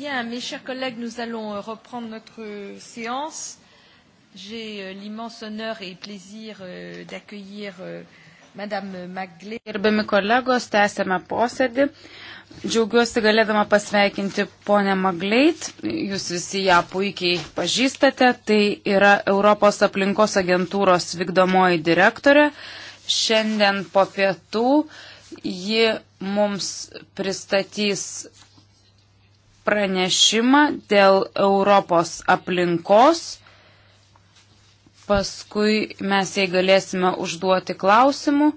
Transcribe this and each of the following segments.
Bien, mes chers collègues, nous allons euh, reprendre notre euh, séance. J'ai euh, l'immense honneur et plaisir d'accueillir Madame Maglė. Gerbiami kolegos, tęsėme posėdį. Džiaugiuosi galėdama pasveikinti ponę Magleit. Jūs visi ją puikiai pažįstate. Tai yra Europos aplinkos agentūros vykdomoji direktorė. Šiandien po pietų ji mums pristatys pranešimą dėl Europos aplinkos. Paskui mes jai galėsime užduoti klausimų.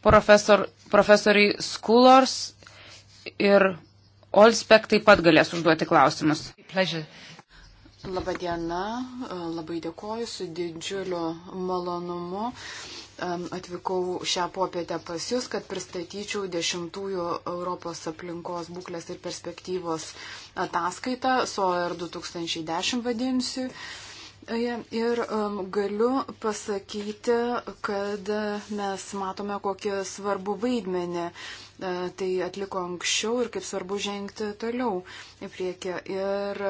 Profesor, profesoriai Skulors ir Olspek taip pat galės užduoti klausimus. Pleasure. Labadiena, labai dėkoju su didžiuliu malonumu atvykau šią popietę pas Jūs, kad pristatyčiau dešimtųjų Europos aplinkos būklės ir perspektyvos ataskaitą, SOR 2010 vadinsiu. Ir galiu pasakyti, kad mes matome, kokį svarbų vaidmenį e, tai atliko anksčiau ir kaip svarbu žengti toliau į priekį. Ir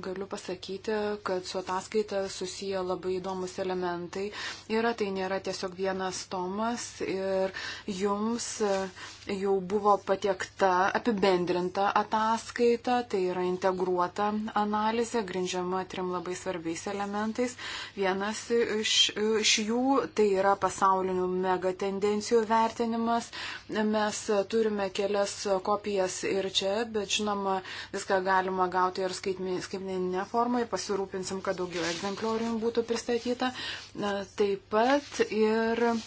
galiu pasakyti, kad su ataskaita susiję labai įdomus elementai. Yra tai nėra tiesiog vienas tomas ir jums e, jau buvo patiekta apibendrinta ataskaita, tai yra integruota analizė, grindžiama trim labai svarbiais elementais. Vienas iš, iš jų tai yra pasaulinių megatendencijų vertinimas. Mes turime kelias kopijas ir čia, bet žinoma, viską galima gauti ir skaitmenį skaitmeninė forma ir pasirūpinsim, kad daugiau egzempliorių būtų pristatyta. Taip pat ir um,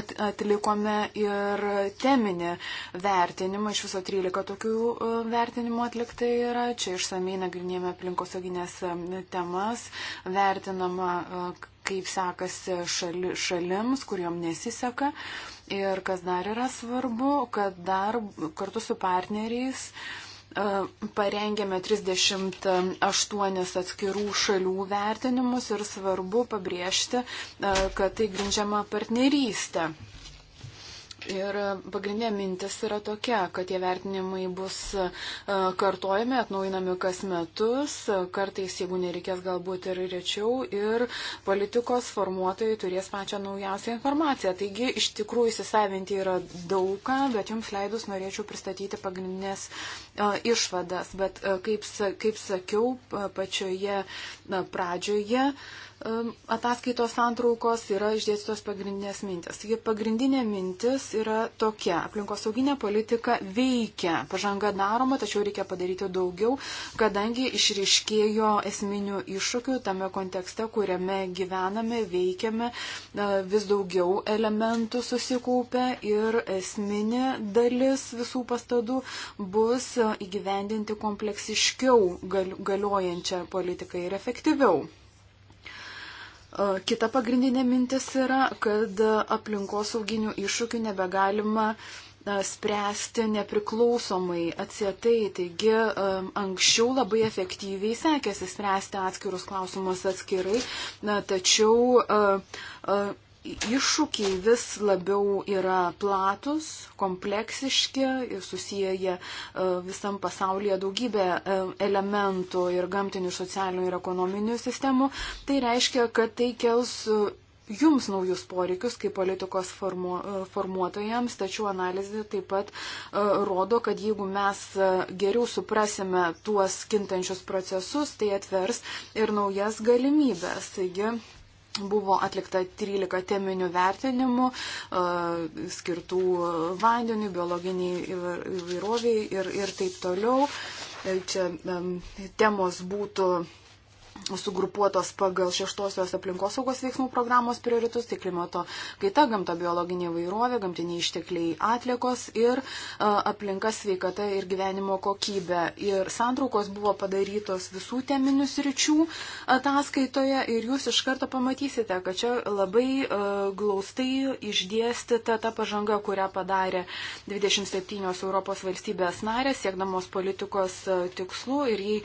atlikome ir teminį vertinimą. Iš viso 13 tokių um, vertinimų atlikta yra. Čia išsamei nagrinėjame aplinkosauginės um, temas, vertinama, uh, kaip sekasi šali, šalims, kuriuom nesiseka. Ir kas dar yra svarbu, kad dar kartu su partneriais uh, parengėme 38 atskirų šalių vertinimus ir svarbu pabrėžti, kad tai grindžiama partnerystė. Ir pagrindinė mintis yra tokia, kad tie vertinimai bus e, kartojami, atnaujinami kas metus, kartais, jeigu nereikės, galbūt ir rečiau, ir politikos formuotojai turės pačią naujausią informaciją. Taigi, iš tikrųjų, įsisavinti yra daugą, bet jums leidus norėčiau pristatyti pagrindinės e, išvadas. Bet, e, kaip, kaip sakiau, pačioje pradžioje ataskaitos santraukos yra išdėstytos pagrindinės mintis. Taigi pagrindinė mintis yra tokia. Aplinkosauginė politika veikia. Pažanga daroma, tačiau reikia padaryti daugiau, kadangi išriškėjo esminių iššūkių tame kontekste, kuriame gyvename, veikiame, vis daugiau elementų susikaupia ir esminė dalis visų pastadų bus įgyvendinti kompleksiškiau galiojančią politiką ir efektyviau. Kita pagrindinė mintis yra, kad aplinkosauginių iššūkių nebegalima spręsti nepriklausomai, atsietai. Taigi anksčiau labai efektyviai sekėsi spręsti atskirus klausimus atskirai, tačiau iššūkiai vis labiau yra platus, kompleksiški ir susiję e, visam pasaulyje daugybę e, elementų ir gamtinių, socialinių ir ekonominių sistemų. Tai reiškia, kad tai kels e, jums naujus poreikius kaip politikos formu, formuotojams, tačiau analizė taip pat rodo, kad jeigu mes geriau suprasime tuos kintančius procesus, tai atvers ir naujas galimybės. Taigi, Buvo atlikta 13 teminių vertinimų e, skirtų vandeniu, biologiniai įvairoviai ir, ir taip toliau. E, čia temos būtų sugrupuotos pagal šeštosios aplinkosaugos veiksmų programos prioritus, tai klimato kaita, gamta biologinė vairovė, gamtiniai ištekliai atlikos ir aplinka sveikata ir gyvenimo kokybė. Ir santraukos buvo padarytos visų teminių sričių ataskaitoje ir jūs iš karto pamatysite, kad čia labai glaustai išdėstyta ta pažanga, kurią padarė 27 Europos valstybės narės, siekdamos politikos tikslų ir jei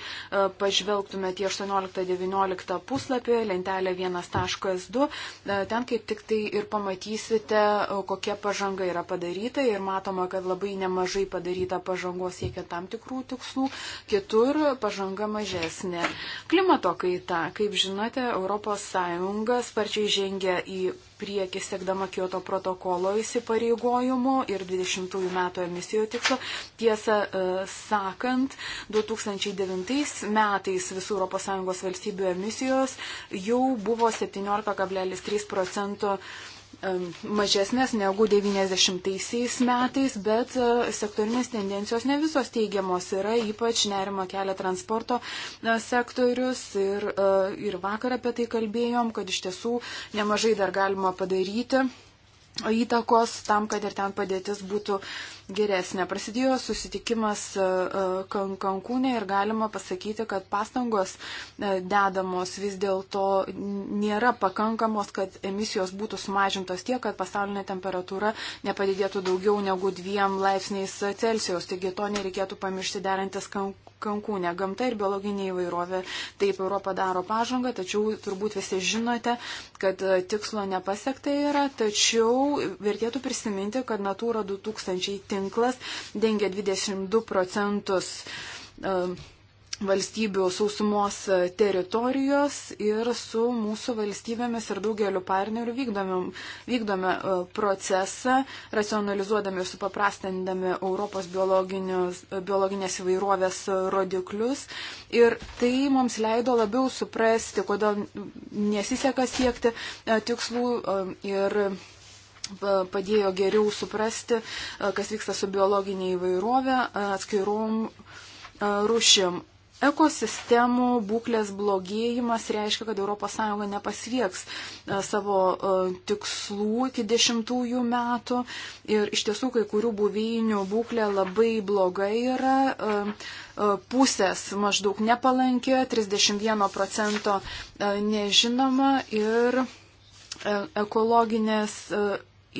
pažvelgtume tie 18 19 puslapį, lentelė 1.2. E, ten kaip tik tai ir pamatysite, e, kokia pažanga yra padaryta ir matoma, kad labai nemažai padaryta pažangos siekia tam tikrų tikslų, kitur pažanga mažesnė. Klimato kaita, kaip žinote, ES sparčiai žengia į priekį siekdama Kyoto protokolo įsipareigojimų ir 20 metų emisijų tikslo. Tiesą e, sakant, 2009 metais visų ES valstybių emisijos jau buvo 17,3 procentų mažesnės negu 90-aisiais metais, bet e, sektorinės tendencijos ne visos teigiamos yra, ypač nerima kelia transporto e, sektorius ir, e, ir vakar apie tai kalbėjom, kad iš tiesų nemažai dar galima padaryti įtakos tam, kad ir ten padėtis būtų geresnė. Prasidėjo susitikimas e, e, Kankūne ir galima pasakyti, kad pastangos e, dedamos vis dėlto nėra pakankamos, kad emisijos būtų sumažintos tiek, kad pasaulinė temperatūra nepadidėtų daugiau negu dviem laipsniais Celsijos. Taigi to nereikėtų pamiršti derantis Kankūne. Gamta ir biologinė įvairovė taip Europą daro pažangą, tačiau turbūt visi žinote, kad tikslo nepasiekta yra, tačiau vertėtų prisiminti, kad Natūra 2000 tinklai tinklas dengia 22 procentus e, valstybių sausumos e, teritorijos ir su mūsų valstybėmis ir daugeliu partnerių vykdome, vykdome procesą, racionalizuodami ir supaprastindami Europos e, biologinės įvairovės rodiklius. Ir tai mums leido labiau suprasti, kodėl nesiseka siekti tikslų ir padėjo geriau suprasti, kas vyksta su biologinė įvairovė atskirom rušim. Ekosistemų būklės blogėjimas reiškia, kad ES nepasvieks savo tikslų iki dešimtųjų metų ir iš tiesų kai kurių buveinių būklė labai bloga yra pusės maždaug nepalankė, 31 procento nežinoma ir e, ekologinės e,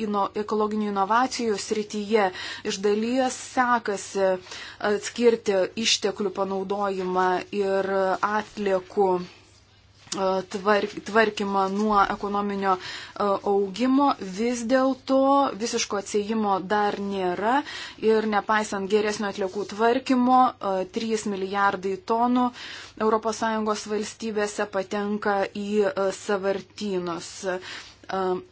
ino, ekologinių inovacijų srityje iš dalies sekasi atskirti išteklių panaudojimą ir atliekų e, tvarkymą nuo ekonominio e, augimo, vis dėlto visiško atsėjimo dar nėra ir nepaisant geresnio atliekų tvarkymo, 3 e, milijardai tonų ES valstybėse patenka į savartynus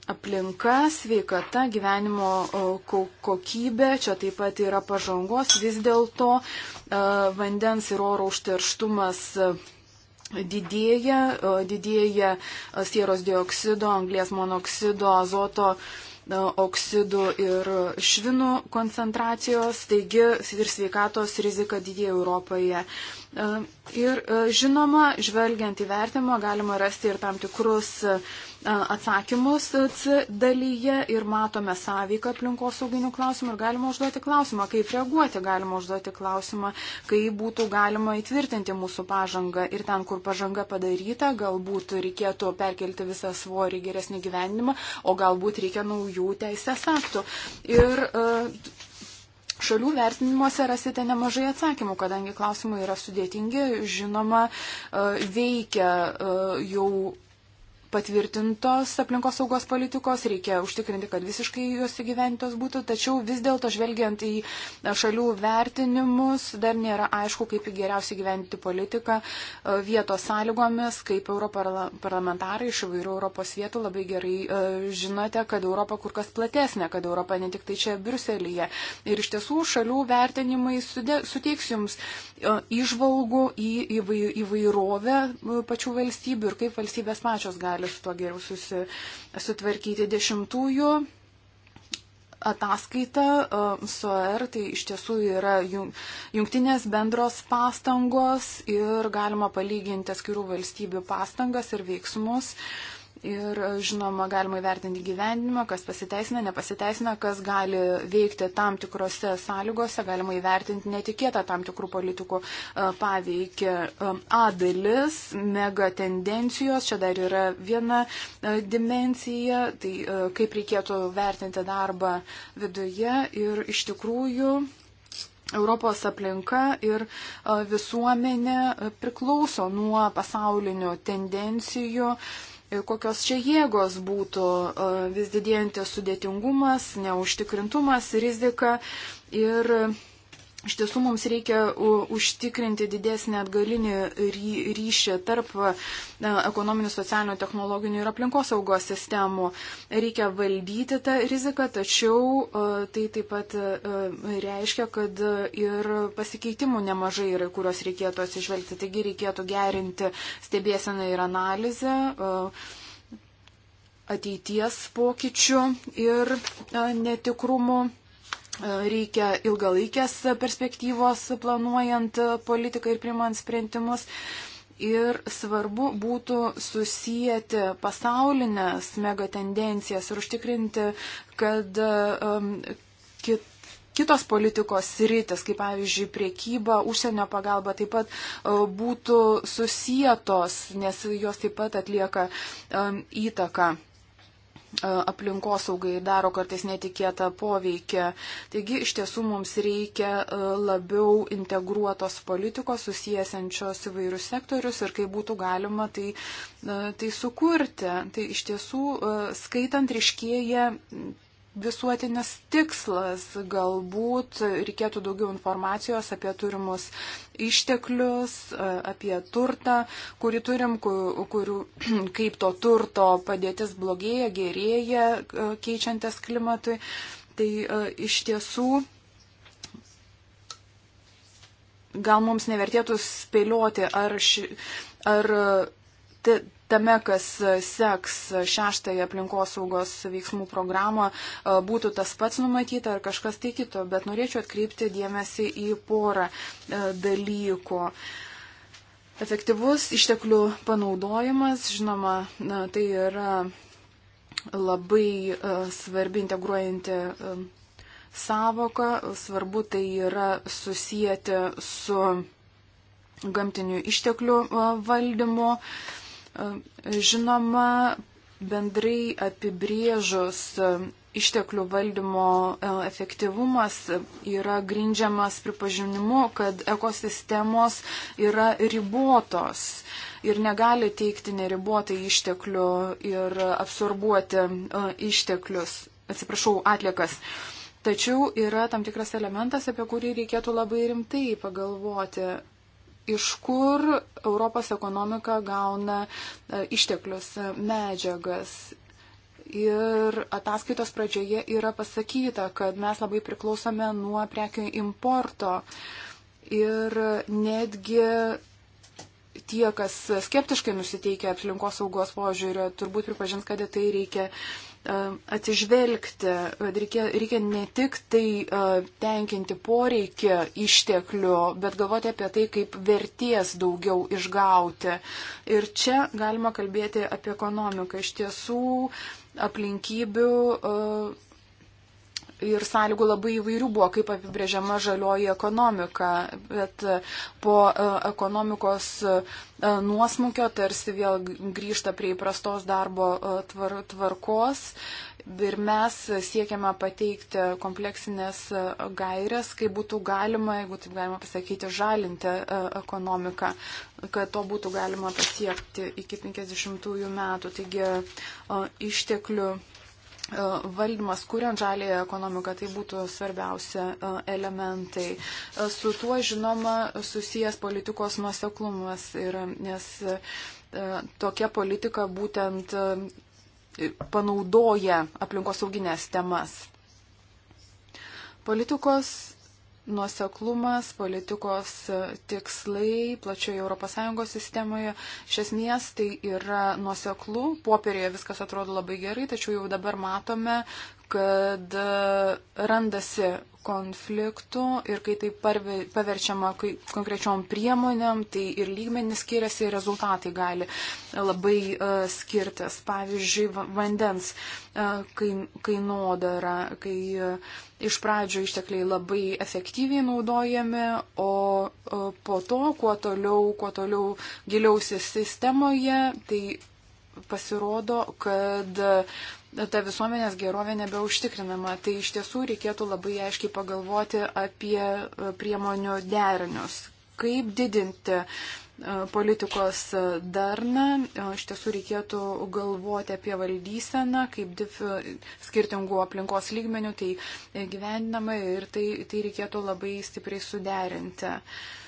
aplinka, sveikata, gyvenimo kokybė, čia taip pat yra pažangos, vis dėlto vandens ir oro užterštumas didėja, didėja sieros dioksido, anglės monoksido, azoto oksidų ir švinų koncentracijos, taigi ir sveikatos rizika didėja Europoje. Ir žinoma, žvelgiant į vertimą, galima rasti ir tam tikrus uh, atsakymus C dalyje ir matome sąveiką aplinkosauginių klausimų ir galima užduoti klausimą, kaip reaguoti, galima užduoti klausimą, kaip būtų galima įtvirtinti mūsų pažangą ir ten, kur pažanga padaryta, galbūt reikėtų perkelti visą svorį geresnį gyvenimą, o galbūt reikia naujų teisės aktų. Ir, uh, Šalių vertinimuose rasite nemažai atsakymų, kadangi klausimai yra sudėtingi, žinoma, veikia jau patvirtintos aplinkos saugos politikos, reikia užtikrinti, kad visiškai jos įgyventos būtų, tačiau vis dėlto žvelgiant į šalių vertinimus, dar nėra aišku, kaip geriausiai gyventi politiką e, vietos sąlygomis, kaip europarlamentarai iš įvairių Europos vietų labai gerai e, žinote, kad Europa kur kas platesnė, kad Europa ne tik tai čia Briuselyje. Ir iš tiesų šalių vertinimai suteiks jums išvalgų e, į įvairovę pačių valstybių ir kaip valstybės pačios gali gali su tuo geriau susi, sutvarkyti. Dešimtųjų ataskaita e, SOR, tai iš tiesų yra jungtinės bendros pastangos ir galima palyginti skirų valstybių pastangas ir veiksmus. Uh, Ir žinoma, galima įvertinti gyvenimą, kas pasiteisina, nepasiteisina, kas gali veikti tam tikrose sąlygose, galima įvertinti netikėtą tam tikrų politikų e, paveikį. E, A dalis, mega tendencijos, čia dar yra viena e, dimencija, tai kaip reikėtų vertinti darbą viduje ir iš tikrųjų Europos aplinka ir visuomenė priklauso nuo pasaulinių tendencijų. Uh, kokios čia jėgos būtų e, vis didėjantis sudėtingumas, neužtikrintumas, rizika ir Iš tiesų mums reikia užtikrinti didesnį atgalinį ryšį tarp e, ekonominių, socialinių, technologinių ir aplinkosaugos sistemų. Reikia valdyti tą riziką, tačiau e, tai taip pat e, reiškia, kad ir pasikeitimų nemažai yra, kuriuos reikėtų atsižvelgti. Taigi reikėtų gerinti stebėseną ir analizę ateities pokyčių ir netikrumų reikia ilgalaikės perspektyvos planuojant politiką ir primant sprendimus. Ir svarbu būtų susijęti pasaulinės megatendencijas ir užtikrinti, kad um, kit, kitos politikos sritis, kaip pavyzdžiui priekyba, užsienio pagalba, taip pat e, būtų susijėtos, nes jos taip pat atlieka um, įtaką. E, aplinkosaugai daro kartais netikėtą poveikį. Taigi iš tiesų mums reikia e, labiau integruotos politikos susijęsiančios įvairius sektorius ir kaip būtų galima tai, e, tai sukurti. Tai iš tiesų skaitant ryškėja visuotinis tikslas. Galbūt reikėtų daugiau informacijos apie turimus išteklius, apie turtą, kurį turim, kurių, kaip to turto padėtis blogėja, gerėja, keičiantis klimatui. Tai iš tiesų gal mums nevertėtų spėlioti, ar, ši, ar te, tame, kas seks šeštąją aplinkosaugos veiksmų programą, e, būtų tas pats numatyta ar kažkas tai kito, bet norėčiau atkreipti dėmesį į porą e, dalykų. Efektyvus išteklių panaudojimas, žinoma, tai yra labai e, svarbi integruojanti savoka, svarbu tai yra susijęti su gamtinių išteklių valdymu. Uh, Žinoma, bendrai apibrėžus e, išteklių valdymo e, efektyvumas yra grindžiamas pripažinimu, kad ekosistemos yra ribotos ir negali teikti neribotai išteklių ir absorbuoti e, išteklius, atsiprašau, atliekas. Tačiau yra tam tikras elementas, apie kurį reikėtų labai rimtai pagalvoti iš kur Europos ekonomika gauna e, išteklius, e, medžiagas. Ir ataskaitos pradžioje yra pasakyta, kad mes labai priklausome nuo prekių importo. Ir netgi tie, kas skeptiškai nusiteikia aplinkos saugos požiūrio, turbūt pripažins, kad į tai reikia atsižvelgti, kad reikia, reikia ne tik tai tenkinti poreikį išteklių, bet galvoti apie tai, kaip verties daugiau išgauti. Ir čia galima kalbėti apie ekonomiką. Iš tiesų aplinkybių ir sąlygų labai įvairių buvo, kaip apibrėžiama žalioji ekonomika, bet e, po e, ekonomikos e, nuosmukio tarsi vėl grįžta prie įprastos darbo tvar, tvarkos. Ir mes siekiame pateikti kompleksinės gairias, kaip būtų galima, jeigu taip galima pasakyti, žalinti ekonomiką, kad to būtų galima pasiekti iki 50 metų. Taigi išteklių valdymas, kuriant žalį ekonomiką, tai būtų svarbiausia e, elementai. E, su tuo, žinoma, susijęs politikos nuoseklumas yra, nes e, tokia politika būtent panaudoja aplinkosauginės temas. Politikos nuoseklumas, politikos tikslai plačioje ES sistemoje. Iš esmės tai yra nuoseklu, popierėje viskas atrodo labai gerai, tačiau jau dabar matome, kad e, randasi konfliktų ir kai tai paverčiama konkrečiom priemonėm, tai ir lygmenis skiriasi, ir rezultatai gali e, labai e, skirtis. Pavyzdžiui, vandens kainodara, kai iš pradžio ištekliai labai efektyviai naudojami, o po to, kuo toliau, kuo toliau giliausi sistemoje, tai pasirodo, kad ta visuomenės gerovė nebeužtikrinama. Tai iš tiesų reikėtų labai aiškiai pagalvoti apie e, priemonių derinius. Kaip didinti e, politikos e, darną, iš tiesų reikėtų galvoti apie valdyseną, kaip dif, skirtingų aplinkos lygmenių tai gyvendinama ir tai, tai reikėtų labai stipriai suderinti. Uh,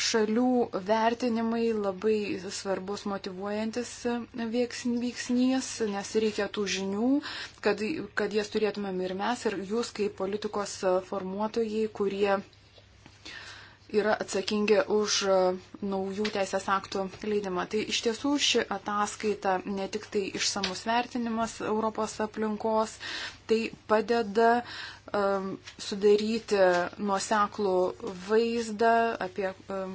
šalių vertinimai labai svarbus motivuojantis veiksnys, nes reikia tų žinių, kad, kad jas turėtumėm ir mes, ir jūs kaip politikos formuotojai, kurie yra atsakingi už naujų teisės aktų leidimą. Tai iš tiesų ši ataskaita ne tik tai išsamus vertinimas Europos aplinkos, tai padeda um, sudaryti nuoseklų vaizdą apie um,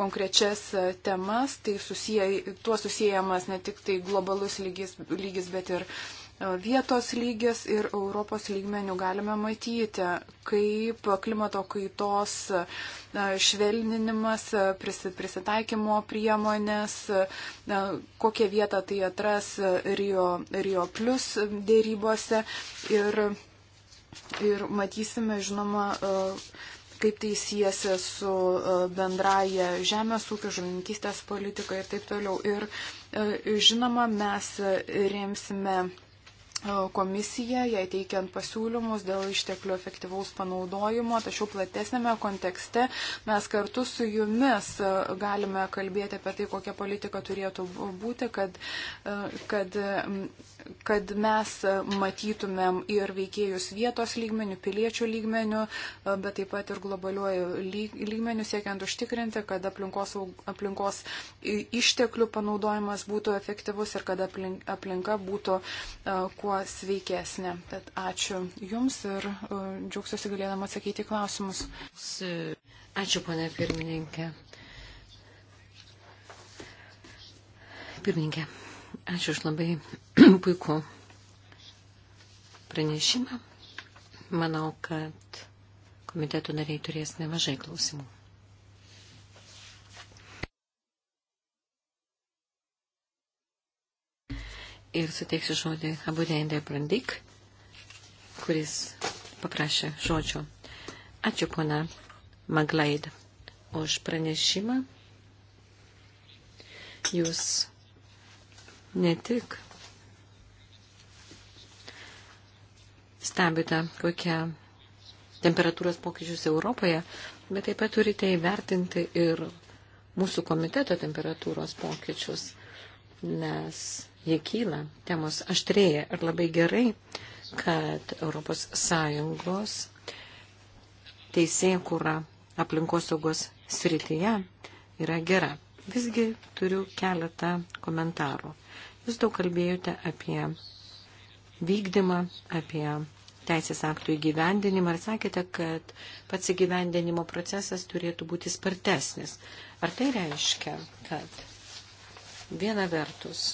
konkrečias e, temas, tai susiję, tuo susijęjamas ne tik tai globalus lygis, lygis bet ir vietos lygis ir Europos lygmenių galime matyti, kaip klimato kaitos švelninimas, prisitaikymo priemonės, kokią vietą tai atras Rio, Rio plus dėrybose ir, ir matysime, žinoma, e, kaip tai siejasi su e, bendraja žemės ūkio, žuvininkystės politika ir taip toliau. Ir e, žinoma, mes remsime komisija, jai teikiant pasiūlymus dėl išteklių efektyvaus panaudojimo, tačiau platesnėme kontekste mes kartu su jumis galime kalbėti apie tai, kokia politika turėtų būti, kad, kad kad mes matytumėm ir veikėjus vietos lygmenių, piliečių lygmenių, bet taip pat ir globaliuoju lygmeniu, siekiant užtikrinti, kad aplinkos, aplinkos išteklių panaudojimas būtų efektyvus ir kad aplinka būtų kuo sveikesnė. Tad ačiū Jums ir džiaugsiuosi galėdama atsakyti klausimus. Ačiū, ponė pirmininkė. Pirmininkė. Ačiū už labai puikų pranešimą. Manau, kad komitetų nariai turės nemažai klausimų. Ir suteiksiu žodį Abudendė Brandik, kuris paprašė žodžio. Ačiū, pona Maglaid, už pranešimą. Jūs ne tik stebite, kokia temperatūros pokyčius Europoje, bet taip pat turite įvertinti ir mūsų komiteto temperatūros pokyčius, nes jie kyla, temos aštrėja ir labai gerai, kad ES teisėkūra aplinkosaugos srityje yra gera. Visgi turiu keletą komentarų. Jūs daug kalbėjote apie vykdymą, apie teisės aktų įgyvendinimą ir sakėte, kad pats įgyvendinimo procesas turėtų būti spartesnis. Ar tai reiškia, kad viena vertus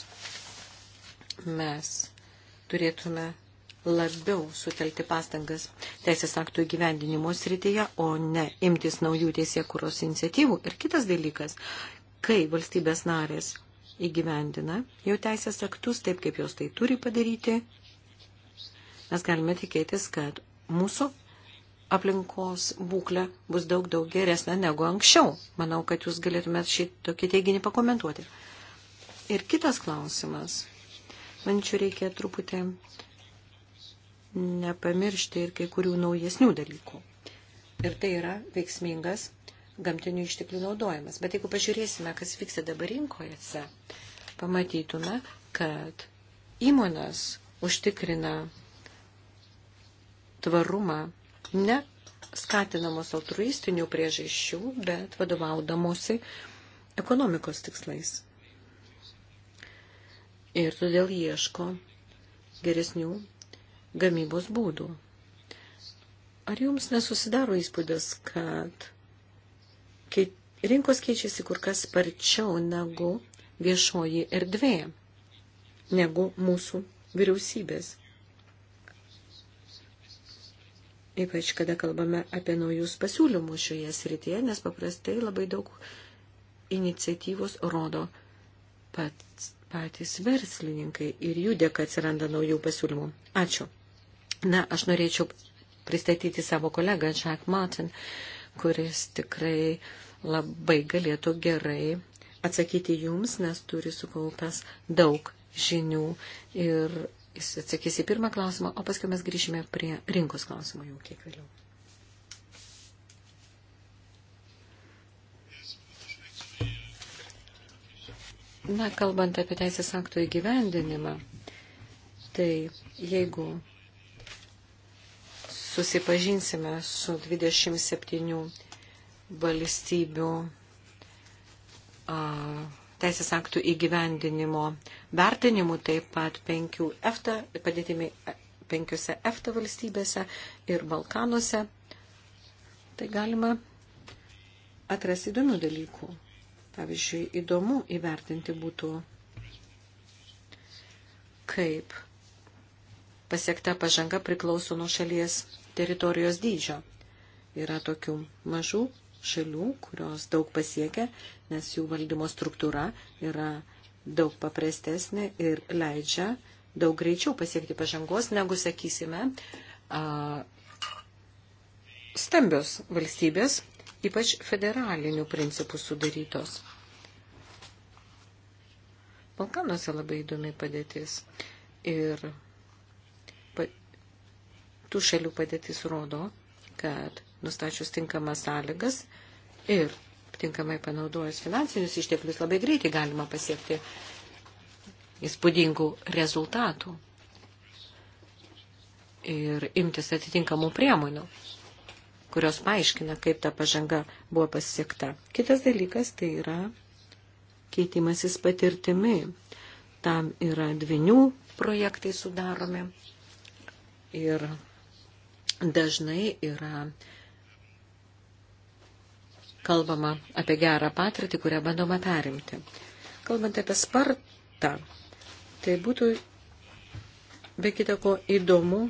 mes turėtume labiau sutelkti pastangas teisės aktų įgyvendinimo srityje, o ne imtis naujų teisėkuros iniciatyvų. Ir kitas dalykas, kai valstybės narės įgyvendina jau teisės aktus taip, kaip jos tai turi padaryti, mes galime tikėtis, kad mūsų aplinkos būklė bus daug daug geresnė negu anksčiau. Manau, kad jūs galėtumėt šį tokį teiginį pakomentuoti. Ir kitas klausimas. Manyčiau, reikia truputį nepamiršti ir kai kurių naujesnių dalykų. Ir tai yra veiksmingas gamtinių išteklių naudojimas. Bet jeigu pažiūrėsime, kas vyksta dabar rinkojose, pamatytume, kad įmonės užtikrina tvarumą ne skatinamos altruistinių priežasčių, bet vadovaudamosi ekonomikos tikslais. Ir todėl ieško geresnių gamybos būdų. Ar jums nesusidaro įspūdis, kad rinkos keičiasi kur kas sparčiau negu viešoji erdvė, negu mūsų vyriausybės. Ypač, kada kalbame apie naujus pasiūlymus šioje srityje, nes paprastai labai daug iniciatyvos rodo pats, patys verslininkai ir jų dėka atsiranda naujų pasiūlymų. Ačiū. Na, aš norėčiau pristatyti savo kolegą Jack Martin. Uh, kuris tikrai labai galėtų gerai atsakyti jums, nes turi sukaupęs daug žinių ir jis atsakys į pirmą klausimą, o paskui mes grįšime prie rinkos klausimų jau kiek vėliau. Na, kalbant apie teisės aktų įgyvendinimą, tai jeigu susipažinsime su 27 valstybių a, teisės aktų įgyvendinimo vertinimu, taip pat penkių EFTA, padėtimi penkiose EFTA valstybėse ir Balkanuose. Tai galima atrasti įdomių dalykų. Pavyzdžiui, įdomu įvertinti būtų, kaip pasiekta pažanga priklauso nuo šalies teritorijos dydžio. Yra tokių mažų šalių, kurios daug pasiekia, nes jų valdymo struktūra yra daug paprastesnė ir leidžia daug greičiau pasiekti pažangos, negu, sakysime, stambios valstybės, ypač federalinių principų sudarytos. Balkanuose labai įdomi padėtis. Ir Tų šalių padėtis rodo, kad nustačius tinkamas sąlygas ir tinkamai panaudojus finansinius išteklius labai greitai galima pasiekti įspūdingų rezultatų ir imtis atitinkamų priemonių, kurios paaiškina, kaip ta pažanga buvo pasiekta. Kitas dalykas tai yra keitimasis patirtimi. Tam yra dvinių projektai sudaromi ir dažnai yra kalbama apie gerą patirtį, kurią bandoma perimti. Kalbant apie spartą, tai būtų be kitako įdomu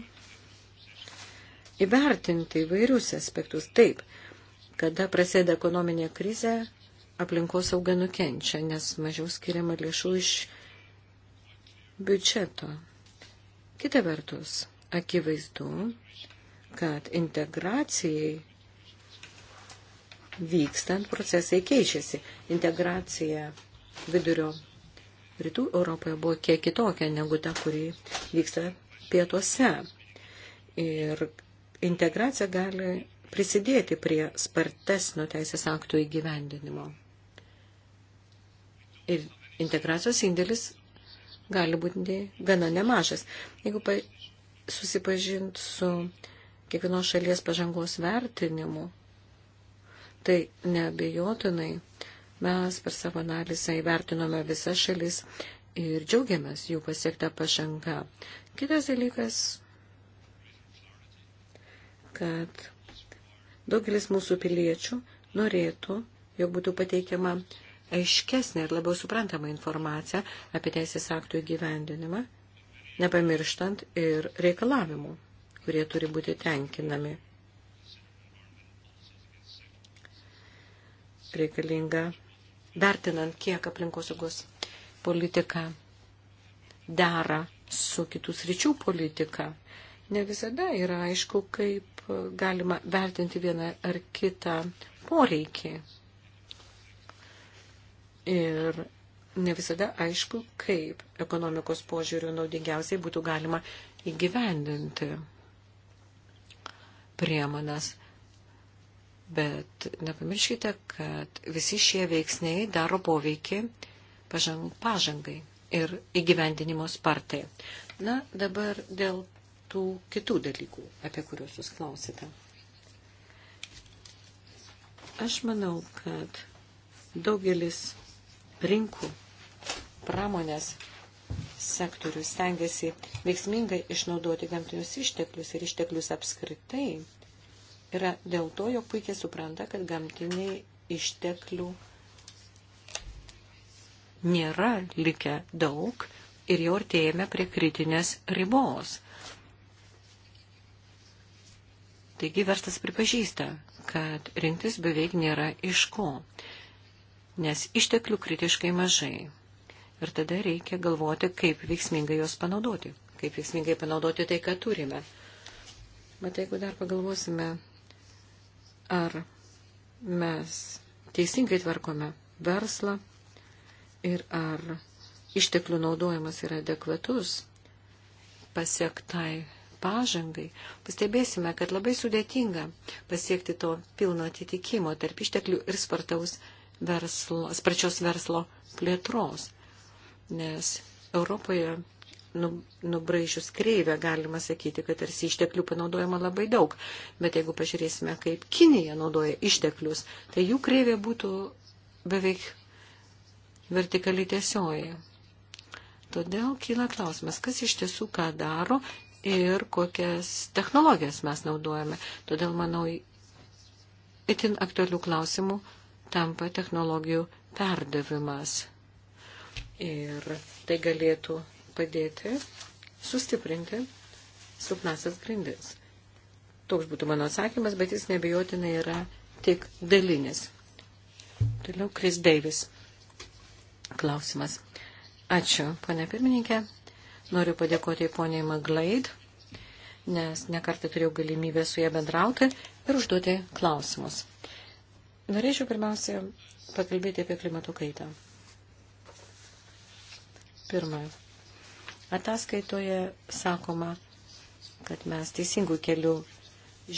įvertinti įvairius aspektus. Taip, kada prasideda ekonominė krizė, aplinkos auga nukenčia, nes mažiau skiriama lėšų iš biudžeto. Kita vertus, akivaizdu, kad integracijai vykstant procesai keičiasi. Integracija vidurio rytų Europoje buvo kiek kitokia negu ta, kuri vyksta pietuose. Ir integracija gali prisidėti prie spartesnio teisės aktų įgyvendinimo. Ir integracijos indėlis gali būti gana nemažas. Jeigu susipažint su kiekvienos šalies pažangos vertinimu, tai neabejotinai mes per savo analizą įvertinome visas šalis ir džiaugiamės jų pasiektą pažangą. Kitas dalykas, kad daugelis mūsų piliečių norėtų, jog būtų pateikiama aiškesnė ir labiau suprantama informacija apie teisės aktų įgyvendinimą, nepamirštant ir reikalavimų kurie turi būti tenkinami. Reikalinga vertinant, kiek aplinkosaugos politika dera su kitus ryčių politika. Ne visada yra aišku, kaip galima vertinti vieną ar kitą poreikį. Ir ne visada aišku, kaip ekonomikos požiūrių naudingiausiai būtų galima įgyvendinti priemonės. Bet nepamirškite, kad visi šie veiksniai daro poveikį pažangai ir įgyvendinimo spartai. Na, dabar dėl tų kitų dalykų, apie kuriuos jūs klausite. Aš manau, kad daugelis rinkų pramonės sektorius stengiasi veiksmingai išnaudoti gamtinius išteklius ir išteklius apskritai, yra dėl to, jog puikiai supranta, kad gamtiniai išteklių nėra likę daug ir jau artėjame prie kritinės ribos. Taigi verslas pripažįsta, kad rinktis beveik nėra iš ko, nes išteklių kritiškai mažai. Ir tada reikia galvoti, kaip veiksmingai juos panaudoti, kaip veiksmingai panaudoti tai, ką turime. Bet jeigu dar pagalvosime, ar mes teisingai tvarkome verslą ir ar išteklių naudojimas yra adekvatus pasiektai pažangai, pastebėsime, kad labai sudėtinga pasiekti to pilno atitikimo tarp išteklių ir spartaus verslo, sparčios verslo plėtros nes Europoje nu, nubraižius kreivę galima sakyti, kad tarsi išteklių panaudojama labai daug. Bet jeigu pažiūrėsime, kaip Kinija naudoja išteklius, tai jų kreivė būtų beveik vertikaliai tiesioji. Todėl kyla klausimas, kas iš tiesų ką daro ir kokias technologijas mes naudojame. Todėl, manau, itin aktualių klausimų tampa technologijų perdavimas Ir tai galėtų padėti sustiprinti silpnasias grindis. Toks būtų mano atsakymas, bet jis nebejotinai yra tik dalinis. Toliau Kris Deivis. Klausimas. Ačiū, ponė pirmininkė. Noriu padėkoti poniai Maglaid, nes nekartą turėjau galimybę su ją bendrauti ir užduoti klausimus. Norėčiau pirmiausia pakalbėti apie klimato kaitą. 31. Ataskaitoje sakoma, kad mes teisingų kelių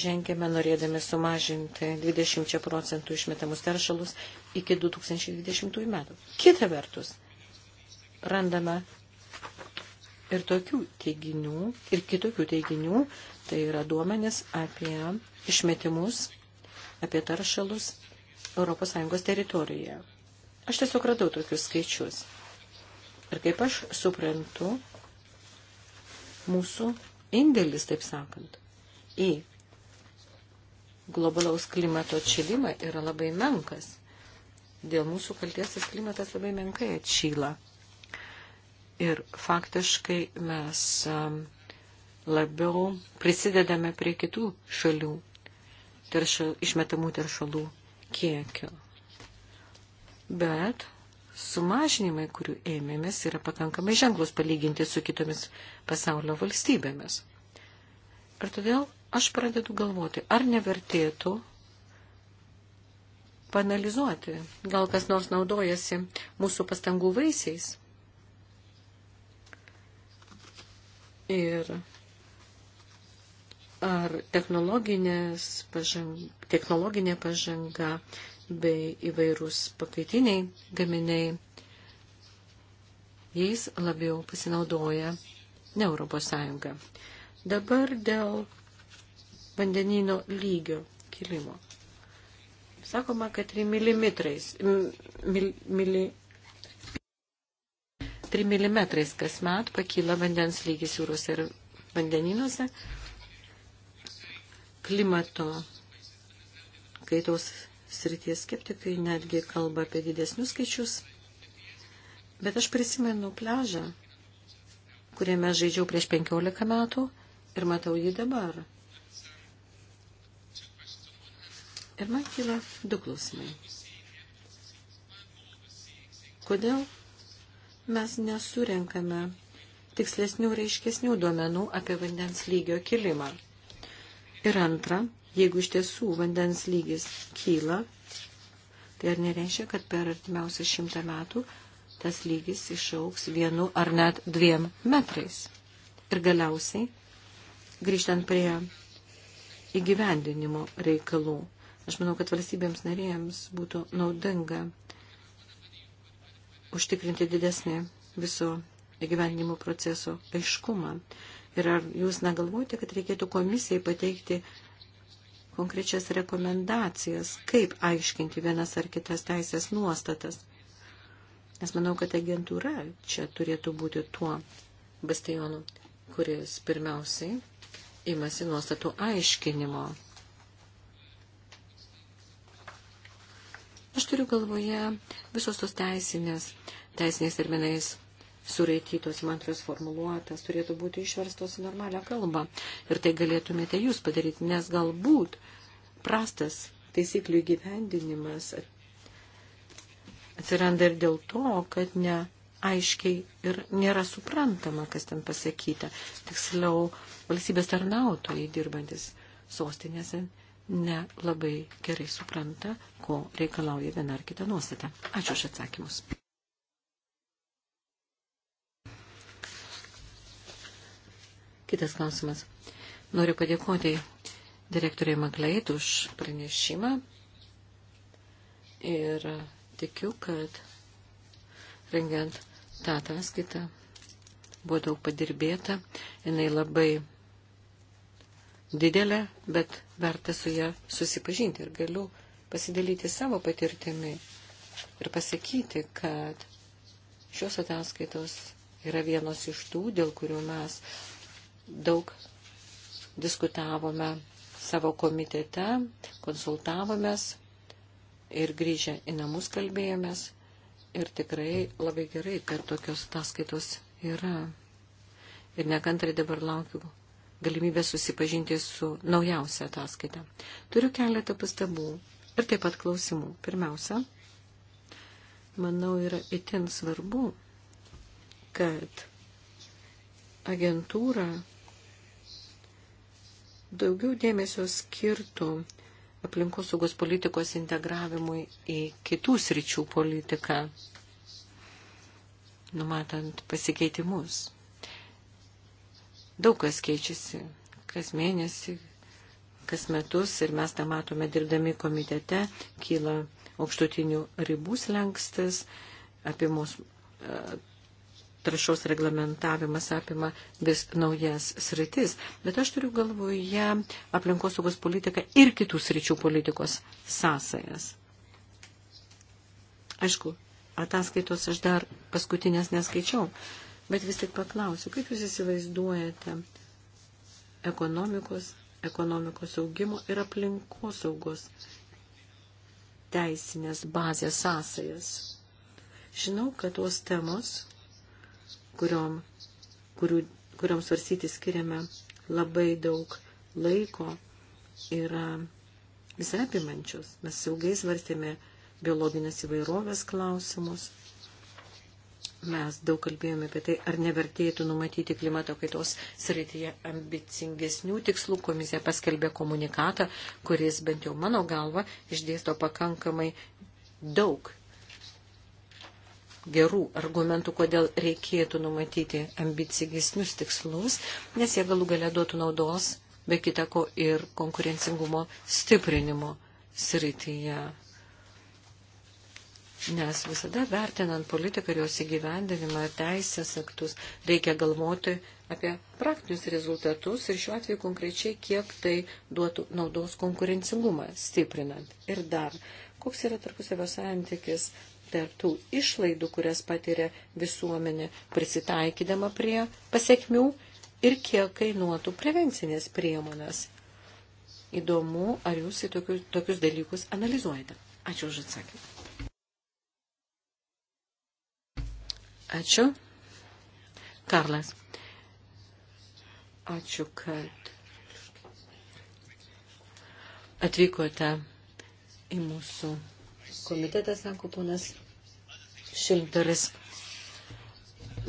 žengėme norėdami sumažinti 20 procentų išmetamus teršalus iki 2020 metų. Kita vertus, randame ir tokių teiginių, ir kitokių teiginių, tai yra duomenis apie išmetimus, apie taršalus ES teritorijoje. Aš tiesiog radau tokius skaičius. Ir kaip aš suprantu, mūsų indėlis, taip sakant, į globalaus klimato atšilimą yra labai menkas. Dėl mūsų kalties tas klimatas labai menkai atšyla. Ir faktiškai mes um, labiau prisidedame prie kitų šalių teršal, išmetamų teršalų kiekio. Bet sumažinimai, kurių ėmėmės, yra pakankamai ženklus palyginti su kitomis pasaulio valstybėmis. Ir todėl aš pradedu galvoti, ar nevertėtų panalizuoti, gal kas nors naudojasi mūsų pastangų vaisiais. Ir ar technologinė pažanga bei įvairūs pakaitiniai gaminiai, jais labiau pasinaudoja ne Europos Sąjunga. Dabar dėl vandenino lygio kilimo. Sakoma, kad 3 mm, mil, mili, 3 mm kasmet pakyla vandens lygis jūrose ir vandeninuose. Klimato kaitos srities skeptikai netgi kalba apie didesnius skaičius. Bet aš prisimenu pležą, kuriame žaidžiau prieš 15 metų ir matau jį dabar. Ir man kyla du klausimai. Kodėl mes nesurenkame tikslesnių reiškesnių duomenų apie vandens lygio kilimą? Ir antra, Jeigu iš tiesų vandens lygis kyla, tai ar nereiškia, kad per artimiausią šimtą metų tas lygis išauks vienu ar net dviem metrais. Ir galiausiai, grįžtant prie įgyvendinimo reikalų, aš manau, kad valstybėms narėjams būtų naudinga užtikrinti didesnį viso įgyvendinimo proceso aiškumą. Ir ar jūs negalvojate, kad reikėtų komisijai pateikti konkrečias rekomendacijas, kaip aiškinti vienas ar kitas teisės nuostatas. Nes manau, kad agentūra čia turėtų būti tuo bastionu, kuris pirmiausiai imasi nuostatų aiškinimo. Aš turiu galvoje visos tos teisinės, teisinės terminais suraitytos mantros formuluotas, turėtų būti išverstos į normalią kalbą. Ir tai galėtumėte jūs padaryti, nes galbūt prastas taisyklių gyvendinimas atsiranda ir dėl to, kad ne aiškiai ir nėra suprantama, kas ten pasakyta. Tiksliau, valstybės tarnautojai dirbantis sostinėse nelabai gerai supranta, ko reikalauja viena ar kita nuostata. Ačiū už atsakymus. Kitas klausimas. Noriu padėkoti direktoriai Makleit už pranešimą ir tikiu, kad rengiant tą ataskaitą buvo daug padirbėta, jinai labai didelė, bet verta su ją susipažinti ir galiu pasidalyti savo patirtimi ir pasakyti, kad šios ataskaitos yra vienos iš tų, dėl kurių mes daug diskutavome savo komitete, konsultavomės ir grįžę į namus kalbėjomės. Ir tikrai labai gerai, kad tokios ataskaitos yra. Ir nekantrai dabar laukiu galimybę susipažinti su naujausia ataskaita. Turiu keletą pastabų ir taip pat klausimų. Pirmiausia, manau, yra itin svarbu, kad agentūra daugiau dėmesio skirtų aplinkosaugos politikos integravimui į kitų sričių politiką, numatant pasikeitimus. Daug kas keičiasi, kas mėnesį, kas metus ir mes tą matome dirbdami komitete, kyla aukštutinių ribų slengstis, apimos taršos reglamentavimas apima vis naujas sritis, bet aš turiu galvoje aplinkosaugos politiką ir kitų sričių politikos sąsajas. Aišku, ataskaitos aš dar paskutinės neskaičiau, bet vis tik paklausiu, kaip jūs įsivaizduojate ekonomikos, ekonomikos augimo ir aplinkosaugos teisinės bazės sąsajas. Žinau, kad tos temos kuriom, kurių, kuriom svarsyti skiriame labai daug laiko, yra visai apimančios. Mes ilgai svarstėme biologinės įvairovės klausimus. Mes daug kalbėjome apie tai, ar nevertėtų numatyti klimato kaitos srityje ambicingesnių tikslų. Komisija paskelbė komunikatą, kuris bent jau mano galva išdėsto pakankamai daug gerų argumentų, kodėl reikėtų numatyti ambicingesnius tikslus, nes jie galų galę duotų naudos, be kitako ir konkurencingumo stiprinimo srityje. Nes visada vertinant politiką ir jos įgyvendinimą, teisės aktus, reikia galvoti apie praktinius rezultatus ir šiuo atveju konkrečiai, kiek tai duotų naudos konkurencingumą stiprinant. Ir dar, koks yra tarpusavio santykis tarptų išlaidų, kurias patiria visuomenė prisitaikydama prie pasiekmių ir kiek kainuotų prevencinės priemonės. Įdomu, ar jūs į tokius, tokius dalykus analizuojate. Ačiū už atsakymą. Ačiū. Karlas. Ačiū, kad atvykote į mūsų komitetas, sako ponas Šildaris.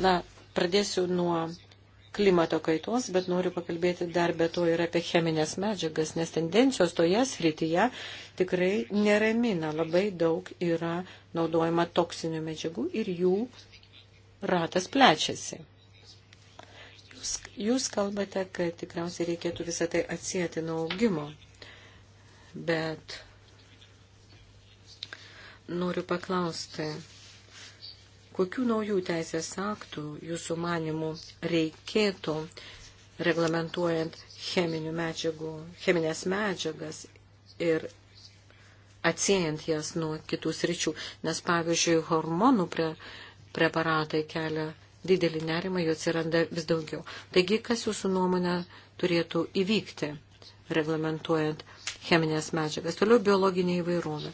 Na, pradėsiu nuo klimato kaitos, bet noriu pakalbėti dar be to ir apie cheminės medžiagas, nes tendencijos toje srityje tikrai neramina. Labai daug yra naudojama toksinių medžiagų ir jų ratas plečiasi. Jūs, jūs kalbate, kad tikriausiai reikėtų visą tai atsijėti nuo augimo, bet noriu paklausti, kokių naujų teisės aktų jūsų manimų reikėtų reglamentuojant cheminių medžiagų, cheminės medžiagas ir atsiejant jas nuo kitų sričių, nes pavyzdžiui hormonų pre, preparatai kelia didelį nerimą, jų atsiranda vis daugiau. Taigi, kas jūsų nuomonė turėtų įvykti, reglamentuojant cheminės medžiagas? Toliau biologinė įvairovė.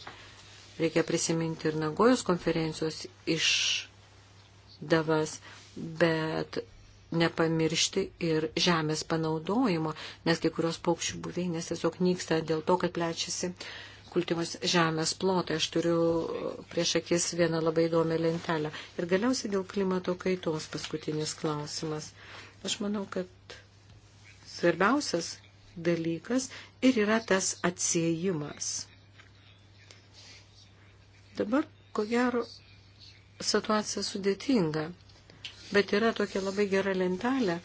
Reikia prisiminti ir Nagojus konferencijos išdavas, bet nepamiršti ir žemės panaudojimo, nes kai kurios paukščių buveinės tiesiog nyksta dėl to, kad plečiasi kultimas žemės plotai. Aš turiu prieš akis vieną labai įdomią lentelę. Ir galiausiai dėl klimato kaitos paskutinis klausimas. Aš manau, kad svarbiausias dalykas ir yra tas atsiejimas. Dabar, ko gero, situacija sudėtinga, bet yra tokia labai gera lentelė,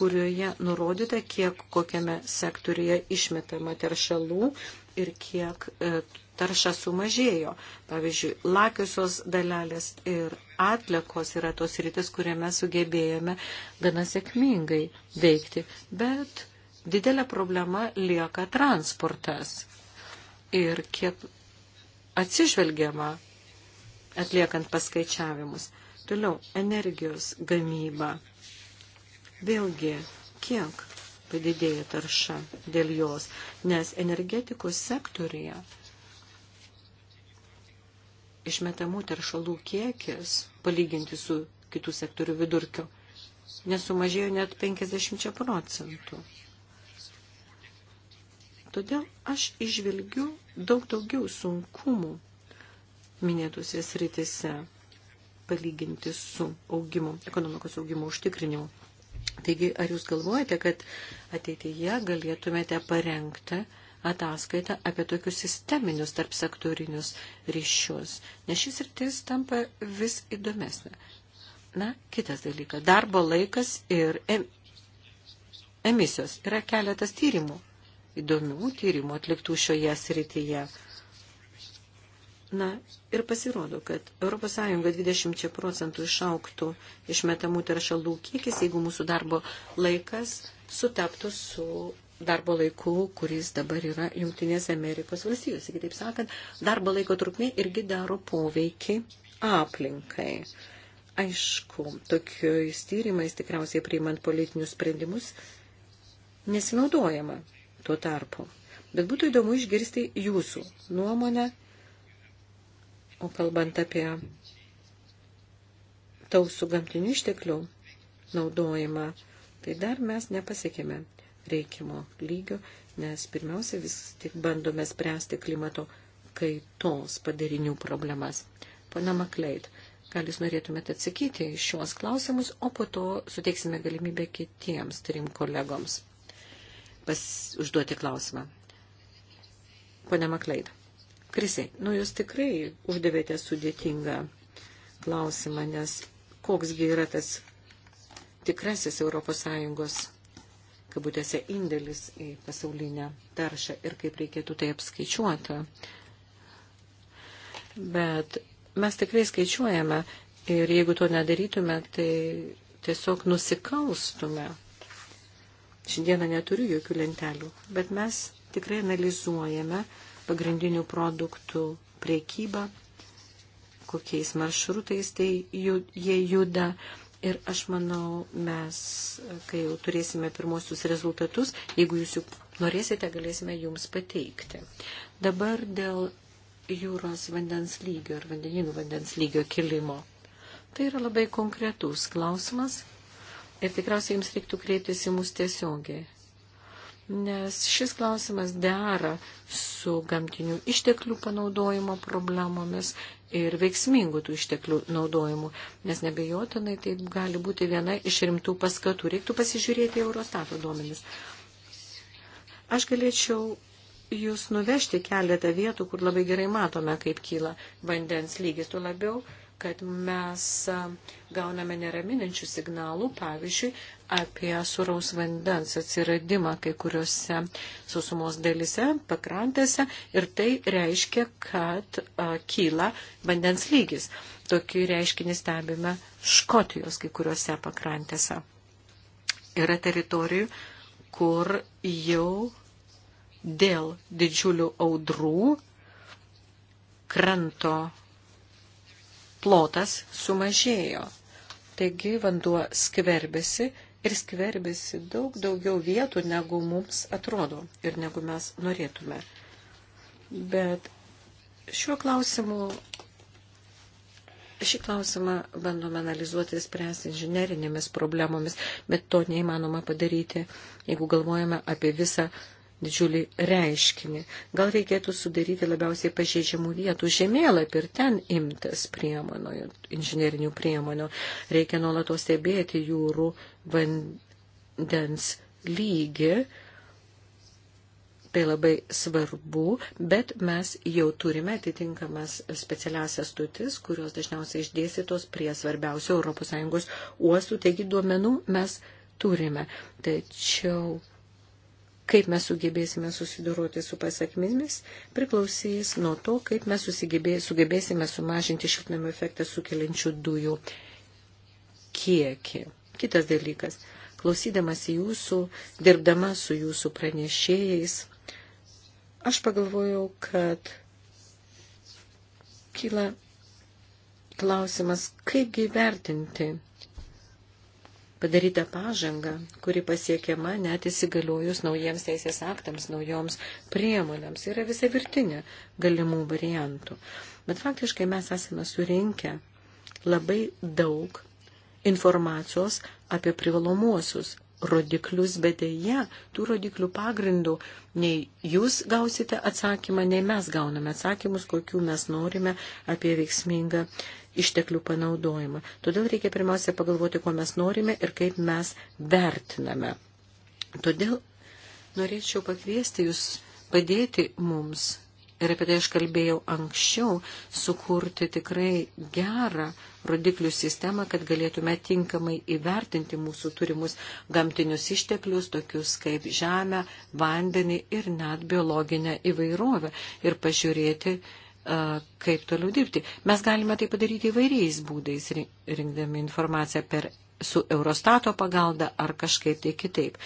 kurioje nurodyta, kiek kokiame sektorija išmetama teršalų ir kiek e, tarša sumažėjo. Pavyzdžiui, lakiusios dalelės ir atlikos yra tos rytis, kuriame sugebėjome gana sėkmingai veikti. Bet didelė problema lieka transportas. Ir kiek atsižvelgiama atliekant paskaičiavimus. Toliau, energijos gamyba. Vėlgi, kiek padidėja tarša dėl jos, nes energetikos sektorija išmetamų teršalų kiekis, palyginti su kitų sektorių vidurkiu, nesumažėjo net 50 procentų. Todėl aš išvilgiu daug daugiau sunkumų minėtose sritise palyginti su augimu, ekonomikos augimu užtikrinimu. Taigi, ar jūs galvojate, kad ateityje galėtumėte parengti ataskaitą apie tokius sisteminius tarp sektorinius ryšius, nes šis rytis tampa vis įdomesnė. Na, kitas dalykas - darbo laikas ir em emisijos. Yra keletas tyrimų įdomių tyrimų atliktų šioje srityje. Na ir pasirodo, kad ES 20 procentų išauktų išmetamų teršalų kiekis, jeigu mūsų darbo laikas sutaptų su darbo laiku, kuris dabar yra Junktinės Amerikos valstijose. Kitaip sakant, darbo laiko trukmė irgi daro poveikį aplinkai. Aišku, tokiais tyrimais tikriausiai priimant politinius sprendimus nesinaudojama tuo tarpu. Bet būtų įdomu išgirsti jūsų nuomonę, o kalbant apie tausų gamtinių išteklių naudojimą, tai dar mes nepasiekėme reikimo lygio, nes pirmiausia vis tik bandome spręsti klimato kaitos padarinių problemas. Pana Makleit, gal jūs norėtumėte atsakyti iš šios klausimus, o po to suteiksime galimybę kitiems trim kolegoms pas, užduoti klausimą. Pone Maklaid, Krisai, nu jūs tikrai uždavėte sudėtingą klausimą, nes koksgi yra tas tikrasis ES kabutėse indėlis į pasaulinę taršą ir kaip reikėtų tai apskaičiuoti. Bet mes tikrai skaičiuojame ir jeigu to nedarytume, tai tiesiog nusikalstume Šiandieną neturiu jokių lentelių, bet mes tikrai analizuojame pagrindinių produktų priekybą, kokiais maršrutais tai jie juda. Ir aš manau, mes, kai jau turėsime pirmosius rezultatus, jeigu jūs jų norėsite, galėsime jums pateikti. Dabar dėl jūros vandens lygio ir vandeninų vandens lygio kilimo. Tai yra labai konkretus klausimas, ir tikriausiai jums reiktų kreiptis į mus tiesiogiai. Nes šis klausimas dera su gamtinių išteklių panaudojimo problemomis ir veiksmingų tų išteklių naudojimu, nes nebejotinai tai gali būti viena iš rimtų paskatų. Reiktų pasižiūrėti Eurostato duomenis. Aš galėčiau jūs nuvežti keletą vietų, kur labai gerai matome, kaip kyla vandens lygis, tu labiau, kad mes gauname neraminančių signalų, pavyzdžiui, apie suraus vandens atsiradimą kai kuriuose sausumos dalise, pakrantėse ir tai reiškia, kad a, kyla vandens lygis. Tokį reiškinį stebime Škotijos kai kuriuose pakrantėse. Yra teritorijų, kur jau dėl didžiulių audrų kranto plotas sumažėjo. Taigi vanduo skverbėsi ir skverbėsi daug daugiau vietų, negu mums atrodo ir negu mes norėtume. Bet šiuo klausimu, šį klausimą bandome analizuoti ir spręsti inžinerinėmis problemomis, bet to neįmanoma padaryti, jeigu galvojame apie visą didžiulį reiškinį. Gal reikėtų sudaryti labiausiai pažeidžiamų vietų žemėlapį ir ten imtas priemonių, inžinierinių priemonių. Reikia nuolatos stebėti jūrų vandens lygį. Tai labai svarbu, bet mes jau turime atitinkamas specialiasias stutis, kurios dažniausiai išdėstytos prie svarbiausių ES uostų, taigi duomenų mes turime. Tačiau kaip mes sugebėsime susidoroti su pasakmėmis, priklausys nuo to, kaip mes sugebėsime sumažinti šiltnamio efektą sukeliančių dujų kiekį. Kitas dalykas. Klausydamas jūsų, dirbdama su jūsų pranešėjais, aš pagalvojau, kad kyla klausimas, kaip gyvertinti padaryta pažanga, kuri pasiekiama net įsigaliojus naujiems teisės aktams, naujoms priemonėms. Yra visa virtinė galimų variantų. Bet faktiškai mes esame surinkę labai daug informacijos apie privalomuosius rodiklius, bet dėja, tų rodiklių pagrindų nei jūs gausite atsakymą, nei mes gauname atsakymus, kokių mes norime apie veiksmingą išteklių panaudojimą. Todėl reikia pirmiausia pagalvoti, ko mes norime ir kaip mes vertiname. Todėl norėčiau pakviesti jūs padėti mums, ir apie tai aš kalbėjau anksčiau, sukurti tikrai gerą rodiklių sistemą, kad galėtume tinkamai įvertinti mūsų turimus gamtinius išteklius, tokius kaip žemę, vandenį ir net biologinę įvairovę ir pažiūrėti, kaip toliau dirbti. Mes galime tai padaryti įvairiais būdais, rinkdami informaciją per, su Eurostato pagalba ar kažkaip tai kitaip.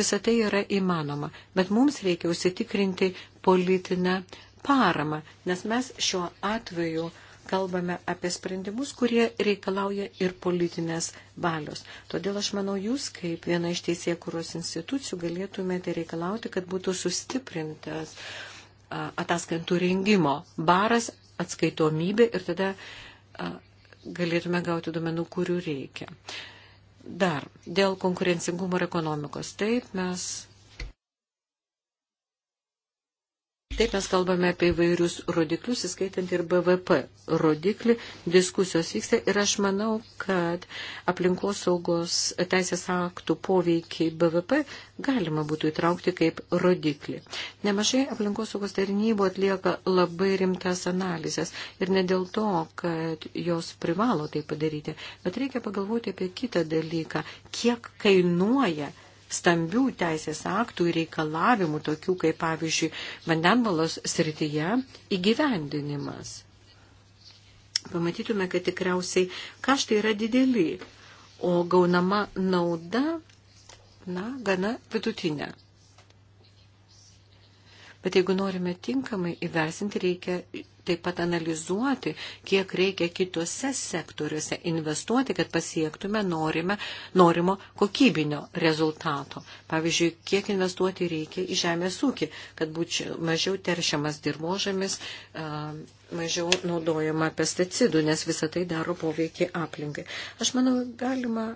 Visą tai yra įmanoma, bet mums reikia užsitikrinti politinę paramą, nes mes šiuo atveju kalbame apie sprendimus, kurie reikalauja ir politinės valios. Todėl aš manau, jūs kaip viena iš teisėkuros institucijų galėtumėte reikalauti, kad būtų sustiprintas uh, ataskaitų rengimo baras, atskaitomybė ir tada galėtume gauti duomenų, kurių reikia. Dar dėl konkurencingumo ir ekonomikos. Taip, mes Taip mes kalbame apie įvairius rodiklius, įskaitant ir BVP rodiklį, diskusijos vyksta ir aš manau, kad aplinkos saugos teisės aktų poveikiai BVP galima būtų įtraukti kaip rodiklį. Nemažai aplinkos saugos tarnybų atlieka labai rimtas analizės ir ne dėl to, kad jos privalo tai padaryti, bet reikia pagalvoti apie kitą dalyką, kiek kainuoja stambių teisės aktų ir reikalavimų, tokių kaip, pavyzdžiui, vandenvalos srityje įgyvendinimas. Pamatytume, kad tikriausiai kaštai yra dideli, o gaunama nauda, na, gana vidutinė. Bet jeigu norime tinkamai įversinti, reikia taip pat analizuoti, kiek reikia kitose sektoriuose investuoti, kad pasiektume norime, norimo kokybinio rezultato. Pavyzdžiui, kiek investuoti reikia į žemės ūkį, kad būtų mažiau teršiamas dirbožėmis, mažiau naudojama pesticidų, nes visą tai daro poveikį aplinkai. Aš manau, galima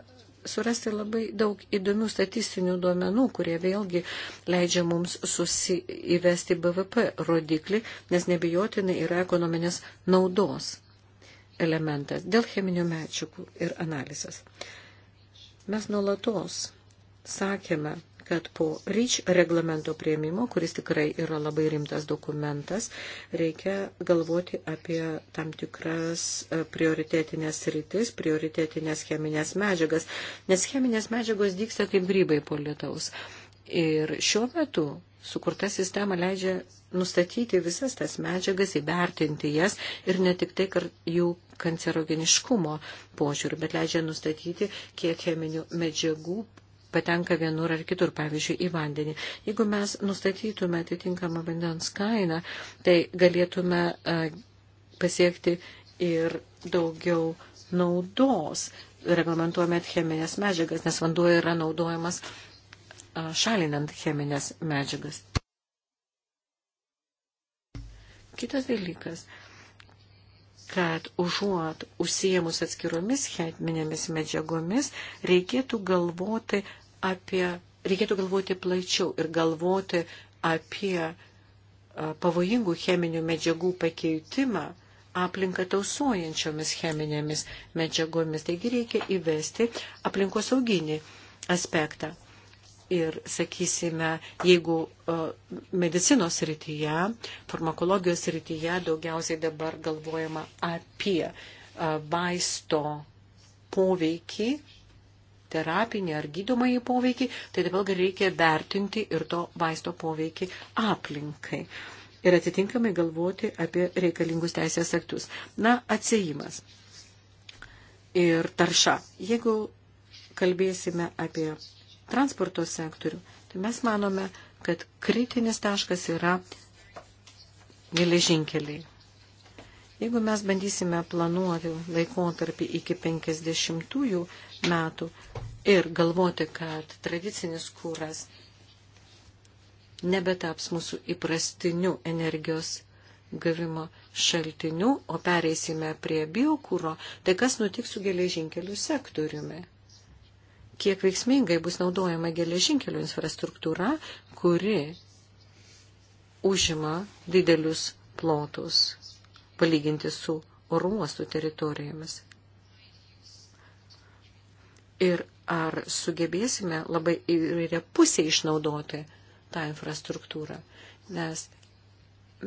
surasti labai daug įdomių statistinių duomenų, kurie vėlgi leidžia mums įvesti BVP rodiklį, nes nebijotinai yra ekonominės naudos elementas dėl cheminių medžiagų ir analizės. Mes nuolatos sakėme, kad po REACH reglamento prieimimo, kuris tikrai yra labai rimtas dokumentas, reikia galvoti apie tam tikras e, prioritetinės rytis, prioritetinės cheminės medžiagas, nes cheminės medžiagos dyksta kaip grybai po lietaus. Ir šiuo metu sukurta sistema leidžia nustatyti visas tas medžiagas, įvertinti jas ir ne tik tai jų kancerogeniškumo požiūrį, bet leidžia nustatyti, kiek cheminių medžiagų patenka vienur ar kitur, pavyzdžiui, į vandenį. Jeigu mes nustatytume atitinkamą vandens kainą, tai galėtume e, pasiekti ir daugiau naudos, reglamentuojant cheminės medžiagas, nes vanduo yra naudojamas e, šalinant cheminės medžiagas. Kitas dalykas kad užuot užsiemus atskiromis cheminėmis medžiagomis, reikėtų galvoti apie, reikėtų galvoti plačiau ir galvoti apie pavojingų cheminių medžiagų pakeitimą aplinką tausojančiomis cheminėmis medžiagomis. Taigi reikia įvesti aplinkosauginį aspektą. Ir, sakysime, jeigu e, medicinos rytyje, farmakologijos rytyje daugiausiai dabar galvojama apie e, vaisto poveikį, terapinį ar gydomąjį poveikį, tai dabar reikia vertinti ir to vaisto poveikį aplinkai. Ir atitinkamai galvoti apie reikalingus teisės aktus. Na, atsėjimas ir tarša. Jeigu kalbėsime apie transporto sektorių, tai mes manome, kad kritinis taškas yra geležinkeliai. Jeigu mes bandysime planuoti laikotarpį iki 50 metų ir galvoti, kad tradicinis kūras nebetaps mūsų įprastiniu energijos gavimo šaltiniu, o pereisime prie biokūro, tai kas nutiks su geležinkelių sektoriumi? kiek veiksmingai bus naudojama geležinkelių infrastruktūra, kuri užima didelius plotus, palyginti su oro uostų teritorijomis. Ir ar sugebėsime labai įvairia pusė išnaudoti tą infrastruktūrą, nes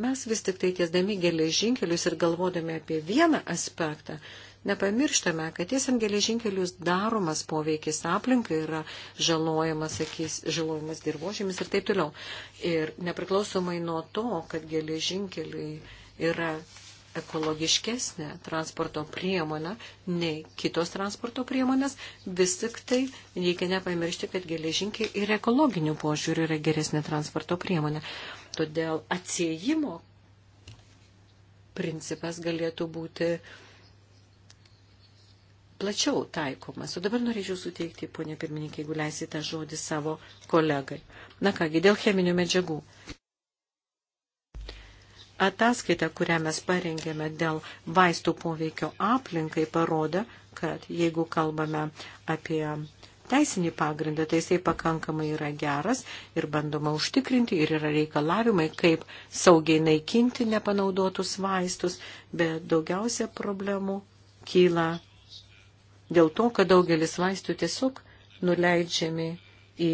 mes vis tik tai tiesdami geležinkelius ir galvodami apie vieną aspektą, Nepamirštame, kad tiesiam geležinkelius daromas poveikis aplinkai yra žalojamas, sakys, žalojamas dirbožėmis ir taip toliau. Ir nepriklausomai nuo to, kad geležinkeliai yra ekologiškesnė transporto priemonė nei kitos transporto priemonės, vis tik tai reikia nepamiršti, kad geležinkė ir ekologinių požiūrių yra geresnė transporto priemonė. Todėl atsiejimo principas galėtų būti uh, plačiau taikomas. O dabar norėčiau suteikti, ponė pirmininkė, jeigu leisite žodį savo kolegai. Na kągi, dėl cheminių medžiagų. Ataskaita, kurią mes parengėme dėl vaistų poveikio aplinkai, parodo, kad jeigu kalbame apie teisinį pagrindą, tai jisai pakankamai yra geras ir bandoma užtikrinti ir yra reikalavimai, kaip saugiai naikinti nepanaudotus vaistus, bet daugiausia problemų kyla dėl to, kad daugelis vaistų tiesiog nuleidžiami į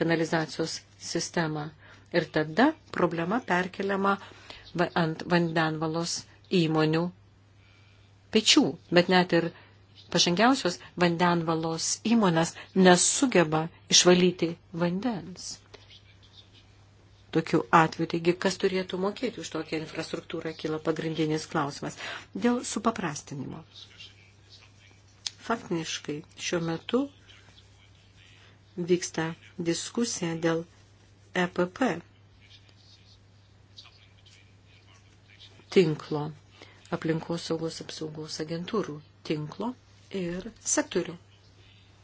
kanalizacijos sistemą. Ir tada problema perkeliama ant vandenvalos įmonių pečių. Bet net ir pažangiausios vandenvalos įmonės nesugeba išvalyti vandens. Tokiu atveju, taigi, kas turėtų mokėti už tokią infrastruktūrą, kyla pagrindinis klausimas dėl supaprastinimo. Faktiškai šiuo metu vyksta diskusija dėl EPP tinklo, aplinkos saugos apsaugos agentūrų tinklo ir sektorių,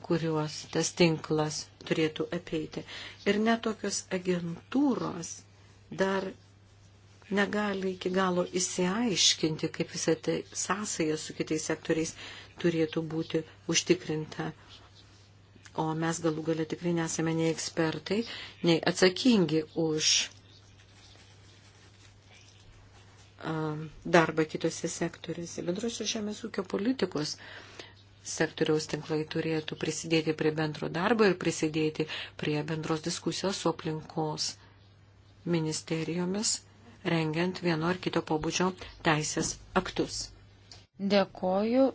kuriuos tas tinklas turėtų apeiti. Ir netokios agentūros dar negali iki galo įsiaiškinti, kaip visą tai sąsąją su kitais sektoriais turėtų būti užtikrinta. O mes galų galia tikrai nesame nei ekspertai, nei atsakingi už darbą kitose sektoriuose. Bendrosios žemės ūkio politikos sektoriaus tinklai turėtų prisidėti prie bendro darbo ir prisidėti prie bendros diskusijos su aplinkos ministerijomis, rengiant vieno ar kito pobūdžio teisės aktus. Dėkoju.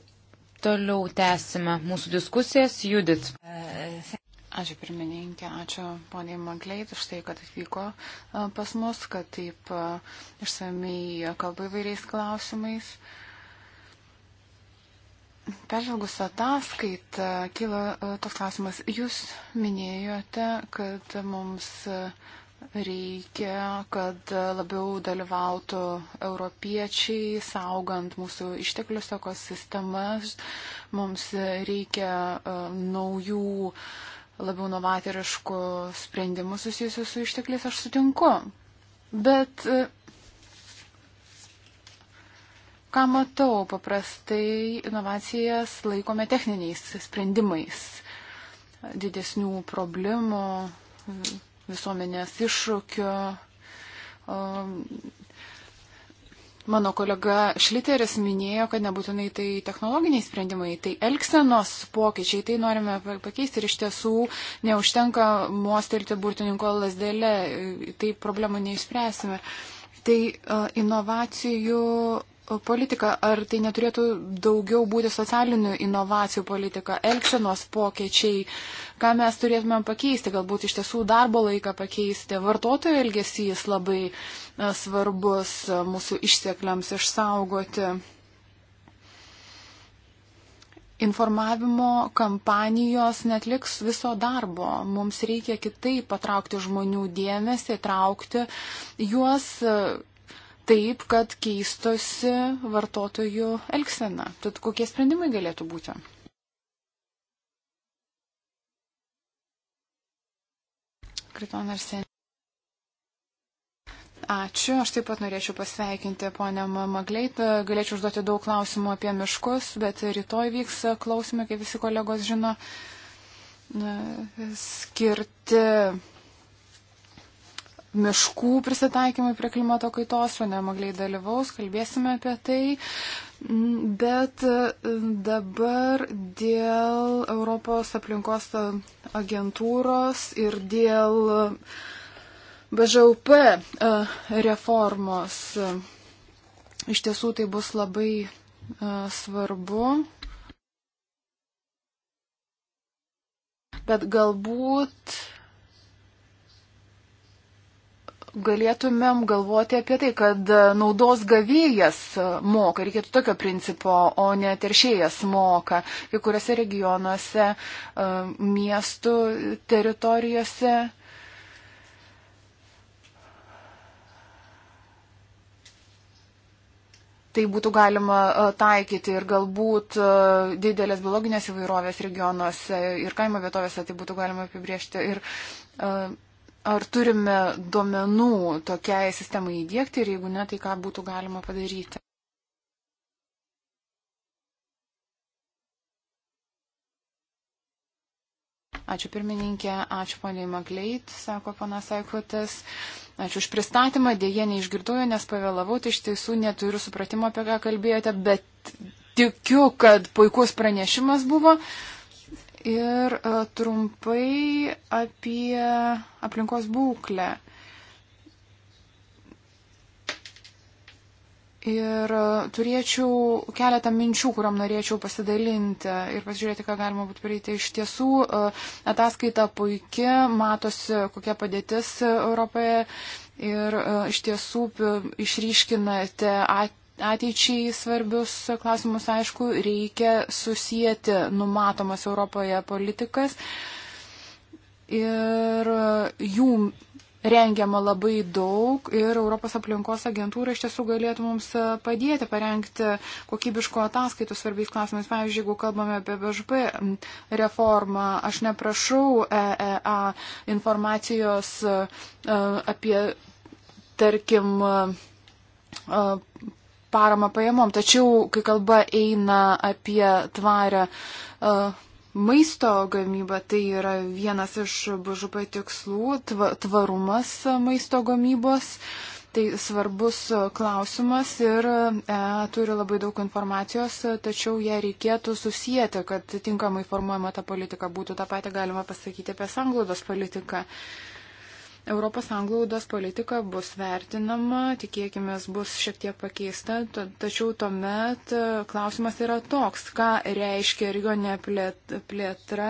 Toliau tęsime mūsų diskusijas. Judit. Ačiū pirmininkė, ačiū poniai Magleit už tai, kad atvyko pas mus, kad taip išsamei kalba įvairiais klausimais. Peržvelgus ataskaitą, kyla toks klausimas. Jūs minėjote, kad mums Reikia, kad labiau dalyvautų europiečiai, saugant mūsų išteklius, ekosistemas. Mums reikia e, naujų, labiau novatoriškų sprendimų susijusių su ištekliais, aš sutinku. Bet e, ką matau, paprastai inovacijas laikome techniniais sprendimais didesnių problemų visuomenės iššūkių. Um, mano kolega Šliteris minėjo, kad nebūtinai tai technologiniai sprendimai, tai elgsenos pokyčiai, tai norime pakeisti ir iš tiesų neužtenka mostelti burtininko lasdėlę, tai problemą neišspręsime. Tai uh, inovacijų politika, ar tai neturėtų daugiau būti socialinių inovacijų politika, elgsenos pokyčiai, ką mes turėtumėm pakeisti, galbūt iš tiesų darbo laiką pakeisti, vartotojų elgesys labai e, svarbus e, mūsų ištekliams išsaugoti. Informavimo kampanijos netliks viso darbo. Mums reikia kitaip patraukti žmonių dėmesį, traukti juos e, taip, kad keistosi vartotojų elgsena. Tad kokie sprendimai galėtų būti? Kriton Arsenė. Ačiū. Aš taip pat norėčiau pasveikinti ponę Magleit. Galėčiau užduoti daug klausimų apie miškus, bet rytoj vyks klausimai, kaip visi kolegos žino, skirti miškų prisitaikymui prie klimato kaitos, o ne magliai dalyvaus, kalbėsime apie tai. Bet e, dabar dėl Europos aplinkos agentūros ir dėl BŽUP e, reformos e, iš tiesų tai bus labai svarbu. Bet galbūt galėtumėm galvoti apie tai, kad naudos gavėjas moka, reikėtų tokio principo, o ne teršėjas moka. Kai kuriuose regionuose, e, miestų teritorijose. Tai būtų galima e, taikyti ir galbūt e, didelės biologinės įvairovės regionuose ir kaimo vietovėse tai būtų galima apibriežti. Ir ar turime duomenų tokiai sistemai įdėkti ir jeigu ne, tai ką būtų galima padaryti. Ačiū pirmininkė, ačiū poniai Magleit, sako panas Aikotas. Ačiū už pristatymą, dėje neišgirdau, nes pavėlavau, tai iš tiesų neturiu supratimo, apie ką kalbėjote, bet tikiu, kad puikus pranešimas buvo. Uh, ir e, trumpai apie aplinkos būklę. Ir e, turėčiau keletą minčių, kuriam norėčiau pasidalinti ir pasižiūrėti, ką galima būtų prieiti. Iš tiesų, e, ataskaita puikia, matosi, kokia padėtis Europoje. Ir iš tiesų išryškinate at, ateičiai svarbius klausimus, aišku, reikia susijęti numatomas Europoje politikas ir jų rengiama labai daug ir Europos aplinkos agentūra iš tiesų galėtų mums padėti parengti kokybiško ataskaitų svarbiais klausimais. Pavyzdžiui, jeigu kalbame apie BŽP reformą, aš neprašau EEA informacijos e, apie, tarkim, e, paramą pajamom. Tačiau, kai kalba eina apie tvarę e, maisto gamybą, tai yra vienas iš BŽP tikslų - tvarumas maisto gamybos. Tai svarbus klausimas ir e, turi labai daug informacijos, tačiau ją reikėtų susijęti, kad tinkamai formuojama ta politika būtų. Ta pati galima pasakyti apie sanglaudos politiką. E, Europos anglaudos politika bus vertinama, tikėkime, bus šiek tiek pakeista, tačiau tuomet e, klausimas yra toks, ką reiškia regioninė plėtra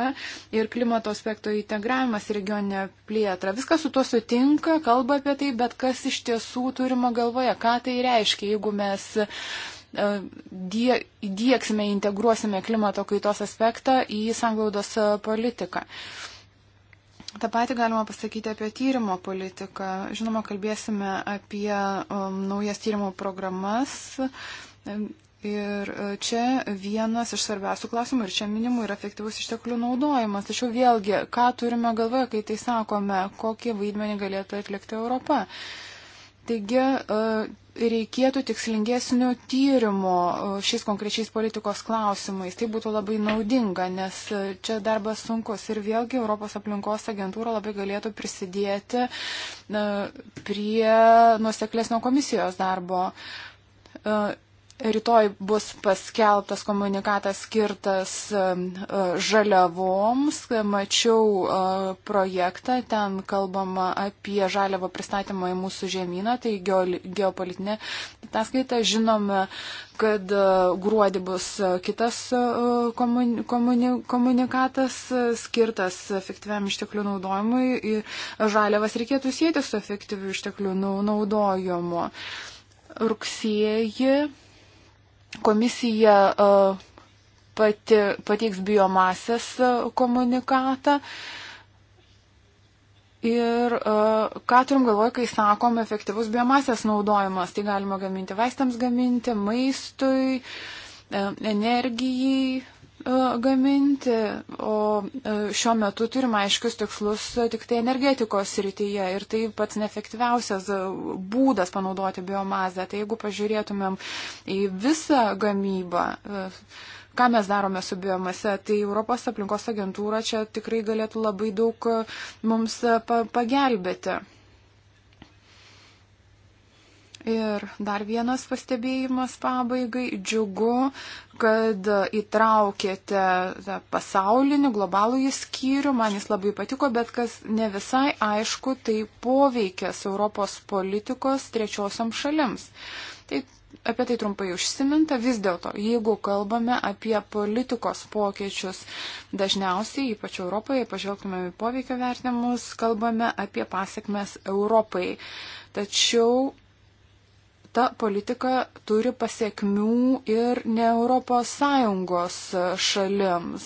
ir klimato aspekto integravimas regioninė plėtra. Viskas su tuo sutinka, kalba apie tai, bet kas iš tiesų turima galvoje, ką tai reiškia, jeigu mes e, die, įdieksime, integruosime klimato kaitos aspektą į sanglaudos e, politiką. Uh, Ta pati galima pasakyti apie tyrimo politiką. Žinoma, kalbėsime apie um, naujas tyrimo programas. Ir e, čia vienas iš svarbiausių klausimų ir čia minimų yra efektyvus išteklių naudojimas. Tačiau vėlgi, ką turime galvoje, kai tai sakome, kokį vaidmenį galėtų atlikti Europa. Taigi, e, reikėtų tikslingesnių tyrimų šiais konkrečiais politikos klausimais. Tai būtų labai naudinga, nes e, čia darbas sunkus ir vėlgi Europos aplinkos agentūra labai galėtų prisidėti e, prie nuoseklesnio komisijos darbo. E, Rytoj bus paskelbtas komunikatas skirtas e, žaliavoms. Mačiau e, projektą, ten kalbama apie žaliavo pristatymą į mūsų žemyną, tai geopolitinė ataskaita. Žinome, kad e, gruodį bus kitas komuni, komuni, komunikatas skirtas efektyviam išteklių naudojimui. Žaliavas reikėtų sėti su efektyviu išteklių naudojimu. Rugsėjį Komisija e, pati, pateiks biomasės e, komunikatą. Ir e, ką turim galvoje, kai sakom efektyvus biomasės naudojimas, tai galima gaminti vaistams gaminti, maistui, energijai, E, gaminti, o e, šiuo metu turime aiškius tikslus e, tik tai energetikos srityje ir tai pats neefektyviausias būdas panaudoti biomazę. Tai jeigu pažiūrėtumėm į visą gamybą, ką mes darome su biomase, tai Europos aplinkos agentūra čia tikrai galėtų labai daug mums pagelbėti. Ir dar vienas pastebėjimas pabaigai. Džiugu, kad įtraukėte pasaulinį globalųjį skyrių. Man jis labai patiko, bet kas ne visai aišku, tai poveikės Europos politikos trečiosiam šalims. Tai apie tai trumpai užsiminta. Vis dėlto, jeigu kalbame apie politikos pokyčius, dažniausiai, ypač Europoje, pažvelgtume į poveikio vertinimus, kalbame apie pasiekmes Europai. Tačiau ta politika turi pasiekmių ir ne ES šalims.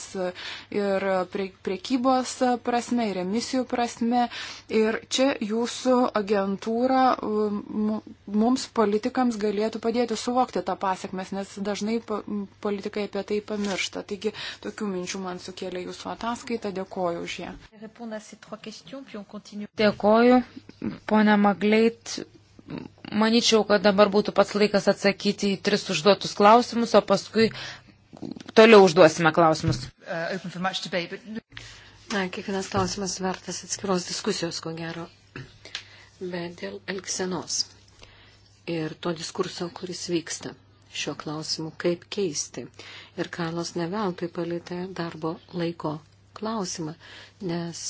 Ir prie, priekybos prasme, ir emisijų prasme. Ir čia jūsų agentūra um, mums politikams galėtų padėti suvokti tą pasiekmes, nes dažnai politikai apie tai pamiršta. Taigi tokių minčių man sukėlė jūsų ataskaita. Dėkoju už ją. Dėkoju, ponia Magleit manyčiau, kad dabar būtų pats laikas atsakyti į tris užduotus klausimus, o paskui toliau užduosime klausimus. Uh, nu- Na, kiekvienas klausimas vertas atskiros diskusijos, ko gero, bet dėl elksenos ir to diskurso, kuris vyksta šiuo klausimu, kaip keisti. Ir Karlos neveltui palėtė darbo laiko klausimą, nes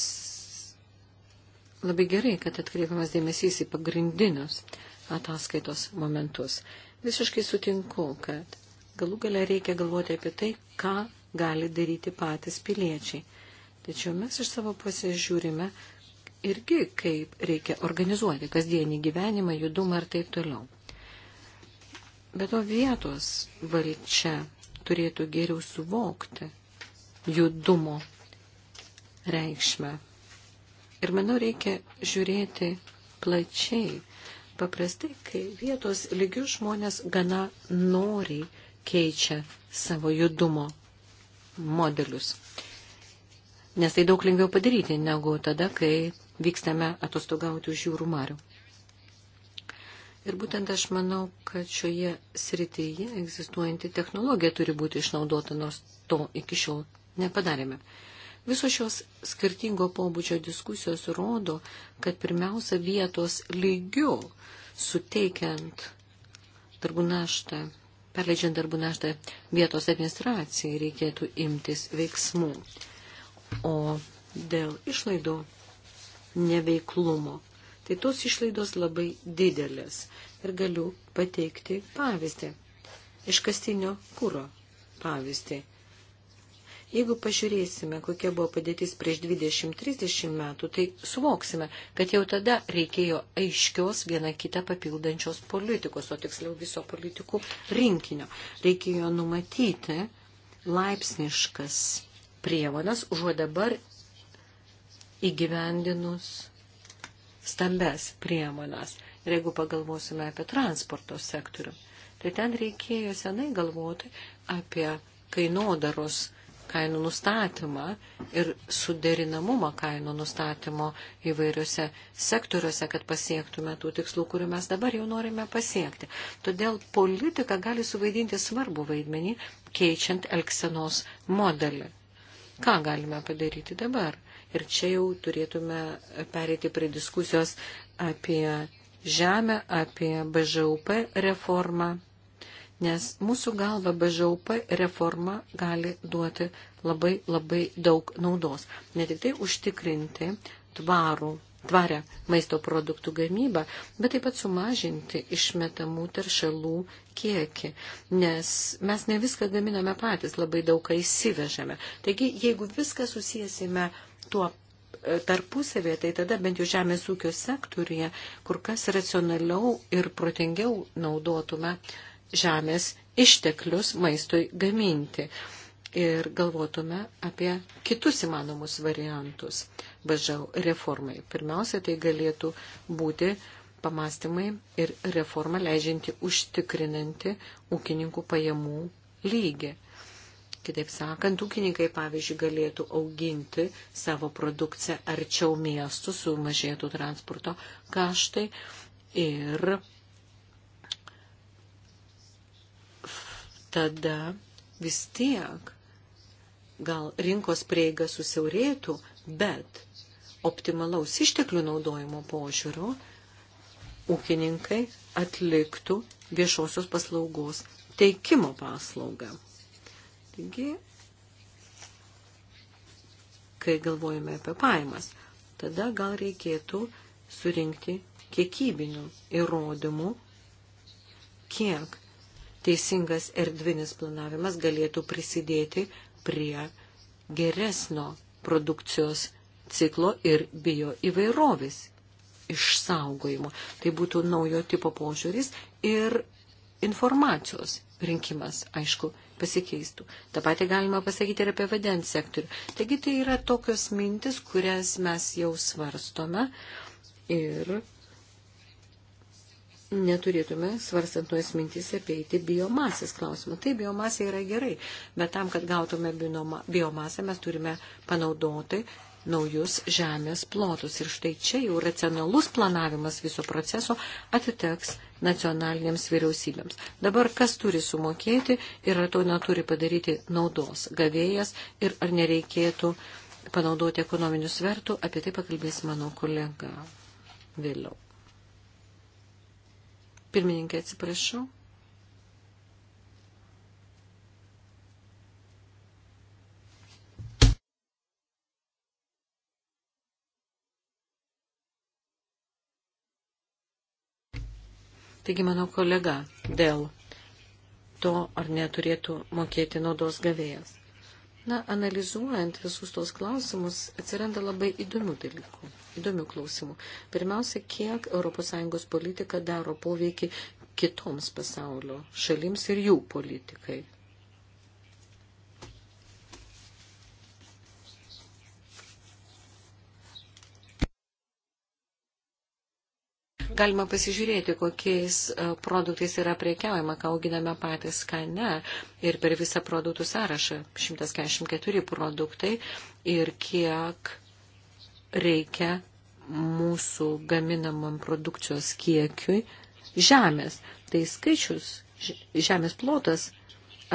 Labai gerai, kad atkreipiamas dėmesys į pagrindinius ataskaitos momentus. Visiškai sutinku, kad galų gale reikia galvoti apie tai, ką gali daryti patys piliečiai. Tačiau mes iš savo pusės žiūrime irgi, kaip reikia organizuoti kasdienį gyvenimą, judumą ir taip toliau. Bet o vietos valdžia turėtų geriau suvokti judumo reikšmę Ir manau, reikia žiūrėti plačiai. Paprastai, kai vietos lygių žmonės gana noriai keičia savo judumo modelius. Nes tai daug lengviau padaryti, negu tada, kai vykstame atostogauti už jūrų marių. Ir būtent aš manau, kad šioje srityje egzistuojanti technologija turi būti išnaudota, nors to iki šiol nepadarėme. Visos šios skirtingo pobūdžio diskusijos rodo, kad pirmiausia vietos lygių suteikiant darbų naštą, perleidžiant darbų naštą vietos administracijai reikėtų imtis veiksmų. O dėl išlaidų neveiklumo. Tai tos išlaidos labai didelės. Ir galiu pateikti pavyzdį. Iškastinio kūro pavyzdį. Jeigu pažiūrėsime, kokia buvo padėtis prieš 20-30 metų, tai suvoksime, kad jau tada reikėjo aiškios viena kitą papildančios politikos, o tiksliau viso politikų rinkinio. Reikėjo numatyti laipsniškas priemonės, užuot dabar įgyvendinus stambes priemonės. Ir jeigu pagalvosime apie transporto sektorių, tai ten reikėjo senai galvoti apie kainodaros kainų nustatymą ir suderinamumą kainų nustatymo įvairiuose sektoriuose, kad pasiektume tų tikslų, kurių mes dabar jau norime pasiekti. Todėl politika gali suvaidinti svarbu vaidmenį, keičiant elksenos modelį. Ką galime padaryti dabar? Ir čia jau turėtume perėti prie diskusijos apie žemę, apie BŽUP reformą nes mūsų galva BŽUP reforma gali duoti labai labai daug naudos. Ne tik tai užtikrinti tvarų, tvarę maisto produktų gamybą, bet taip pat sumažinti išmetamų teršalų kiekį, nes mes ne viską gaminame patys, labai daug ką įsivežame. Taigi, jeigu viską susijęsime tuo e, tarpusavėje, tai tada bent jau žemės ūkio sektoriuje kur kas racionaliau ir protingiau naudotume uh, žemės išteklius maistui gaminti ir galvotume apie kitus įmanomus variantus bažiau reformai. Pirmiausia, tai galėtų būti pamastymai ir reforma leidžianti užtikrinanti ūkininkų pajamų lygį. Kitaip sakant, ūkininkai, pavyzdžiui, galėtų auginti savo produkciją arčiau miestų, sumažėtų transporto kaštai ir tada vis tiek gal rinkos prieiga susiaurėtų, bet optimalaus išteklių naudojimo požiūriu ūkininkai atliktų viešosios paslaugos teikimo paslaugą. Taigi, kai galvojame apie paimas, tada gal reikėtų surinkti kiekybinių įrodymų, kiek teisingas erdvinis planavimas galėtų prisidėti prie geresnio produkcijos ciklo ir bio įvairovės išsaugojimo. Tai būtų naujo tipo požiūris ir informacijos rinkimas, aišku, pasikeistų. Ta pati galima pasakyti ir apie vandens sektorių. Taigi tai yra tokios mintis, kurias mes jau svarstome ir neturėtume, svarstant nuo esmintis, apeiti biomasės klausimą. Tai biomasė yra gerai, bet tam, kad gautume biomasę, mes turime panaudoti naujus žemės plotus. Ir štai čia jau racionalus planavimas viso proceso atiteks nacionalinėms vyriausybėms. Dabar kas turi sumokėti ir ar to neturi padaryti naudos gavėjas ir ar nereikėtų panaudoti ekonominių svertų, apie tai pakalbės mano kolega vėliau. Pirmininkė, atsiprašau. Taigi, mano kolega, dėl to ar neturėtų mokėti naudos gavėjas. Na, analizuojant visus tos klausimus, atsiranda labai įdomių dalykų, įdomių klausimų. Pirmiausia, kiek ES politika daro poveikį kitoms pasaulio šalims ir jų politikai. galima pasižiūrėti, kokiais e, produktais yra priekiaujama, ką auginame patys, ką ne. Ir per visą produktų sąrašą 144 produktai ir kiek reikia mūsų gaminamam produkcijos kiekiui žemės. Tai skaičius, žemės plotas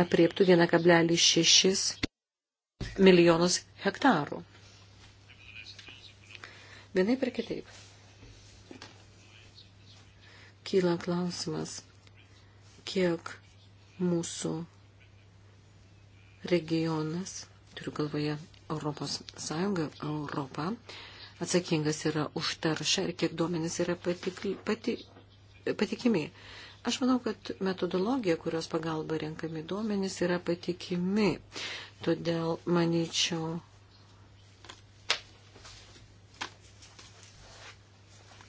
apriektų 1,6 milijonus hektarų. Vienaip ir kitaip kyla klausimas, kiek mūsų regionas, turiu galvoje Europos Sąjunga, Europa, atsakingas yra už taršą ir kiek duomenys yra patikli, pati, patikimi. Aš manau, kad metodologija, kurios pagalba renkami duomenys, yra patikimi. Todėl, manyčiau,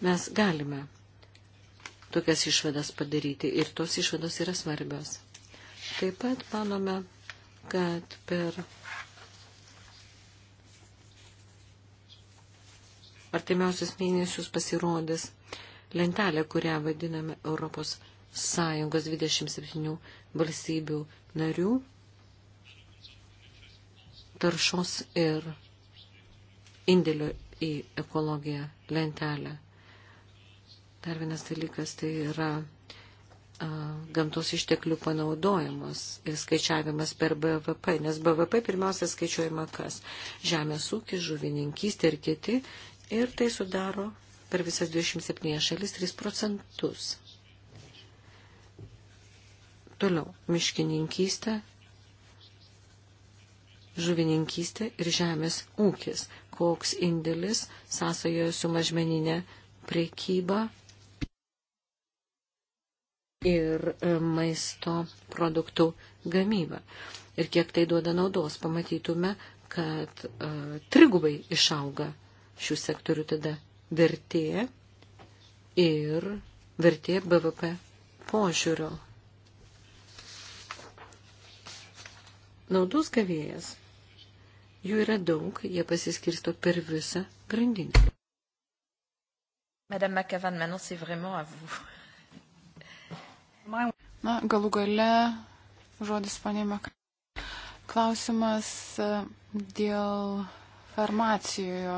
mes galime tokias išvadas padaryti ir tos išvados yra svarbios. Taip pat manome, kad per artimiausius mėnesius pasirodys lentelė, kurią vadiname Europos Sąjungos 27 valstybių narių taršos ir indėlio į ekologiją lentelę. Dar vienas dalykas tai yra gamtos išteklių panaudojimas ir skaičiavimas per BVP, nes BVP pirmiausia skaičiuojama kas? Žemės ūkis, žuvininkystė ir kiti, ir tai sudaro per visas 27 šalis 3 procentus. Toliau, miškininkystė, žuvininkystė ir žemės ūkis. Koks indėlis sąsojoje su mažmeninė priekyba ir e, maisto produktų gamybą. Ir kiek tai duoda naudos, pamatytume, kad uh, trigubai išauga šių sektorių tada vertė ir vertė BVP požiūrio. Naudos gavėjas. Jų yra daug, jie pasiskirsto per visą grandinę. Madame McAvan, maintenant c'est vraiment à vous. Na, galų gale žodis panėmė. Klausimas e, dėl farmacijojo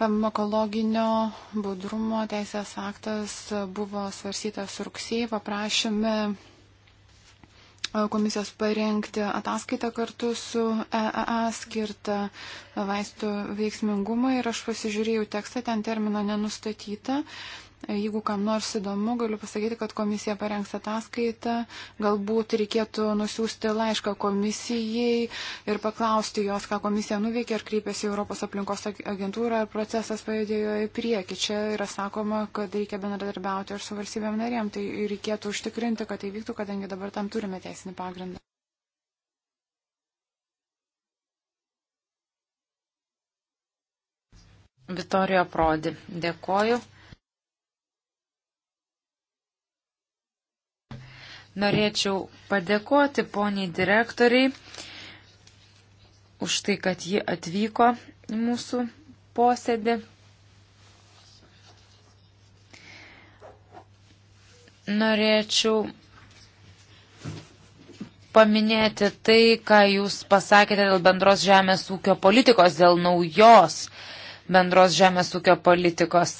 farmakologinio budrumo teisės aktas buvo svarstytas rugsėjai, paprašėme e, komisijos parengti ataskaitą kartu su EAA e skirtą vaistų veiksmingumą ir aš pasižiūrėjau tekstą, ten termino nenustatyta, Jeigu kam nors įdomu, galiu pasakyti, kad komisija parengs ataskaitą. Galbūt reikėtų nusiųsti laišką komisijai ir paklausti jos, ką komisija nuveikė, ar kreipėsi į Europos aplinkos agentūrą, ar procesas pajudėjo į priekį. Čia yra sakoma, kad reikia bendradarbiauti ir su valstybėm narėm. Tai reikėtų užtikrinti, kad tai vyktų, kadangi dabar tam turime teisinį pagrindą. Vitorija Prodi. Dėkoju. Norėčiau padėkoti poniai direktoriai už tai, kad ji atvyko į mūsų posėdį. Norėčiau paminėti tai, ką jūs pasakėte dėl bendros žemės ūkio politikos, dėl naujos bendros žemės ūkio politikos.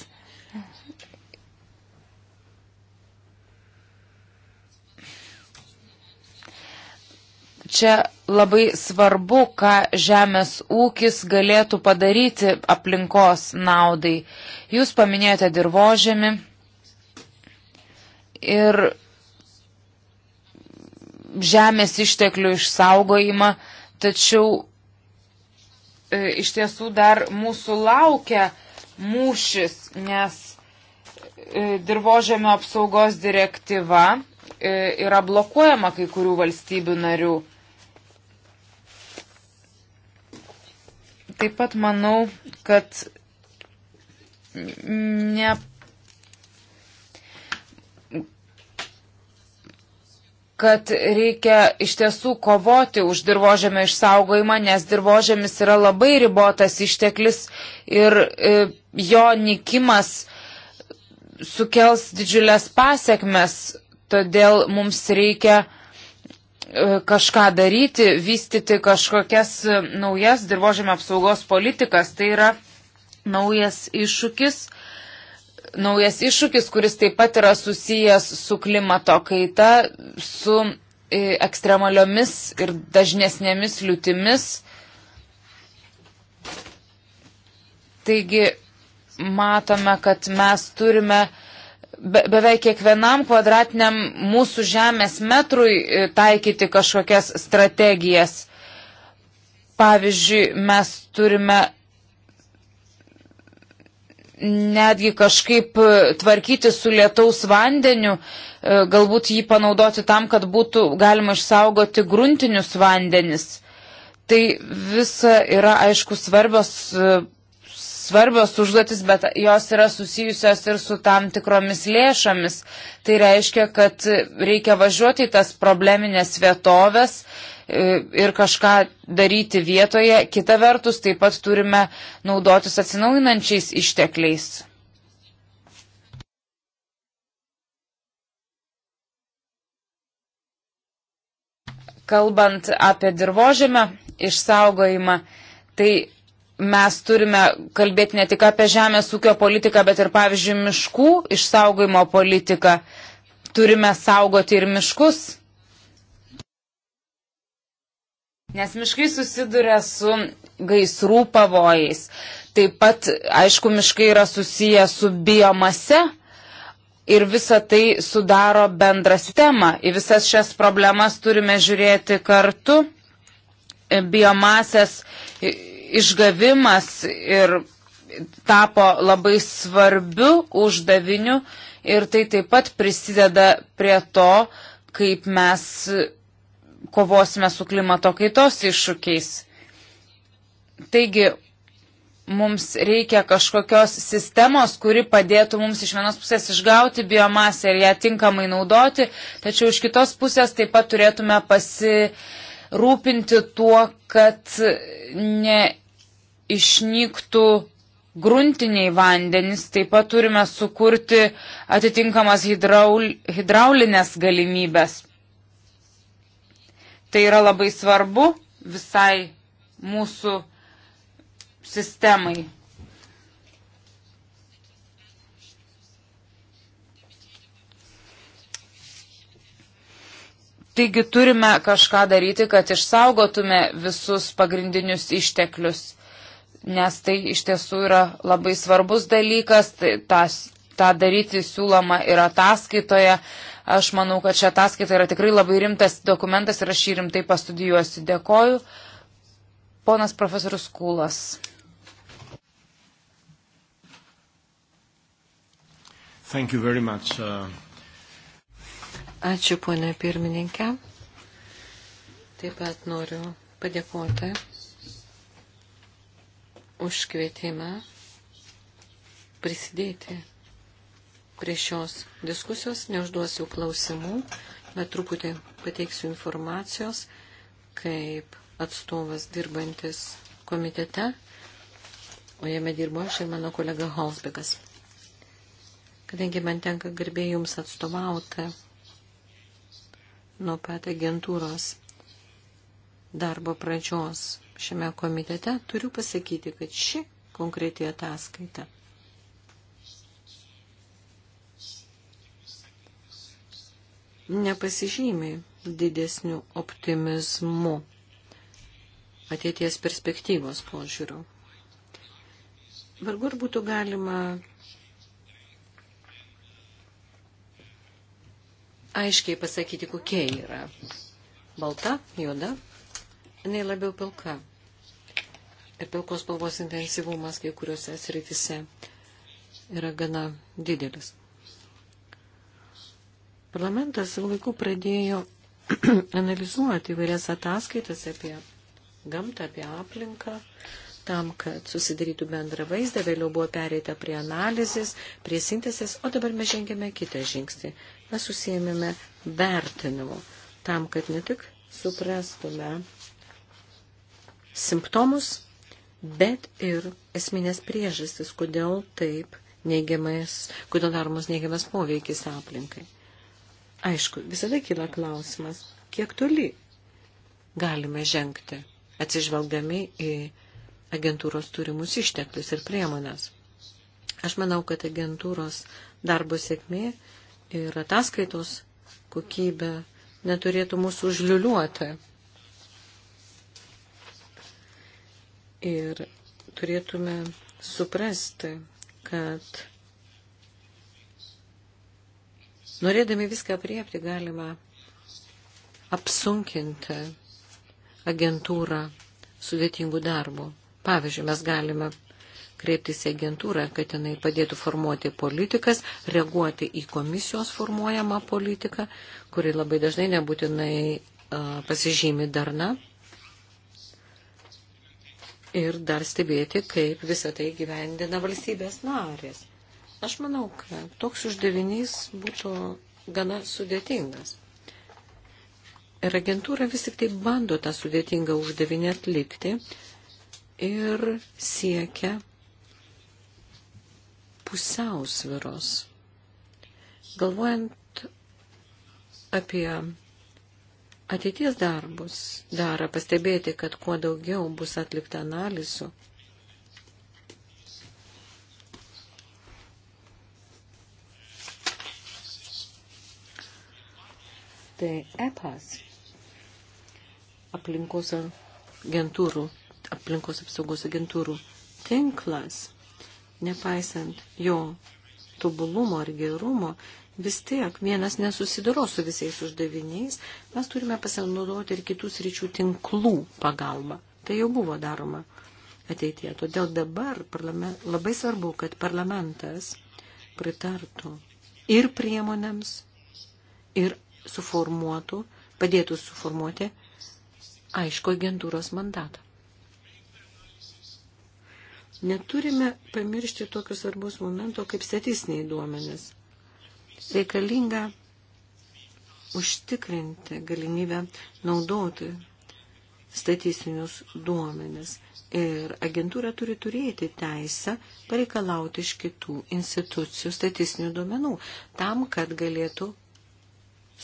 čia labai svarbu, ką žemės ūkis galėtų padaryti aplinkos naudai. Jūs paminėjote dirbožėmį ir žemės išteklių išsaugojimą, tačiau e, iš tiesų dar mūsų laukia mūšis, nes e, dirbožėmio apsaugos direktyva e, yra blokuojama kai kurių valstybių narių. Taip pat manau, kad ne. kad reikia iš tiesų kovoti už dirbožėmio išsaugojimą, nes dirbožėmis yra labai ribotas išteklis ir e, jo nikimas sukels didžiulės pasiekmes, todėl mums reikia e, E, kažką daryti, vystyti kažkokias e, naujas dirbožėmio apsaugos politikas. Tai yra naujas iššūkis, naujas iššūkis, kuris taip pat yra susijęs su klimato kaita, su e, ekstremaliomis ir dažnesnėmis liūtimis. Taigi matome, kad mes turime uh, be, beveik kiekvienam kvadratiniam mūsų žemės metrui e, taikyti kažkokias strategijas. Pavyzdžiui, mes turime netgi kažkaip e, tvarkyti su lietaus vandeniu, e, galbūt jį panaudoti tam, kad būtų galima išsaugoti gruntinius vandenis. Tai visa yra, aišku, svarbios svarbios užduotis, bet jos yra susijusios ir su tam tikromis lėšomis. Tai reiškia, kad reikia važiuoti į tas probleminės vietovės e, ir kažką daryti vietoje. Kita vertus, taip pat turime naudotis atsinaujinančiais ištekliais. Kalbant apie dirbožėmę išsaugojimą, tai mes turime kalbėti ne tik apie žemės ūkio politiką, bet ir, pavyzdžiui, miškų išsaugojimo politiką. Turime saugoti ir miškus. Nes miškai susiduria su gaisrų pavojais. Taip pat, aišku, miškai yra susiję su biomase ir visa tai sudaro bendrą sistemą. Į visas šias problemas turime žiūrėti kartu. Biomasės išgavimas ir tapo labai svarbiu uždaviniu ir tai taip pat prisideda prie to, kaip mes kovosime su klimato kaitos iššūkiais. Taigi, mums reikia kažkokios sistemos, kuri padėtų mums iš vienos pusės išgauti biomasę ir ją tinkamai naudoti, tačiau iš kitos pusės taip pat turėtume pasirūpinti tuo, kad ne išnyktų gruntiniai vandenys, taip pat turime sukurti atitinkamas hidraul, hidraulinės galimybės. Tai yra labai svarbu visai mūsų sistemai. Taigi turime kažką daryti, kad išsaugotume visus pagrindinius išteklius nes tai iš tiesų yra labai svarbus dalykas, tai tas, tą daryti siūloma ir ataskaitoje. Aš manau, kad šią ataskaitą yra tikrai labai rimtas dokumentas ir aš jį rimtai pastudijuosiu. Dėkoju. Ponas profesorius Kūlas. Uh... Ačiū, ponė pirmininkė. Taip pat noriu padėkoti už kvietimą prisidėti prie šios diskusijos. Neužduosiu klausimų, bet truputį pateiksiu informacijos, kaip atstovas dirbantis komitete, o jame dirbo aš ir mano kolega Holzbegas. Kadangi man tenka garbė jums atstovauti nuo pat agentūros darbo pradžios šiame komitete, turiu pasakyti, kad ši konkretiai ataskaita nepasižymi didesniu optimizmu ateities perspektyvos požiūriu. Vargu ar būtų galima aiškiai pasakyti, kokie yra. Balta, juoda, jinai labiau pilka ir pilkos spalvos intensyvumas kai kuriuose srityse yra gana didelis. Parlamentas laiku pradėjo analizuoti įvairias ataskaitas apie gamtą, apie aplinką, tam, kad susidarytų bendrą vaizdą, vėliau buvo pereita prie analizės, prie sintesės, o dabar mes žengėme kitą žingsnį. Mes susijėmėme vertinimu, tam, kad ne tik suprastume simptomus, bet ir esminės priežastis, kodėl taip neigiamas, kodėl daromas neigiamas poveikis aplinkai. Aišku, visada kyla klausimas, kiek toli galime žengti, atsižvelgdami į agentūros turimus išteklius ir priemonės. Aš manau, kad agentūros darbo sėkmė ir ataskaitos kokybė neturėtų mūsų užliuliuoti Ir turėtume suprasti, kad norėdami viską priepti galima apsunkinti agentūrą sudėtingų darbų. Pavyzdžiui, mes galime kreiptis į agentūrą, kad jinai padėtų formuoti politikas, reaguoti į komisijos formuojamą politiką, kuri labai dažnai nebūtinai uh, pasižymi darna ir dar stebėti, kaip visą tai gyvendina valstybės narės. Aš manau, kad toks uždavinys būtų gana sudėtingas. Ir agentūra vis tik tai bando tą sudėtingą uždavinį atlikti ir siekia pusiausviros. Galvojant apie ateities darbus daro pastebėti, kad kuo daugiau bus atlikta analizų, tai EPAS aplinkos agentūrų, aplinkos apsaugos agentūrų tinklas, nepaisant jo tobulumo ar gerumo, vis tiek vienas nesusidaro su visais uždaviniais, mes turime pasinaudoti ir kitus ryčių tinklų pagalbą. Tai jau buvo daroma ateitie. Todėl dabar labai svarbu, kad parlamentas pritartų ir priemonėms, ir suformuotų, padėtų suformuoti aišku agentūros mandatą. Neturime pamiršti tokio svarbus momento kaip statistiniai duomenės. Reikalinga užtikrinti galimybę naudoti statistinius duomenis. Ir agentūra turi turėti teisę pareikalauti iš kitų institucijų statistinių duomenų, tam, kad galėtų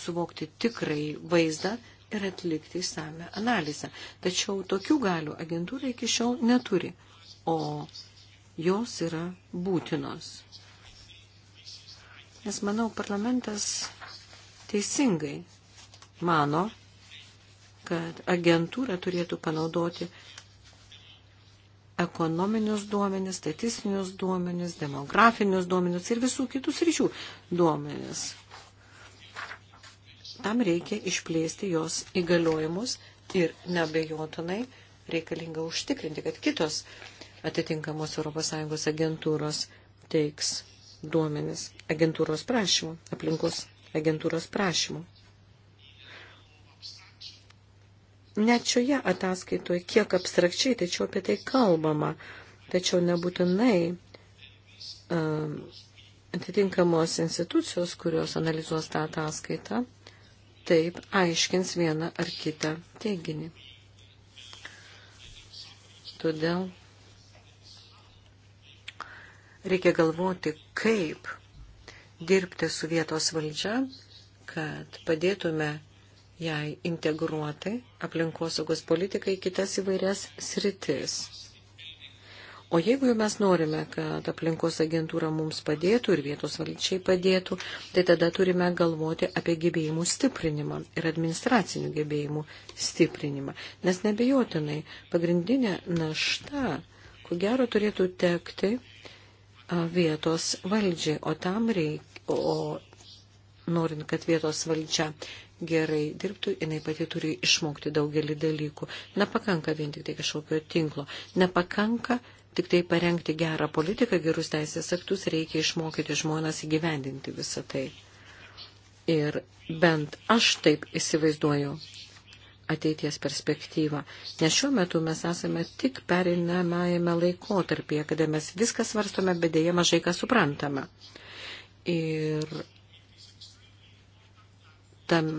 suvokti tikrai vaizdą ir atlikti įsame analizę. Tačiau tokių galių agentūra iki šiol neturi o jos yra būtinos. Nes manau, parlamentas teisingai mano, kad agentūra turėtų panaudoti ekonominius duomenis, statistinius duomenis, demografinius duomenis ir visų kitus ryšių duomenis. Tam reikia išplėsti jos įgaliojimus ir nebejotinai reikalinga užtikrinti, kad kitos atitinkamos ES agentūros teiks duomenis agentūros prašymų, aplinkos agentūros prašymų. Net šioje ataskaitoje, kiek abstrakčiai, tačiau apie tai kalbama, tačiau nebūtinai um, atitinkamos institucijos, kurios analizuos tą ataskaitą, taip aiškins vieną ar kitą teiginį. Todėl Reikia galvoti, kaip dirbti su vietos valdžia, kad padėtume jai integruoti aplinkosaugos politiką į kitas įvairias sritis. O jeigu jau mes norime, kad aplinkos agentūra mums padėtų ir vietos valdžiai padėtų, tai tada turime galvoti apie gebėjimų stiprinimą ir administracinių gebėjimų stiprinimą. Nes nebejotinai pagrindinė našta, ko gero, turėtų tekti vietos valdžiai, o tam reikia, o norint, kad vietos valdžia gerai dirbtų, jinai pati turi išmokti daugelį dalykų. Nepakanka vien tik tai kažkokio tinklo. Nepakanka tik tai parengti gerą politiką, gerus teisės aktus, reikia išmokyti žmonas įgyvendinti visą tai. Ir bent aš taip įsivaizduoju ateities perspektyvą. Nes šiuo metu mes esame tik perinamajame laikotarpyje, kada mes viską svarstome, bet dėja mažai ką suprantame. Ir tam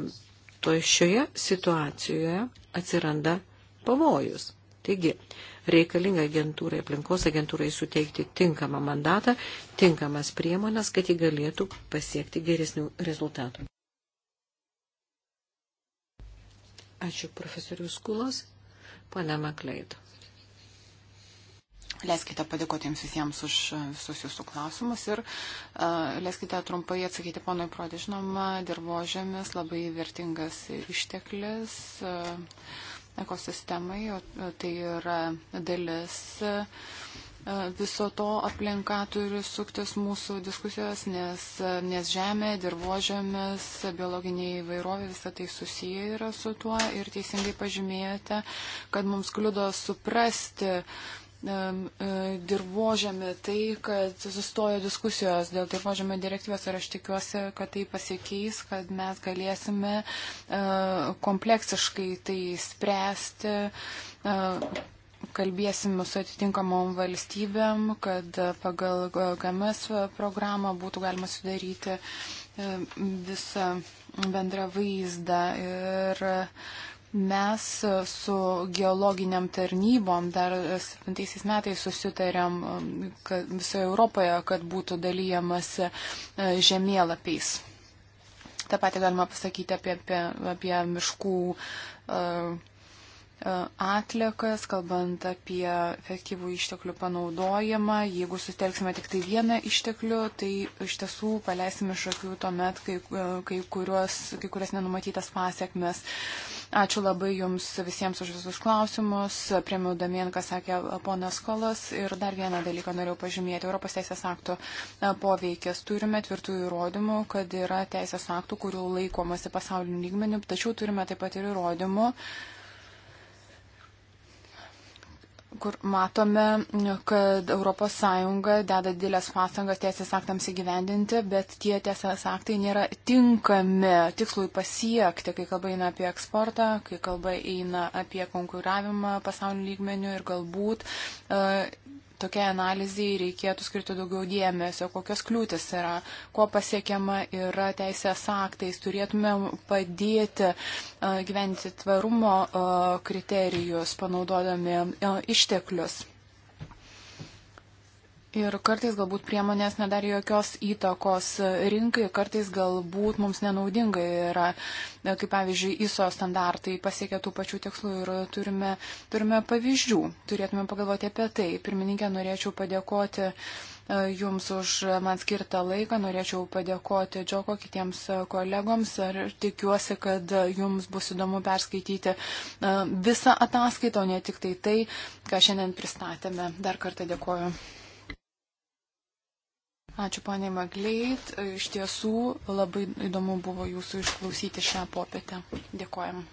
to šioje situacijoje atsiranda pavojus. Taigi, reikalinga agentūrai, aplinkos agentūrai suteikti tinkamą mandatą, tinkamas priemonės, kad ji galėtų pasiekti geresnių rezultatų. Ačiū profesorius Kulos, pana Maklaido. Leiskite padėkoti jums visiems už visus jūsų klausimus ir uh, leiskite trumpai atsakyti ponui Prodė. Žinoma, dirbožėmis labai vertingas išteklis uh, ekosistemai, o tai yra dalis. Uh, E, viso to aplinka turi suktis mūsų diskusijos, nes, nes žemė, dirbožėmis, biologinė įvairovė, visą tai susiję yra su tuo ir teisingai pažymėjote, kad mums kliudo suprasti e, e, dirbožėmi tai, kad sustojo diskusijos dėl dirbožėmio direktyvos ir aš tikiuosi, kad tai pasikeis, kad mes galėsime kompleksiškai tai spręsti kalbėsim su atitinkamom valstybėm, kad pagal GMS programą būtų galima sudaryti e, visą bendrą vaizdą. Ir mes su geologiniam tarnybom dar 7 metais susitarėm e, visoje Europoje, kad būtų dalyjamas e, žemėlapiais. Ta pati galima pasakyti apie, apie, apie miškų uh, E, atliekas, kalbant apie efektyvų išteklių panaudojimą. Jeigu sutelksime tik tai vieną išteklių, tai iš tiesų paleisime iš akių tuomet kai, e, kai, kurios, kai kurias nenumatytas pasiekmes. Ačiū labai Jums visiems už visus klausimus. Priemiau Damien, ką sakė ponas Kolas. Ir dar vieną dalyką norėjau pažymėti. Europos teisės akto e, poveikis. Turime tvirtų įrodymų, kad yra teisės aktų, kurių laikomasi pasaulinių lygmenių, tačiau turime taip pat ir įrodymų kur matome, kad ES deda didelės pastangas teisės aktams įgyvendinti, bet tie teisės aktai nėra tinkami tikslui pasiekti, kai kalba eina apie eksportą, kai kalba eina apie konkuravimą pasaulio lygmenių ir galbūt e, tokiai analizai reikėtų skirti daugiau dėmesio, kokios kliūtis yra, ko pasiekiama yra teisės aktais, turėtume padėti gyventi tvarumo kriterijus, panaudodami išteklius. Ir kartais galbūt priemonės nedarė jokios įtakos rinkai, kartais galbūt mums nenaudinga yra, e, kaip pavyzdžiui, ISO standartai pasiekia tų pačių tikslų ir turime, turime pavyzdžių, turėtume pagalvoti apie tai. Pirmininkė, norėčiau padėkoti e, Jums už man skirtą laiką, norėčiau padėkoti Džoko kitiems e, kolegoms ir tikiuosi, kad Jums bus įdomu perskaityti visą ataskaitą, o ne tik tai tai, ką šiandien pristatėme. Dar kartą dėkoju. Ačiū, ponė Magleit. Iš tiesų labai įdomu buvo jūsų išklausyti šią popietę. Dėkojam.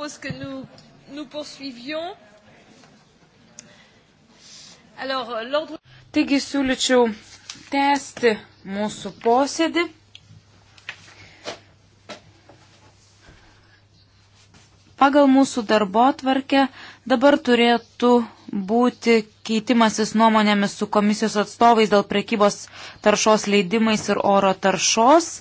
propose que nous, nous poursuivions. Alors, l'ordre. Taigi siūlyčiau tęsti mūsų posėdį. Pagal mūsų darbo tvarkę dabar turėtų būti keitimasis nuomonėmis su komisijos atstovais dėl prekybos taršos leidimais ir oro taršos.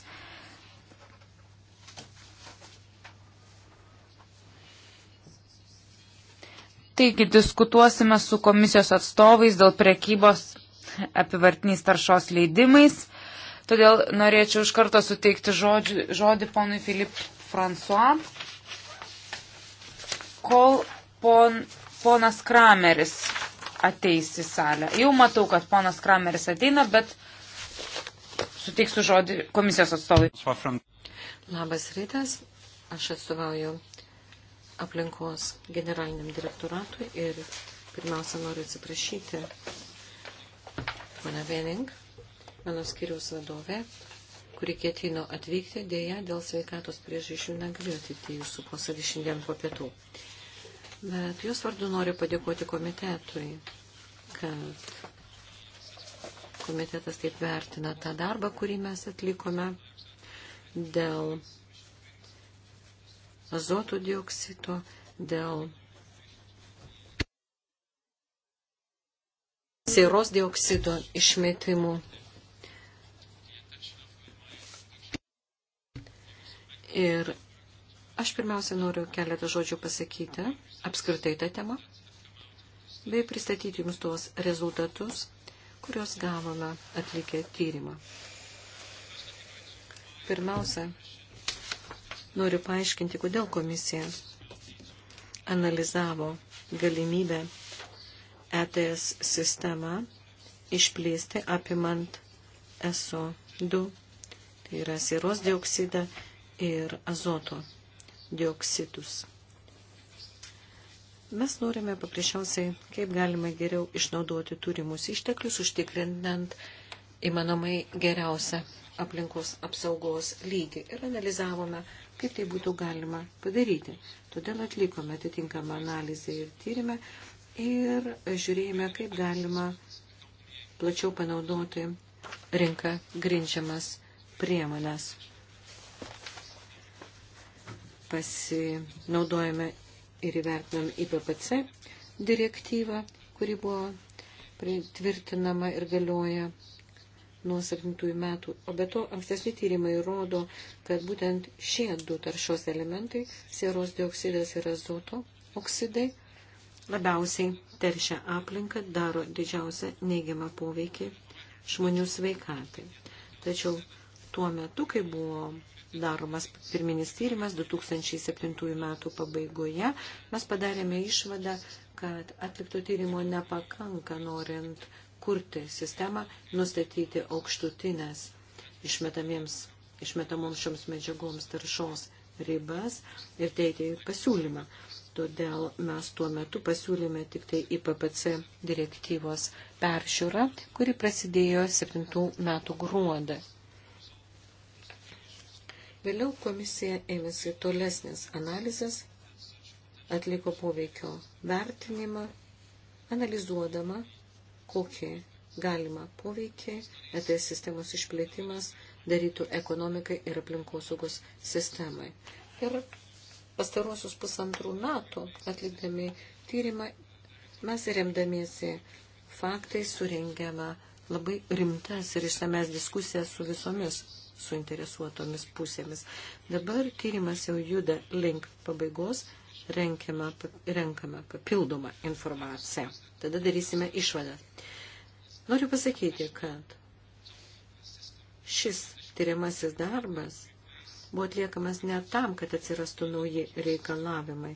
Taigi diskutuosime su komisijos atstovais dėl prekybos apivartiniais taršos leidimais. Todėl norėčiau iš karto suteikti žodžių, žodį ponui Filip François. Kol pon, ponas Krameris ateis į salę. Jau matau, kad ponas Krameris ateina, bet suteiksiu žodį komisijos atstovui. Labas rytas, aš atstovauju aplinkos generaliniam direktoratui ir pirmiausia noriu atsiprašyti pana Vening, mano skiriaus vadovė, kuri ketino atvykti, dėja dėl sveikatos priežasčių negalėjo atvykti jūsų posėdį šiandien po pietų. Bet jūs vardu noriu padėkoti komitetui, kad komitetas taip vertina tą darbą, kurį mes atlikome dėl azoto dioksito, dėl sėros dioksido išmetimų. Ir aš pirmiausia noriu keletą žodžių pasakyti apskritai tą temą, bei pristatyti jums tuos rezultatus, kuriuos gavome atlikę tyrimą. Pirmiausia, Noriu paaiškinti, kodėl komisija analizavo galimybę ETS sistemą išplėsti apimant SO2, tai yra siros dioksidą ir azoto dioksidus. Mes norime paprasčiausiai, kaip galima geriau išnaudoti turimus išteklius, užtikrinant įmanomai geriausią aplinkos apsaugos lygį. Ir analizavome kaip tai būtų galima padaryti. Todėl atlikome atitinkamą analizę ir tyrimę ir žiūrėjome, kaip galima plačiau panaudoti rinką grindžiamas priemonės. Pasinaudojame ir įvertinam IPPC direktyvą, kuri buvo pritvirtinama ir galioja nuo 7 metų. O be to, ankstesni tyrimai rodo, kad būtent šie du taršos elementai, sieros dioksidas ir azoto oksidai, labiausiai teršia aplinką, daro didžiausią neigiamą poveikį žmonių sveikatai. Tačiau tuo metu, kai buvo daromas pirminis tyrimas 2007 metų pabaigoje, mes padarėme išvadą, kad atlikto tyrimo nepakanka norint sukurti sistemą, nustatyti aukštutinės išmetamoms šioms medžiagoms taršos ribas ir teikti pasiūlymą. Todėl mes tuo metu pasiūlėme tik tai IPPC direktyvos peržiūrą, kuri prasidėjo 7 metų gruodą. Vėliau komisija ėmėsi tolesnės analizės, atliko poveikio vertinimą, analizuodama kokį galima poveikį ETS sistemos išplėtimas darytų ekonomikai ir aplinkosaugos sistemai. Ir pastaruosius pusantrų metų atlikdami tyrimą mes remdamiesi faktais surengiame labai rimtas ir išsames diskusijas su visomis suinteresuotomis pusėmis. Dabar tyrimas jau juda link pabaigos, renkame, renkame papildomą informaciją. Tada darysime išvadą. Noriu pasakyti, kad šis tyriamasis darbas buvo atliekamas ne tam, kad atsirastų nauji reikalavimai,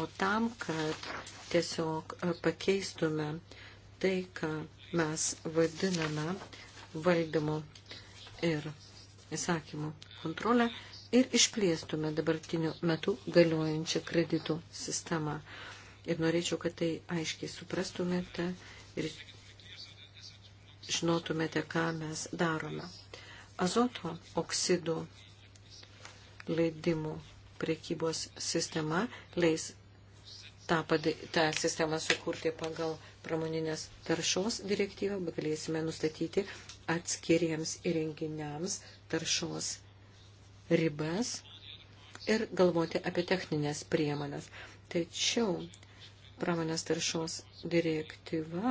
o tam, kad tiesiog e, pakeistume tai, ką mes vadiname valdymo ir įsakymų kontrolę ir išplėstume dabartiniu metu galiojančią kreditų sistemą. Ir norėčiau, kad tai aiškiai suprastumėte ir žinotumėte, ką mes darome. Azoto oksidų leidimų priekybos sistema leis tą, padai, tą sistemą sukurti pagal pramoninės taršos direktyvą, bet galėsime nustatyti atskiriems įrenginiams taršos ribas ir galvoti apie techninės priemonės. Tačiau pramonės taršos direktyva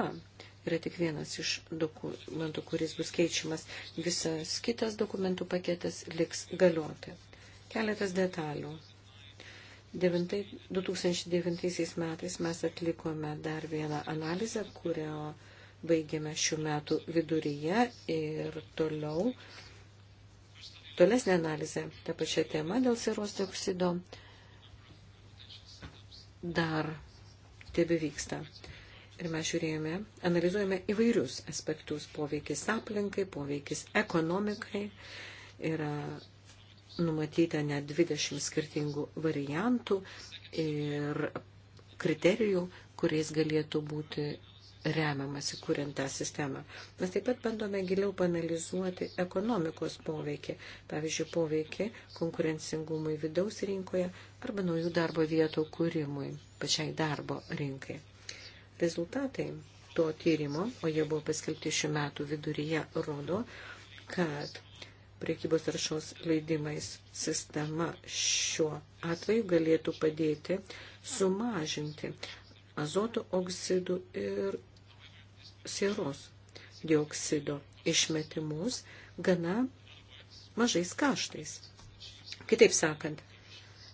yra tik vienas iš dokumentų, kuris bus keičiamas. Visas kitas dokumentų paketas liks galioti. Keletas detalių. 2009 metais mes atlikome dar vieną analizę, kurio baigėme šių metų viduryje ir toliau. Tolesnė analizė, ta pačia tema dėl siros dioksido, dar tebe vyksta. Ir mes žiūrėjome, analizuojame įvairius aspektus - poveikis aplinkai, poveikis ekonomikai. Yra numatyta net 20 skirtingų variantų ir kriterijų, kuriais galėtų būti remiamasi kuriant tą sistemą. Mes taip pat bandome giliau panalizuoti ekonomikos poveikį, pavyzdžiui, poveikį konkurencingumui vidaus rinkoje arba naujų darbo vietų kūrimui pačiai darbo rinkai. Rezultatai to tyrimo, o jie buvo paskelbti šių metų viduryje, rodo, kad priekybos taršos leidimais sistema šiuo atveju galėtų padėti sumažinti azoto oksidų ir sieros dioksido išmetimus gana mažais kaštais. Kitaip sakant,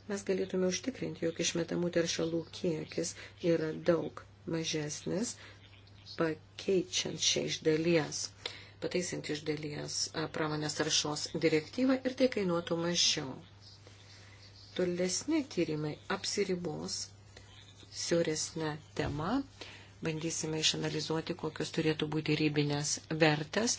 mes galėtume užtikrinti, jog išmetamų teršalų kiekis yra daug mažesnis, pakeičiant šią iš dalies, pataisant iš dalies pramonės taršos direktyvą ir tai kainuotų mažiau. Tolesni tyrimai apsiribos siauresnę temą bandysime išanalizuoti, kokios turėtų būti rybinės vertės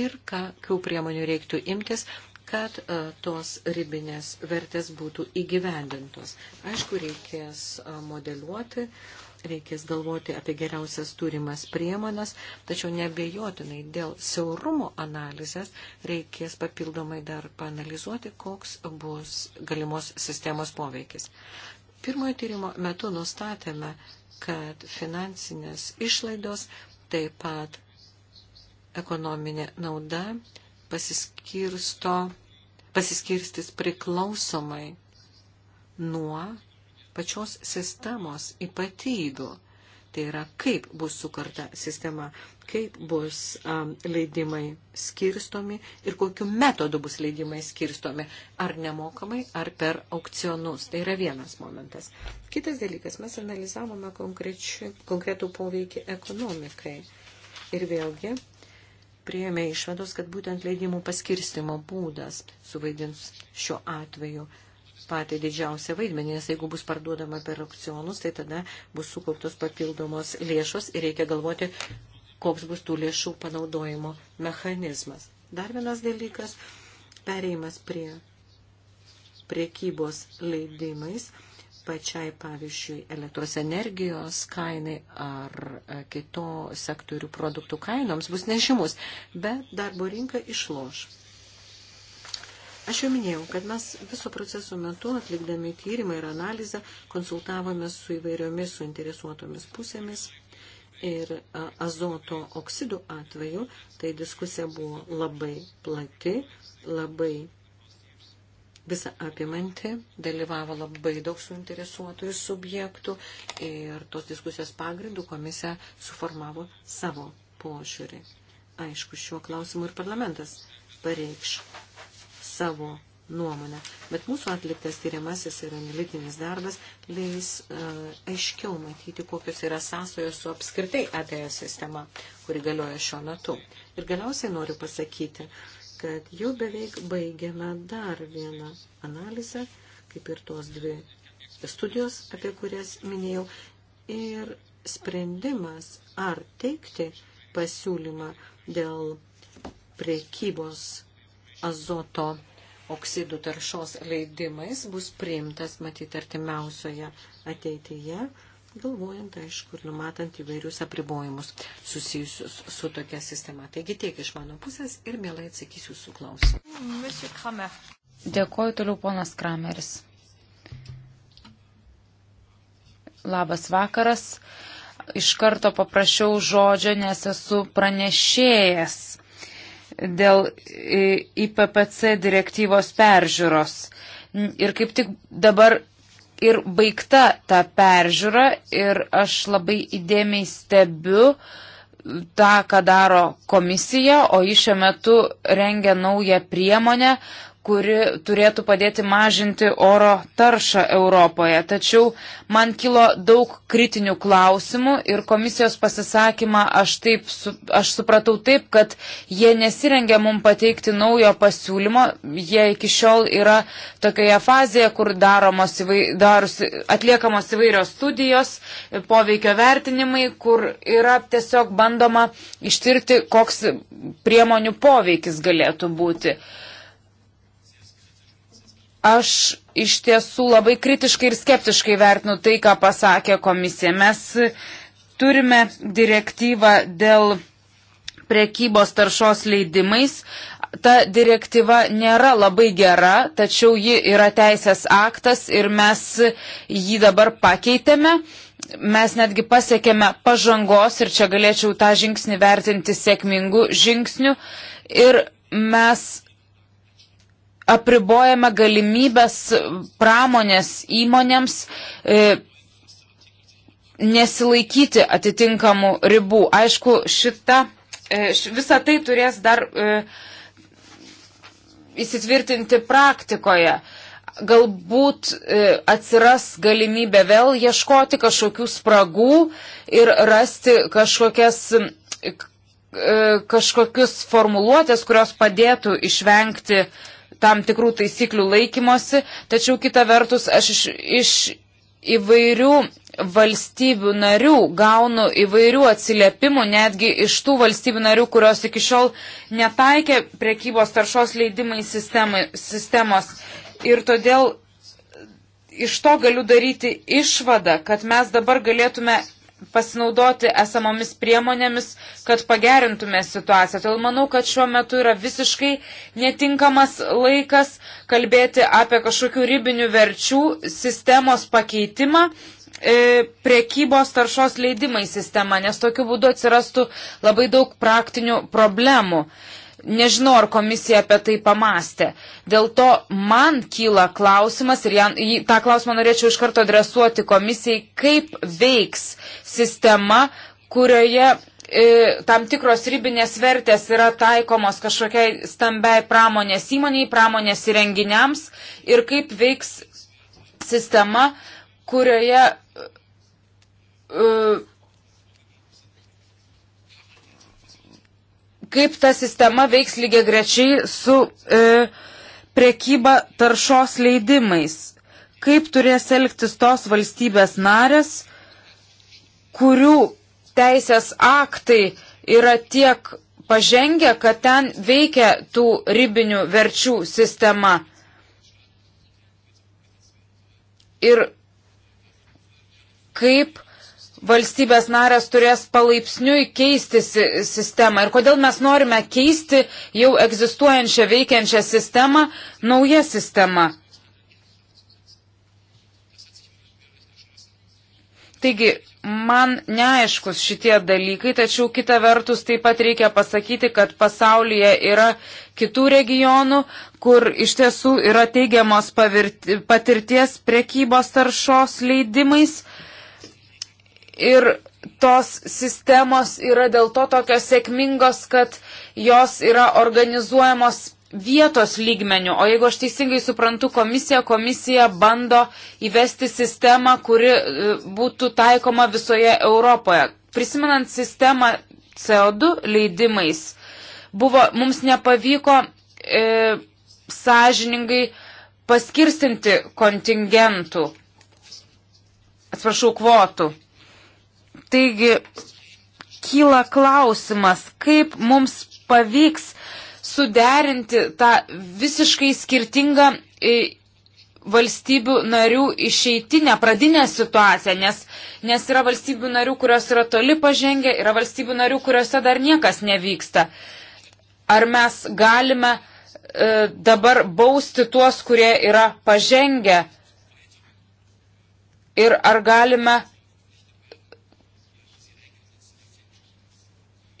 ir kokių priemonių reiktų imtis, kad e, tos ribinės vertės būtų įgyvendintos. Aišku, reikės e, modeliuoti, reikės galvoti apie geriausias turimas priemonės, tačiau nebejotinai dėl siaurumo analizės reikės papildomai dar panalizuoti, koks bus galimos sistemos poveikis. Pirmojo tyrimo metu nustatėme, kad finansinės išlaidos, taip pat ekonominė nauda pasiskirsto, pasiskirstis priklausomai nuo pačios sistemos ypatybių tai yra kaip bus sukurta sistema, kaip bus um, leidimai skirstomi ir kokiu metodu bus leidimai skirstomi, ar nemokamai, ar per aukcionus. Tai yra vienas momentas. Kitas dalykas, mes analizavome konkretų poveikį ekonomikai. Ir vėlgi, prieėmė išvados, kad būtent leidimų paskirstimo būdas suvaidins šiuo atveju patį didžiausią vaidmenį, nes jeigu bus parduodama per aukcionus, tai tada bus sukauptos papildomos lėšos ir reikia galvoti, koks bus tų lėšų panaudojimo mechanizmas. Dar vienas dalykas - pereimas prie priekybos leidimais pačiai, pavyzdžiui, elektros energijos kainai ar kito sektorių produktų kainoms bus nežymus, bet darbo rinka išloš. Aš jau minėjau, kad mes viso proceso metu atlikdami tyrimą ir analizą konsultavomės su įvairiomis suinteresuotomis pusėmis ir azoto oksidų atveju, tai diskusija buvo labai plati, labai visą apimanti, dalyvavo labai daug suinteresuotų ir subjektų ir tos diskusijos pagrindų komisija suformavo savo požiūrį. Aišku, šiuo klausimu ir parlamentas pareikš savo nuomonę. Bet mūsų atliktas tyriamasis ir analitinis darbas leis uh, aiškiau matyti, kokios yra sąsojos su apskritai ATS sistema, kuri galioja šiuo metu. Ir galiausiai noriu pasakyti, kad jau beveik baigiame dar vieną analizę, kaip ir tos dvi studijos, apie kurias minėjau. Ir sprendimas ar teikti pasiūlymą dėl priekybos azoto oksidų taršos leidimais bus priimtas, matyt, artimiausioje ateityje, galvojant, aišku, ir numatant įvairius apribojimus susijusius su tokia sistema. Taigi tiek iš mano pusės ir mielai atsakysiu jūsų klausimą. Dėkuoju toliau, ponas Krameris. Labas vakaras. Iš karto paprašiau žodžio, nes esu pranešėjas dėl e, IPPC direktyvos peržiūros. Ir kaip tik dabar ir baigta ta peržiūra ir aš labai įdėmiai stebiu e, tą, ką daro komisija, o ji šiuo metu rengia naują priemonę, kuri turėtų padėti mažinti oro taršą Europoje. Tačiau man kilo daug kritinių klausimų ir komisijos pasisakymą aš, taip, aš supratau taip, kad jie nesirengia mums pateikti naujo pasiūlymo. Jie iki šiol yra tokioje fazėje, kur daromos, daros, atliekamos įvairios studijos, poveikio vertinimai, kur yra tiesiog bandoma ištirti, koks priemonių poveikis galėtų būti. Uh, Aš iš tiesų labai kritiškai ir skeptiškai vertinu tai, ką pasakė komisija. Mes turime direktyvą dėl prekybos taršos leidimais. Ta direktyva nėra labai gera, tačiau ji yra teisės aktas ir mes jį dabar pakeitėme. Mes netgi pasiekėme pažangos ir čia galėčiau tą žingsnį vertinti sėkmingų žingsnių. Ir mes apribojame galimybės pramonės įmonėms e, nesilaikyti atitinkamų ribų. Aišku, šita, e, š, visa tai turės dar e, įsitvirtinti praktikoje. Galbūt e, atsiras galimybė vėl ieškoti kažkokių spragų ir rasti kažkokias e, kažkokius formuluotės, kurios padėtų išvengti uh, tam tikrų taisyklių laikymosi, tačiau kita vertus aš iš, iš įvairių valstybių narių gaunu įvairių atsiliepimų, netgi iš tų valstybių narių, kurios iki šiol netaikė priekybos taršos leidimai sistemai, sistemos. Ir todėl iš to galiu daryti išvadą, kad mes dabar galėtume pasinaudoti esamomis priemonėmis, kad pagerintume situaciją. Todėl manau, kad šiuo metu yra visiškai netinkamas laikas kalbėti apie kažkokių ribinių verčių sistemos pakeitimą e, priekybos taršos leidimai sistema, nes tokiu būdu atsirastų labai daug praktinių problemų. Nežinau, ar komisija apie tai pamastė. Dėl to man kyla klausimas ir ją, tą klausimą norėčiau iš karto adresuoti komisijai, kaip veiks sistema, kurioje e, tam tikros ribinės vertės yra taikomos kažkokiai stambiai pramonės įmoniai, pramonės įrenginiams ir kaip veiks sistema, kurioje uh, kaip ta sistema veiks lygiai grečiai su e, prekyba taršos leidimais. Kaip turės elgtis tos valstybės narės, kurių teisės aktai yra tiek pažengę, kad ten veikia tų ribinių verčių sistema. Ir kaip valstybės narės turės palaipsniui keisti sistemą ir kodėl mes norime keisti jau egzistuojančią veikiančią sistemą nauja sistema. Taigi, man neaiškus šitie dalykai, tačiau kita vertus taip pat reikia pasakyti, kad pasaulyje yra kitų regionų, kur iš tiesų yra teigiamos patirties prekybos taršos leidimais ir tos sistemos yra dėl to tokios sėkmingos, kad jos yra organizuojamos vietos lygmenių. O jeigu aš teisingai suprantu komisiją, komisija bando įvesti sistemą, kuri e, būtų taikoma visoje Europoje. Prisimenant sistemą CO2 leidimais, buvo, mums nepavyko e, sąžiningai paskirstinti kontingentų, atsiprašau, kvotų. Taigi, kyla klausimas, kaip mums pavyks suderinti tą visiškai skirtingą e, valstybių narių išeitinę, pradinę situaciją, nes, nes yra valstybių narių, kurios yra toli pažengę, yra valstybių narių, kuriuose dar niekas nevyksta. Ar mes galime e, dabar bausti tuos, kurie yra pažengę? Ir ar galime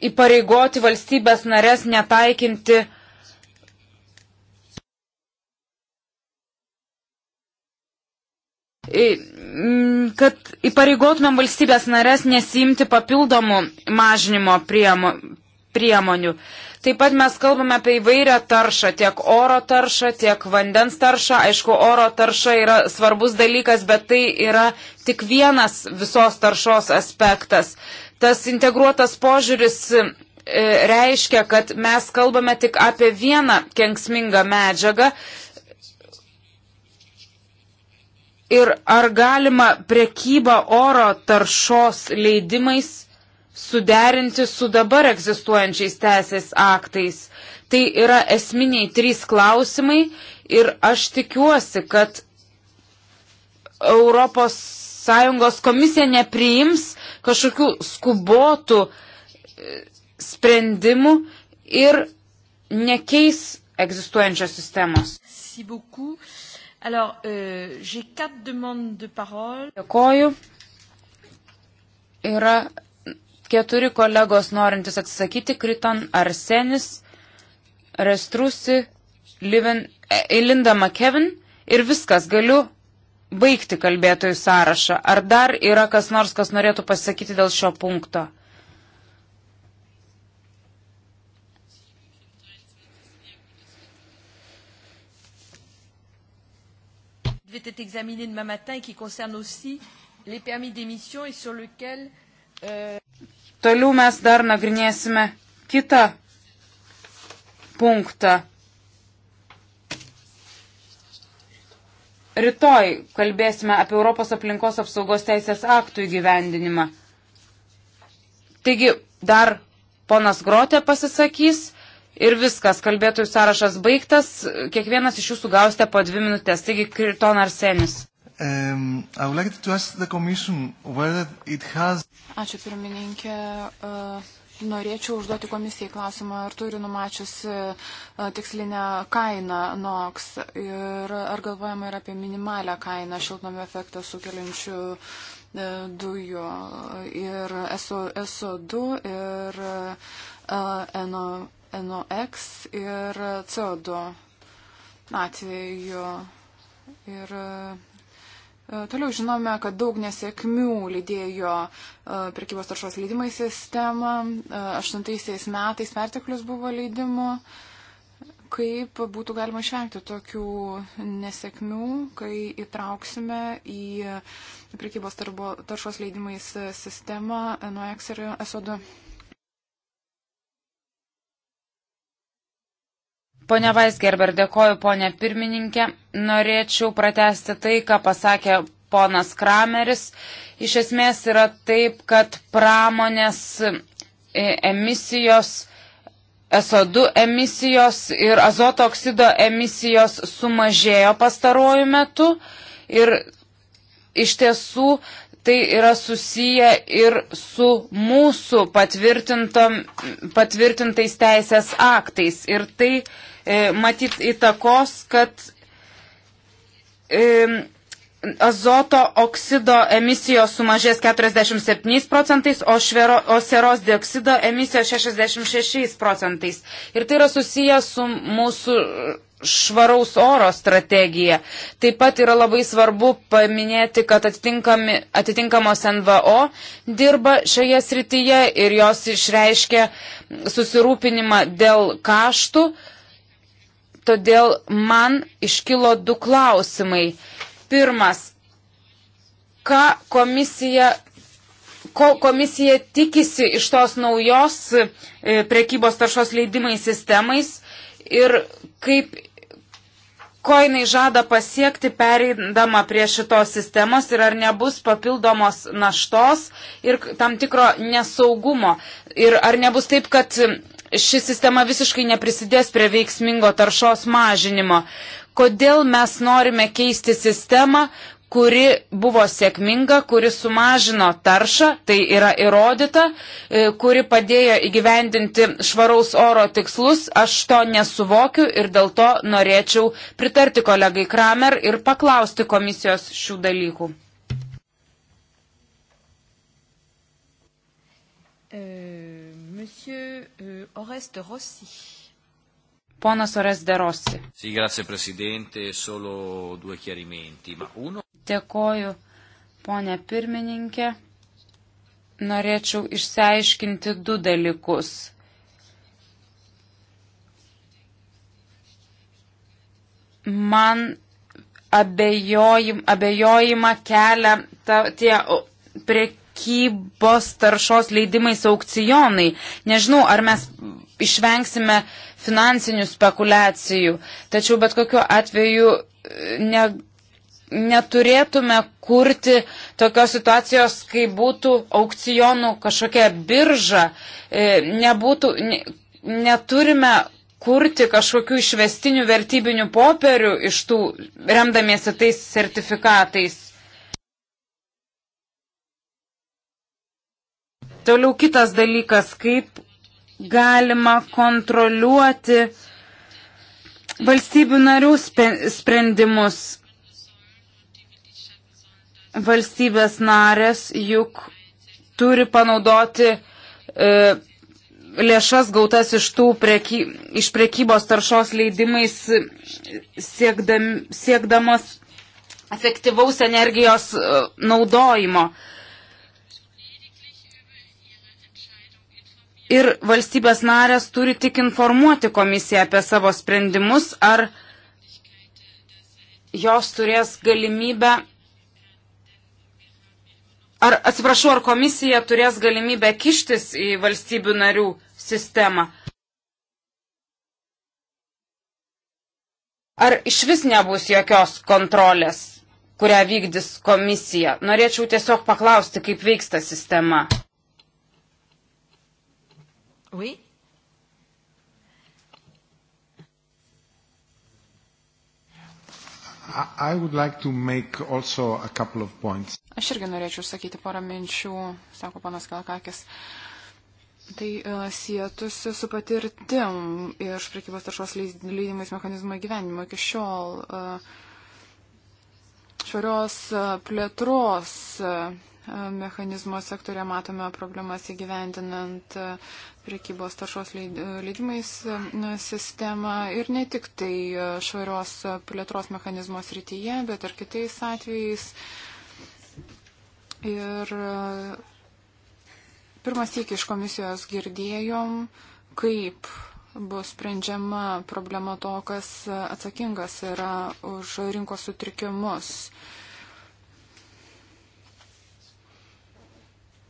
įpareigoti valstybės narės netaikinti kad įpareigotumėm valstybės narės nesimti papildomų mažinimo priemo, priemonių. Taip pat mes kalbame apie įvairią taršą, tiek oro taršą, tiek vandens taršą. Aišku, oro tarša yra svarbus dalykas, bet tai yra tik vienas visos taršos aspektas. Tas integruotas požiūris e, reiškia, kad mes kalbame tik apie vieną kenksmingą medžiagą. Ir ar galima prekyba oro taršos leidimais suderinti su dabar egzistuojančiais teisės aktais. Tai yra esminiai trys klausimai ir aš tikiuosi, kad ES komisija nepriims kažkokių skubotų e, sprendimų ir nekeis egzistuojančios sistemos. Euh, Dėkoju. Yra Keturi kolegos norintis atsisakyti - Kriton Arsenis, Restrusi, Ilinda e, e, McKevin ir viskas, galiu baigti kalbėtojų sąrašą. Ar dar yra kas nors, kas norėtų pasakyti dėl šio punkto? devait être examiné demain matin et qui concerne aussi les permis d'émission et sur lequel euh Toliau mes dar nagrinėsime kitą punktą. Rytoj kalbėsime apie Europos aplinkos apsaugos teisės aktų įgyvendinimą. Taigi dar ponas Grotė pasisakys ir viskas, kalbėtojų sąrašas baigtas, kiekvienas iš jūsų gausite po dvi minutės. Taigi, Kriton Arsenis. Um, I would like to ask the Commission whether it has. Ačiū pirmininkė. Uh, norėčiau užduoti komisijai klausimą, ar turi numačiusi uh, e, tikslinę kainą NOX ir ar galvojama ir apie minimalę kainą šiltnamio efektą sukeliančių uh, dujų ir SO, SO2 ir NO, NOX ir CO2 atveju. Ir E, toliau žinome, kad daug nesėkmių lydėjo e, prekybos taršos leidimai sistemą. E, aštuntaisiais metais perteklius buvo leidimų. Kaip būtų galima išvengti tokių nesėkmių, kai įtrauksime į prekybos taršos leidimais sistemą NOX ir SO2? Pone Vaisgerber, dėkoju, ponė pirmininkė. Norėčiau pratesti tai, ką pasakė ponas Krameris. Iš esmės yra taip, kad pramonės e, emisijos, SO2 emisijos ir azoto oksido emisijos sumažėjo pastaruoju metu. Ir iš tiesų tai yra susiję ir su mūsų patvirtintais teisės aktais. Ir tai E, matyt įtakos, kad e, azoto oksido emisijos sumažės 47 procentais, o, švero, o seros dioksido emisijos 66 procentais. Ir tai yra susiję su mūsų švaraus oro strategija. Taip pat yra labai svarbu paminėti, kad atitinkamos NVO dirba šioje srityje ir jos išreiškia susirūpinimą dėl kaštų, Todėl man iškilo du klausimai. Pirmas, ką komisija, ko komisija tikisi iš tos naujos e, prekybos taršos leidimai sistemais ir kaip ko jinai žada pasiekti pereidama prie šitos sistemos ir ar nebus papildomos naštos ir tam tikro nesaugumo. Ir ar nebus taip, kad ši sistema visiškai neprisidės prie veiksmingo taršos mažinimo. Kodėl mes norime keisti sistemą, kuri buvo sėkminga, kuri sumažino taršą, tai yra įrodyta, e, kuri padėjo įgyvendinti švaraus oro tikslus, aš to nesuvokiu ir dėl to norėčiau pritarti kolegai Kramer ir paklausti komisijos šių dalykų. E, monsieur... Oreste Rossi. Ponas Oreste Rossi. Sì, grazie Presidente, solo due chiarimenti. Ma uno... Dėkoju, ponė pirmininkė. Norėčiau išsiaiškinti du dalykus. Man abejojim, abejojimą kelia ta, tie prie, prekybos taršos leidimais aukcijonai. Nežinau, ar mes išvengsime finansinių spekulacijų, tačiau bet kokiu atveju e, ne, neturėtume kurti tokios situacijos, kai būtų aukcijonų kažkokia birža, e, nebūtų, ne, neturime kurti kažkokių išvestinių vertybinių popierių iš tų, remdamiesi tais sertifikatais. Toliau kitas dalykas, kaip galima kontroliuoti valstybių narių sprendimus. Valstybės narės juk turi panaudoti e, lėšas gautas iš, preky, iš prekybos taršos leidimais e, siekdam, siekdamas efektyvaus energijos e, naudojimo. E, ir valstybės narės turi tik informuoti komisiją apie savo sprendimus, ar jos turės galimybę, ar atsiprašau, ar komisija turės galimybę kištis į valstybių narių sistemą. Ar iš vis nebus jokios kontrolės, kurią vykdys komisija? Norėčiau tiesiog paklausti, kaip veiksta sistema. Oui. I would like to make also a couple of points. Aš irgi norėčiau sakyti porą minčių, sako panas Kalakakis. Tai uh, e, sėtusi su patirtim iš prekybos taršos leidimais mechanizmo gyvenimo iki šiol. Uh, švarios e, plėtros mechanizmo sektorė matome problemas įgyvendinant e, priekybos taršos leidimais e, sistemą ir ne tik tai e, švarios plėtros mechanizmo srityje, bet ir kitais atvejais. Ir pirmas tiek iš komisijos girdėjom, kaip bus sprendžiama problema to, kas atsakingas yra už rinkos sutrikimus. Uh,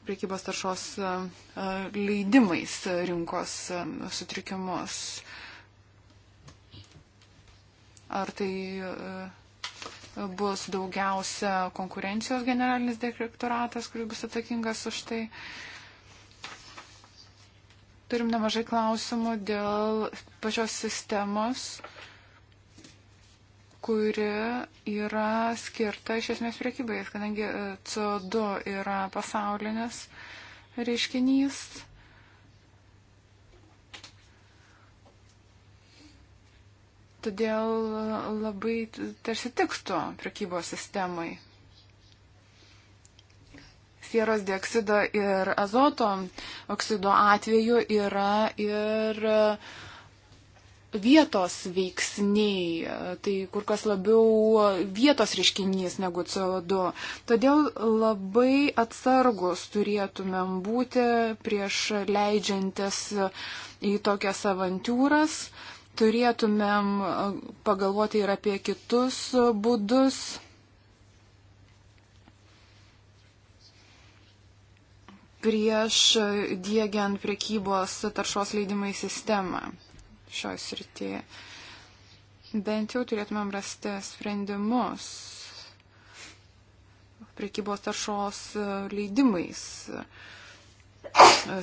priekybos taršos e, e, leidimais rinkos e, sutrikimus. Ar tai bus daugiausia konkurencijos generalinis direktoratas, kuris bus atsakingas už tai. Turim nemažai klausimų dėl pačios sistemos. Uh, kuri yra skirta iš esmės priekybai, kadangi e, CO2 yra pasaulinis reiškinys. Todėl labai tarsi tiktų prekybos sistemai. Sieros dioksido ir azoto oksido atveju yra ir uh, vietos veiksniai, tai kur kas labiau vietos reiškinys negu CO2. Todėl labai atsargus turėtumėm būti prieš leidžiantis į tokias avantūras, turėtumėm e, pagalvoti ir apie kitus būdus prieš dėgiant prekybos taršos leidimai sistemą šioje srityje. Bent jau turėtumėm rasti sprendimus priekybos taršos leidimais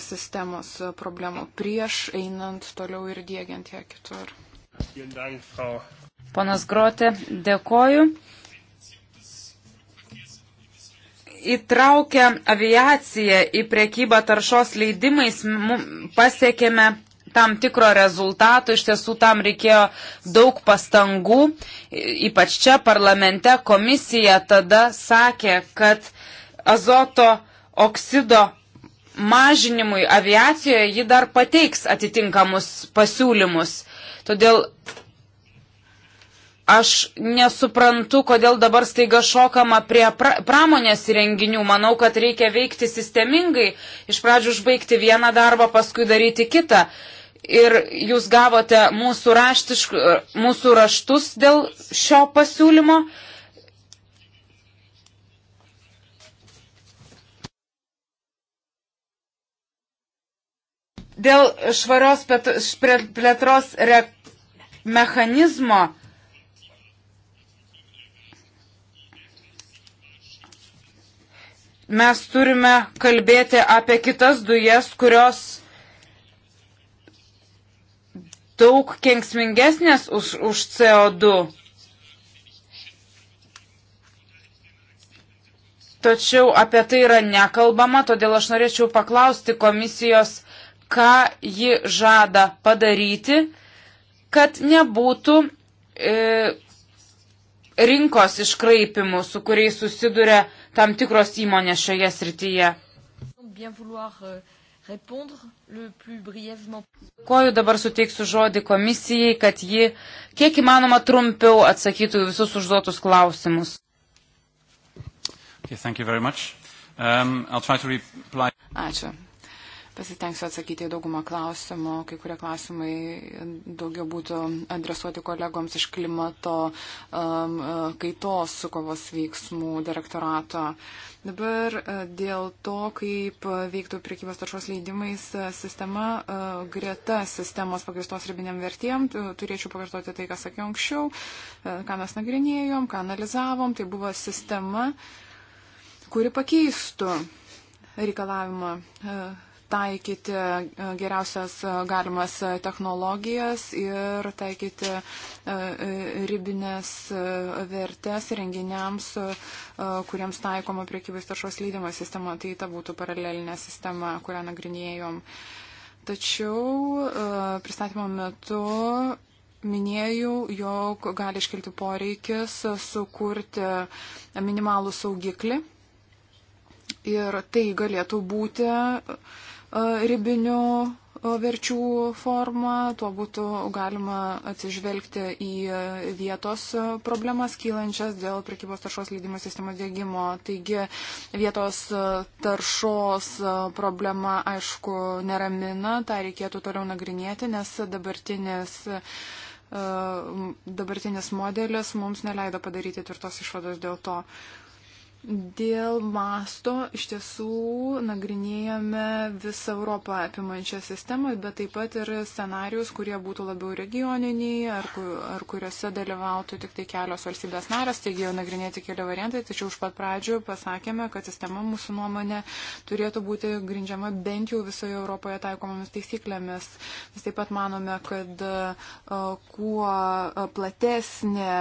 sistemos problemų prieš einant toliau ir dėgiant ją kitur. Ponas Grote, dėkoju. Įtraukę aviaciją į priekybą taršos leidimais pasiekėme tam tikro rezultato, iš tiesų tam reikėjo daug pastangų, ypač čia parlamente komisija tada sakė, kad azoto oksido mažinimui aviacijoje ji dar pateiks atitinkamus pasiūlymus. Todėl aš nesuprantu, kodėl dabar staiga šokama prie pra pramonės įrenginių. Manau, kad reikia veikti sistemingai, iš pradžių užbaigti vieną darbą, paskui daryti kitą ir jūs gavote mūsų, raštišk, mūsų raštus dėl šio pasiūlymo. Dėl švarios plėtros mechanizmo mes turime kalbėti apie kitas dujas, kurios daug kenksmingesnės už, už CO2. Tačiau apie tai yra nekalbama, todėl aš norėčiau paklausti komisijos, ką ji žada padaryti, kad nebūtų e, rinkos iškraipimų, su kuriais susiduria tam tikros įmonės šioje srityje. Bien vouloir euh, Koju dabar suteiksiu žodį komisijai, kad ji kiek įmanoma trumpiau atsakytų visus užduotus klausimus. Okay, um, Ačiū. Pasitengsiu atsakyti į daugumą klausimų. Kai kurie klausimai daugiau būtų adresuoti kolegoms iš klimato um, e, kaitos kovos veiksmų direktorato. Dabar e, dėl to, kaip veiktų priekybos taršos leidimais e, sistema greta sistemos pagristos ribiniam vertėm, turėčiau pakartoti tai, ką sakiau anksčiau, ką mes nagrinėjom, ką analizavom. Tai buvo sistema, kuri pakeistų reikalavimą taikyti e, geriausias e, galimas e, technologijas ir taikyti ribinės vertės renginiams, kuriems taikoma priekybės taršos leidimo sistema. Tai ta būtų paralelinė sistema, kurią nagrinėjom. Tačiau pristatymo metu minėjau, jog gali iškilti poreikis sukurti minimalų saugiklį ir tai galėtų būti uh, ribinių verčių formą, tuo būtų galima atsižvelgti į vietos problemas kylančias dėl prekybos taršos leidimo sistemos dėgymo. Taigi vietos taršos problema, aišku, neramina, tą reikėtų toliau nagrinėti, nes dabartinis dabartinis modelis mums neleido padaryti tvirtos išvados dėl to. Uh, Dėl masto iš tiesų nagrinėjame visą Europą apimančią sistemą, bet taip pat ir scenarius, kurie būtų labiau regioniniai, ar, ar kuriuose dalyvautų tik tai kelios valstybės narės, taigi jau nagrinėti keli variantai, tačiau už pat pradžių pasakėme, kad sistema mūsų nuomonė turėtų būti grindžiama bent jau visoje Europoje taikomomis taisyklėmis. Mes taip pat manome, kad kuo platesnė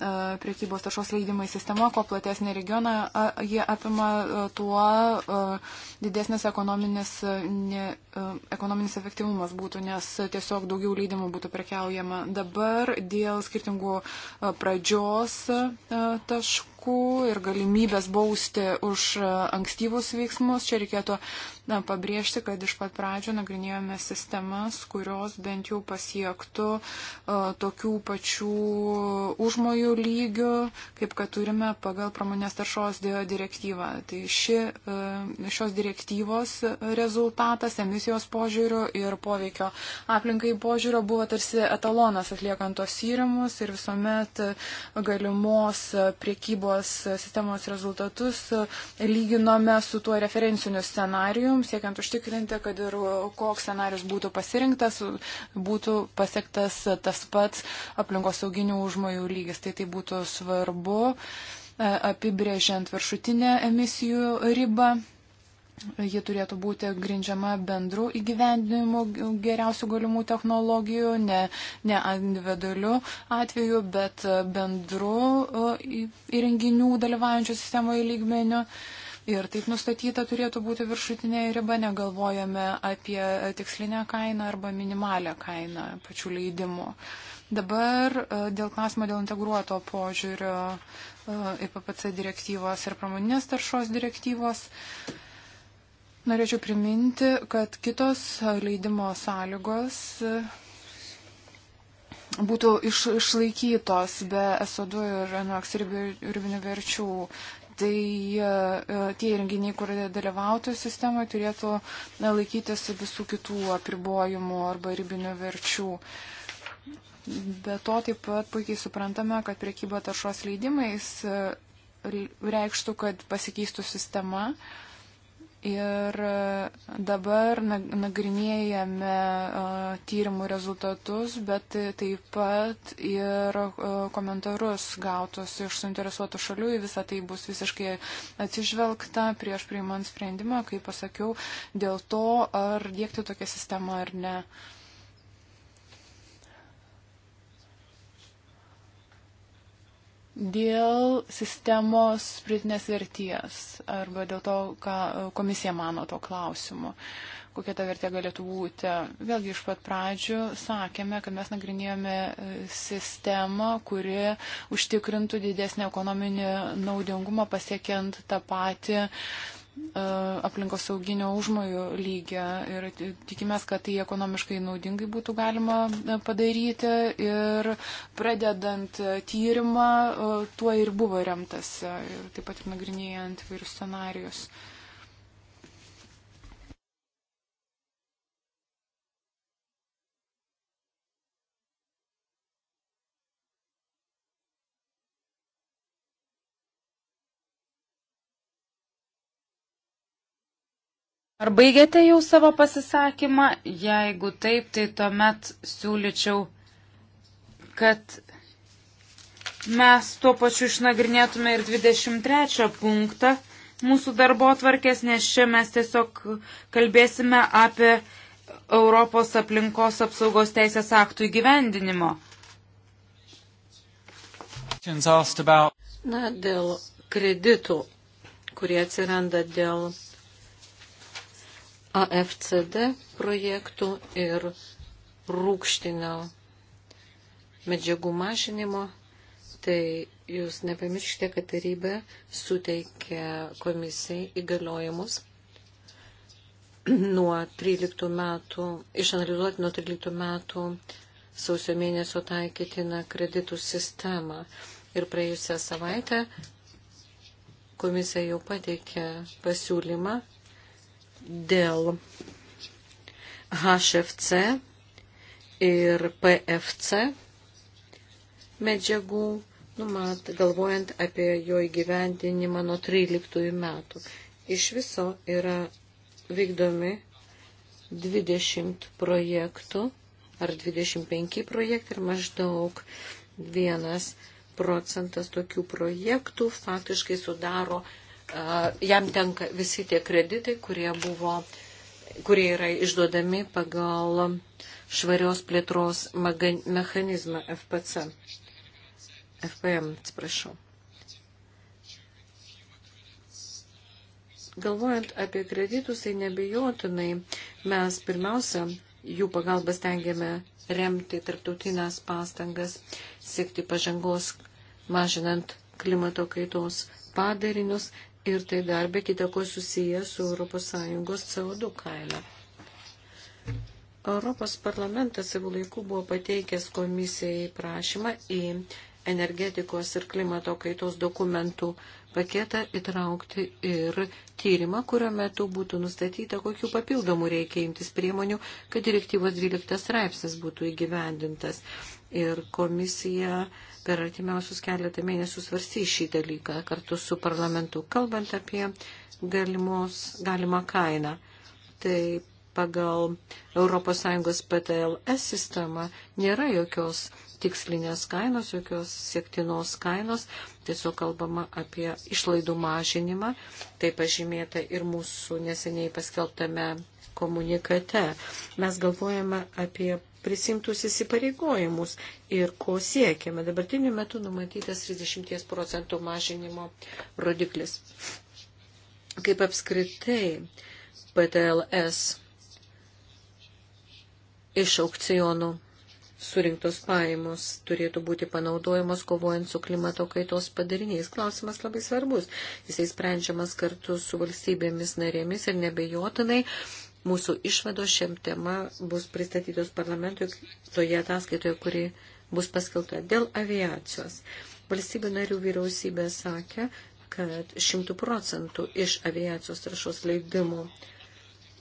E, priekybos taršos leidimai sistema, kuo platesnė regioną jie apima, e, tuo e, didesnis ekonominis, ne, ekonominis efektyvumas būtų, nes tiesiog daugiau leidimų būtų prekiaujama. Dabar dėl skirtingų pradžios taškų aukų ir galimybės bausti už e, ankstyvus veiksmus. Čia reikėtų na, pabrėžti, kad iš pat pradžio nagrinėjome sistemas, kurios bent jau pasiektų uh, tokių pačių užmojų lygių, kaip kad turime pagal pramonės taršos direktyvą. Tai ši, uh, šios direktyvos rezultatas emisijos požiūrių ir poveikio aplinkai požiūrio buvo tarsi etalonas atliekant tos tyrimus ir visuomet galimos priekybos tuos e, sistemos rezultatus e, lyginome su tuo referenciniu scenarijum, siekiant užtikrinti, kad ir koks scenarius būtų pasirinktas, būtų pasiektas tas pats aplinkosauginių užmojų lygis. Tai tai būtų svarbu e, apibrėžiant viršutinę emisijų ribą Ji turėtų būti grindžiama bendru įgyvendinimu geriausių galimų technologijų, ne, ne individualiu atveju, bet bendru e, įrenginių dalyvaujančių sistemoje lygmeniu. Ir taip nustatyta turėtų būti viršutinė riba, negalvojame apie tikslinę kainą arba minimalę kainą pačių leidimų. Dabar e, dėl klausimo dėl integruoto požiūrio e, į PPC direktyvos ir pramoninės taršos direktyvos. Uh, Norėčiau priminti, kad kitos leidimo sąlygos e, būtų iš, išlaikytos be SO2 ir NOX ribinių verčių. Tai e, e, tie įrenginiai, kur dalyvautų sistemoje, turėtų laikytis visų kitų apribojimų arba ribinių verčių. Be to taip pat puikiai suprantame, kad priekyba taršos leidimais reikštų, kad pasikeistų sistema, uh, Ir e, dabar nagrinėjame e, tyrimų rezultatus, bet taip pat ir e, komentarus gautus iš suinteresuotų šalių. Į visą tai bus visiškai atsižvelgta prieš priimant sprendimą, kaip pasakiau, dėl to, ar dėkti tokią sistemą ar ne. Uh, dėl sistemos pritinės verties arba dėl to, ką e, komisija mano to klausimu kokia ta vertė galėtų būti. Vėlgi iš pat pradžių sakėme, kad mes nagrinėjome e, sistemą, kuri užtikrintų didesnį ekonominį naudingumą pasiekiant tą patį E, aplinkos sauginio užmojų lygio ir tikimės, kad tai ekonomiškai naudingai būtų galima e, padaryti ir pradedant tyrimą e, tuo ir buvo remtas ir taip pat ir nagrinėjant vairius scenarius. Uh, Ar baigėte jau savo pasisakymą? Jeigu taip, tai tuomet siūlyčiau, kad mes tuo pačiu išnagrinėtume ir 23 punktą mūsų darbo atvarkės, nes čia mes tiesiog kalbėsime apie Europos aplinkos apsaugos teisės aktų įgyvendinimo. Na, dėl kreditų, kurie atsiranda dėl AFCD projektų ir rūkštinio medžiagų mažinimo, tai jūs nepamirškite, kad taryba suteikia komisijai įgaliojimus nuo 13 metų, išanalizuoti nuo 13 metų sausio mėnesio taikytiną kreditų sistemą. Ir praėjusią savaitę komisija jau pateikė pasiūlymą dėl HFC ir PFC medžiagų, numat, galvojant apie jo įgyvendinimą nuo 13 metų. Iš viso yra vykdomi 20 projektų ar 25 projektai ir maždaug vienas procentas tokių projektų faktiškai sudaro jam tenka visi tie kreditai, kurie, buvo, kurie yra išduodami pagal švarios plėtros mechanizmą FPC. FPM, atsiprašau. Galvojant apie kreditus, tai nebejotinai mes pirmiausia jų pagalbą stengiame remti tarptautinės pastangas, siekti pažangos, mažinant klimato kaitos padarinius, ir tai dar be kitako susiję su ES CO2 kaina. Europos parlamentas savo laiku buvo pateikęs komisijai prašymą į energetikos ir klimato kaitos dokumentų paketą įtraukti ir tyrimą, kurio metu būtų nustatyta, kokiu papildomu reikia imtis priemonių, kad direktyvos 12 straipsnis būtų įgyvendintas ir komisija per artimiausius keletą mėnesių svarstys šį dalyką kartu su parlamentu. Kalbant apie galimos, galimą kainą, tai pagal ES PTLS sistemą nėra jokios tikslinės kainos, jokios siektinos kainos, tiesiog kalbama apie išlaidų mažinimą, tai pažymėta ir mūsų neseniai paskelbtame komunikate. Mes galvojame apie prisimtus įsipareigojimus ir ko siekiame. Dabartiniu metu numatytas 30 procentų mažinimo rodiklis. Kaip apskritai PTLS iš aukcionų surinktos pajamos turėtų būti panaudojamos kovojant su klimato kaitos padariniais. Klausimas labai svarbus. Jisai sprendžiamas kartu su valstybėmis narėmis ir nebejotinai Mūsų išvados šiam tema bus pristatytos parlamentui toje ataskaitoje, kuri bus paskelta dėl aviacijos. Valstybių narių vyriausybė sakė, kad šimtų procentų iš aviacijos taršos leidimų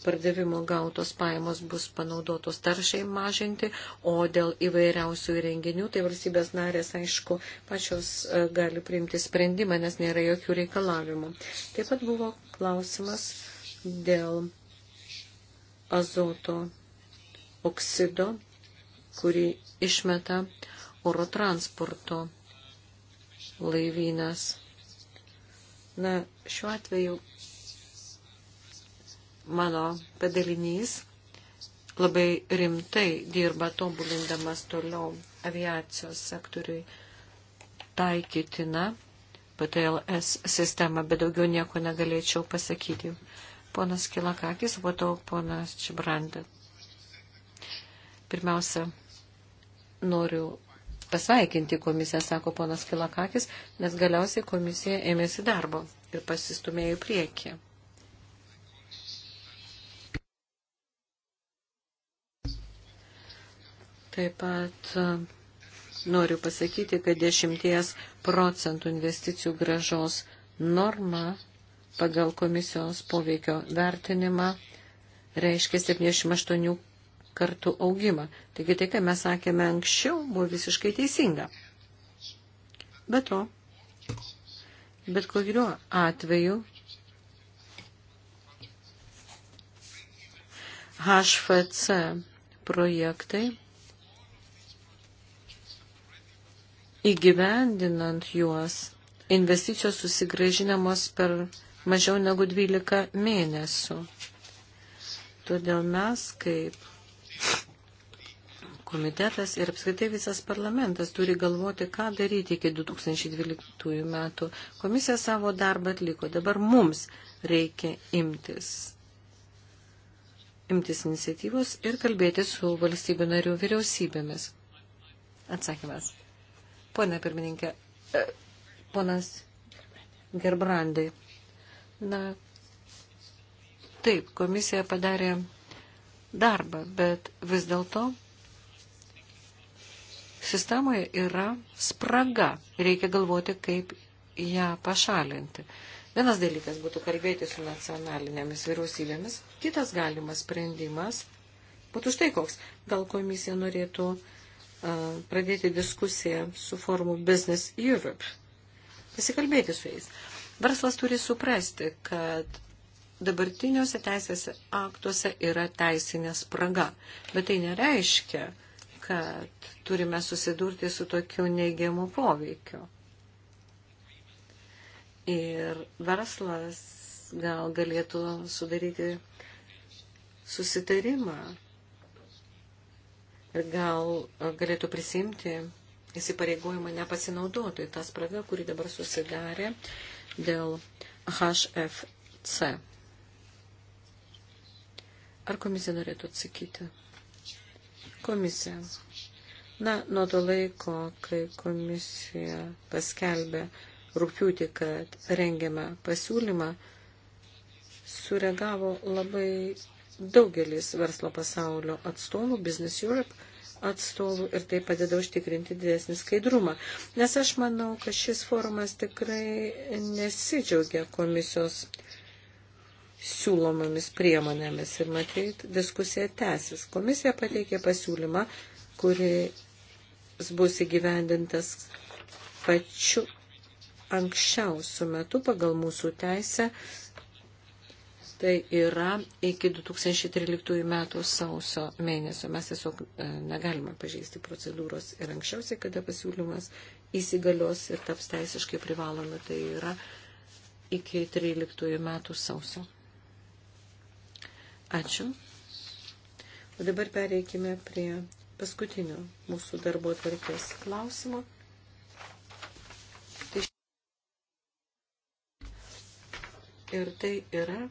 pardavimo gautos pajamos bus panaudotos taršai mažinti, o dėl įvairiausių įrenginių, tai valstybės narės, aišku, pačios e, gali priimti sprendimą, nes nėra jokių reikalavimų. Taip pat buvo klausimas dėl azoto oksido, kurį išmeta oro transporto laivynas. Na, šiuo atveju mano padalinys labai rimtai dirba tobulindamas toliau aviacijos sektoriui taikytina PTLS sistema, bet daugiau nieko negalėčiau pasakyti ponas Kilakakis, po to ponas Čibranda. Pirmiausia, noriu pasveikinti komisiją, sako ponas Kilakakis, nes galiausiai komisija ėmėsi darbo ir pasistumėjo į priekį. Taip pat e, noriu pasakyti, kad 10 procentų investicijų gražos norma pagal komisijos poveikio vertinimą reiškia 78 kartų augimą. Taigi tai, ką mes sakėme anksčiau, buvo visiškai teisinga. Be to, bet kokiu atveju HFC projektai įgyvendinant juos investicijos susigražinamos per mažiau negu 12 mėnesių. Todėl mes kaip komitetas ir apskritai visas parlamentas turi galvoti, ką daryti iki 2012 metų. Komisija savo darbą atliko, dabar mums reikia imtis imtis iniciatyvos ir kalbėti su valstybių narių vyriausybėmis. Atsakymas. Pone pirmininkė, e, ponas Gerbrandai. Na, taip, komisija padarė darbą, bet vis dėlto sistemoje yra spraga. Reikia galvoti, kaip ją pašalinti. Vienas dalykas būtų kalbėti su nacionalinėmis vyriausybėmis, kitas galimas sprendimas būtų štai koks. Gal komisija norėtų uh, pradėti diskusiją su forumu Business Europe, pasikalbėti su jais. Verslas turi suprasti, kad dabartiniuose teisės aktuose yra teisinė spraga, bet tai nereiškia, kad turime susidurti su tokiu neigiamu poveikiu. Ir verslas gal galėtų sudaryti susitarimą ir gal galėtų prisimti įsipareigojimą nepasinaudoti tą spragą, kuri dabar susidarė dėl HFC. Ar komisija norėtų atsakyti? Komisija. Na, nuo to laiko, kai komisija paskelbė rūpiutį, kad rengiame pasiūlymą, sureagavo labai daugelis verslo pasaulio atstovų Business Europe atstovų ir tai padeda užtikrinti didesnį skaidrumą. Nes aš manau, kad šis forumas tikrai nesidžiaugia komisijos siūlomomis priemonėmis ir matyt, diskusija tęsis. Komisija pateikė pasiūlymą, kuris bus įgyvendintas pačiu anksčiausių metų pagal mūsų teisę Tai yra iki 2013 metų sauso mėnesio. Mes tiesiog e, negalime pažeisti procedūros ir anksčiausiai, kada pasiūlymas įsigalios ir taps teisiškai privalomi, tai yra iki 13 metų sauso. Ačiū. O dabar pereikime prie paskutinio mūsų darbo tvarkės klausimo. Tai ir tai yra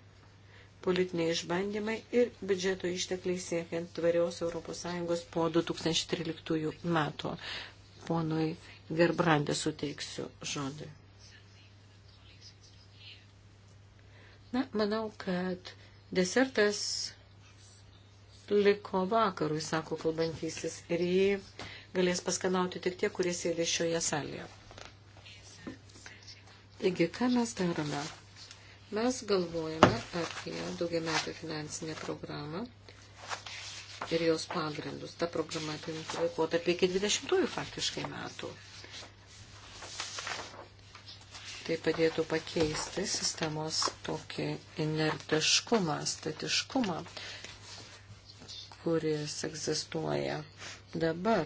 politiniai išbandymai ir biudžeto ištekliai siekiant tvarios ES po 2013 metų. Ponui Gerbrandė suteiksiu žodį. Na, manau, kad desertas liko vakarui, sako kalbantysis, ir jį galės paskanauti tik tie, kurie sėdė šioje salėje. Taigi, ką mes darome? Mes galvojame apie daugiametę finansinę programą ir jos pagrindus. Ta programa apimtų laikotarpį iki 20-ųjų faktiškai metų. Tai padėtų pakeisti sistemos tokį inertiškumą, statiškumą, kuris egzistuoja dabar.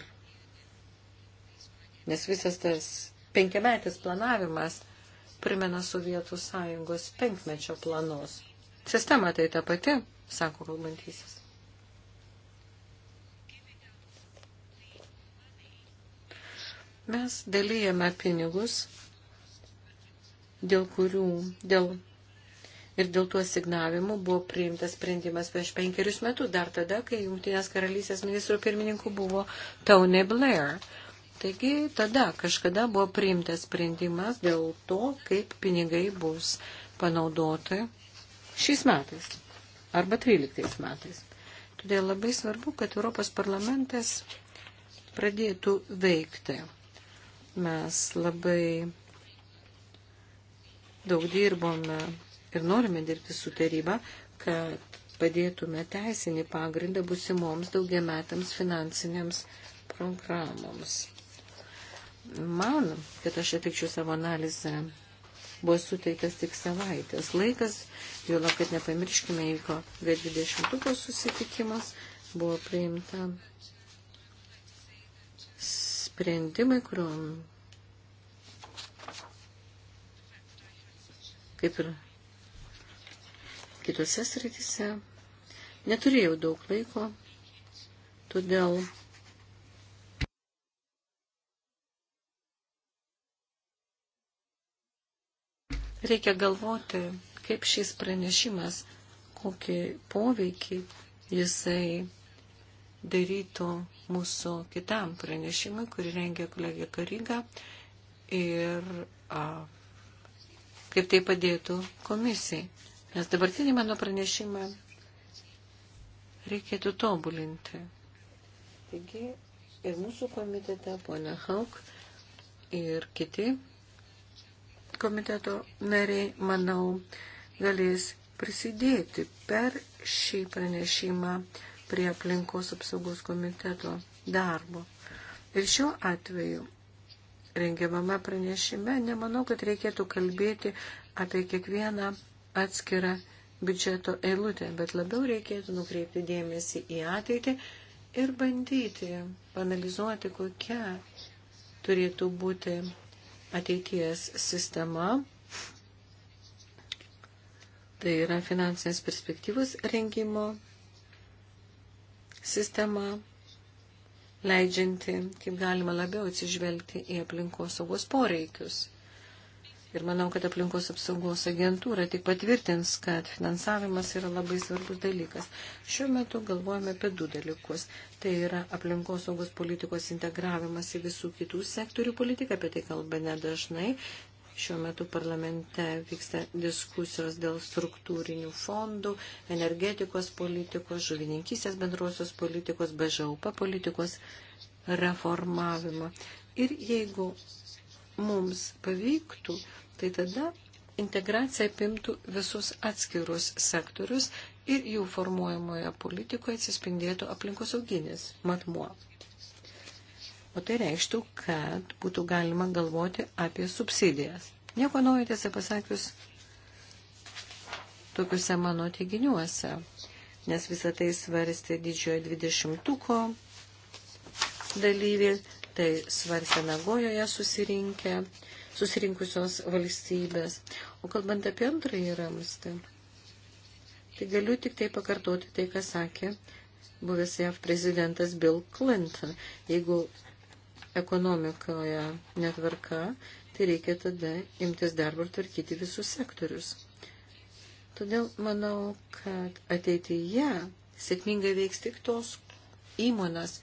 Nes visas tas penkiametis planavimas – primena Sovietų sąjungos penkmečio planos. Sistema tai ta pati, sako kalbantysis. Mes dalyjame pinigus, dėl kurių, dėl ir dėl tų asignavimų buvo priimtas sprendimas prieš penkerius metus, dar tada, kai Jungtinės karalystės ministro pirmininku buvo Tony Blair. Taigi tada kažkada buvo priimtas sprendimas dėl to, kaip pinigai bus panaudoti šiais metais arba 13 metais. Todėl labai svarbu, kad Europos parlamentas pradėtų veikti. Mes labai daug dirbome ir norime dirbti su taryba, kad padėtume teisinį pagrindą busimoms daugiametams finansiniams programoms man, kad aš atlikčiau savo analizę, buvo suteiktas tik savaitės laikas, jau lab, kad nepamirškime, įvyko G20 susitikimas, buvo priimta sprendimai, kuriuom kaip ir kitose srityse. Neturėjau daug laiko, todėl Reikia galvoti, kaip šis pranešimas, kokį poveikį jisai darytų mūsų kitam pranešimui, kurį rengia kolegė Karyga ir a, kaip tai padėtų komisijai. Nes dabartinį mano pranešimą reikėtų tobulinti. Taigi ir mūsų komitete, ponia Hauk ir kiti komiteto nariai, manau, galės prisidėti per šį pranešimą prie aplinkos apsaugos komiteto darbo. Ir šiuo atveju rengiamame pranešime nemanau, kad reikėtų kalbėti apie kiekvieną atskirą biudžeto eilutę, bet labiau reikėtų nukreipti dėmesį į ateitį ir bandyti panalizuoti, kokia turėtų būti ateities sistema. Tai yra finansinės perspektyvos rengimo sistema, leidžianti, kaip galima labiau atsižvelgti į aplinkosaugos poreikius. Ir manau, kad aplinkos apsaugos agentūra tik patvirtins, kad finansavimas yra labai svarbus dalykas. Šiuo metu galvojame apie du dalykus. Tai yra aplinkos saugos politikos integravimas į visų kitų sektorių politiką, apie tai kalba nedažnai. Šiuo metu parlamente vyksta diskusijos dėl struktūrinių fondų, energetikos politikos, žuvininkysės bendrosios politikos, BŽUP politikos reformavimo. Ir jeigu mums pavyktų, tai tada integracija apimtų visus atskirus sektorius ir jų formuojamoje politikoje atsispindėtų aplinkosauginis matmuo. O tai reikštų, kad būtų galima galvoti apie subsidijas. Nieko naujo tiesą pasakius tokiuose mano teiginiuose, nes visą tai svarstė didžiojo dvidešimtuko dalyviai, tai svarstė Nagojoje susirinkę susirinkusios valstybės. O kalbant apie antrąjį ramstį, tai galiu tik tai pakartoti tai, ką sakė buvęs JAV prezidentas Bill Clinton. Jeigu ekonomikoje netvarka, tai reikia tada imtis darbo ir tvarkyti visus sektorius. Todėl manau, kad ateityje sėkmingai veiks tik tos įmonės,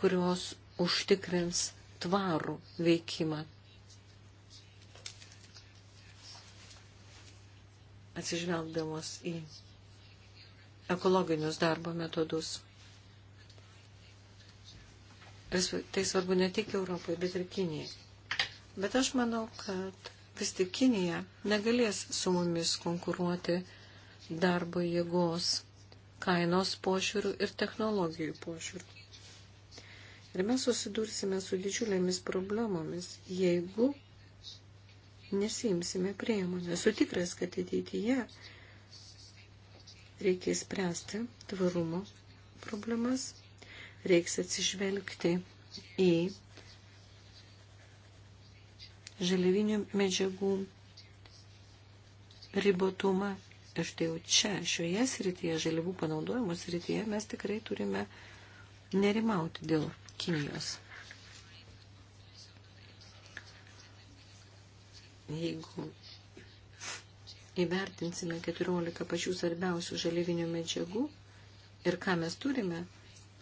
kurios užtikrins tvarų veikimą atsižvelgdamos į ekologinius darbo metodus. Ir tai svarbu ne tik Europai, bet ir Kinijai. Bet aš manau, kad vis tik Kinija negalės su mumis konkuruoti darbo jėgos kainos pošiūrių ir technologijų pošiūrių. Ir mes susidursime su didžiulėmis problemomis, jeigu nesimsime priemonių. Esu tikras, kad ateityje reikės spręsti tvarumo problemas, reiks atsižvelgti į žaliavinių medžiagų ribotumą. Ir štai jau čia, šioje srityje, žaliavų panaudojimo srityje, mes tikrai turime nerimauti dėl Kinijos. jeigu įvertinsime 14 pačių svarbiausių žalivinių medžiagų ir ką mes turime,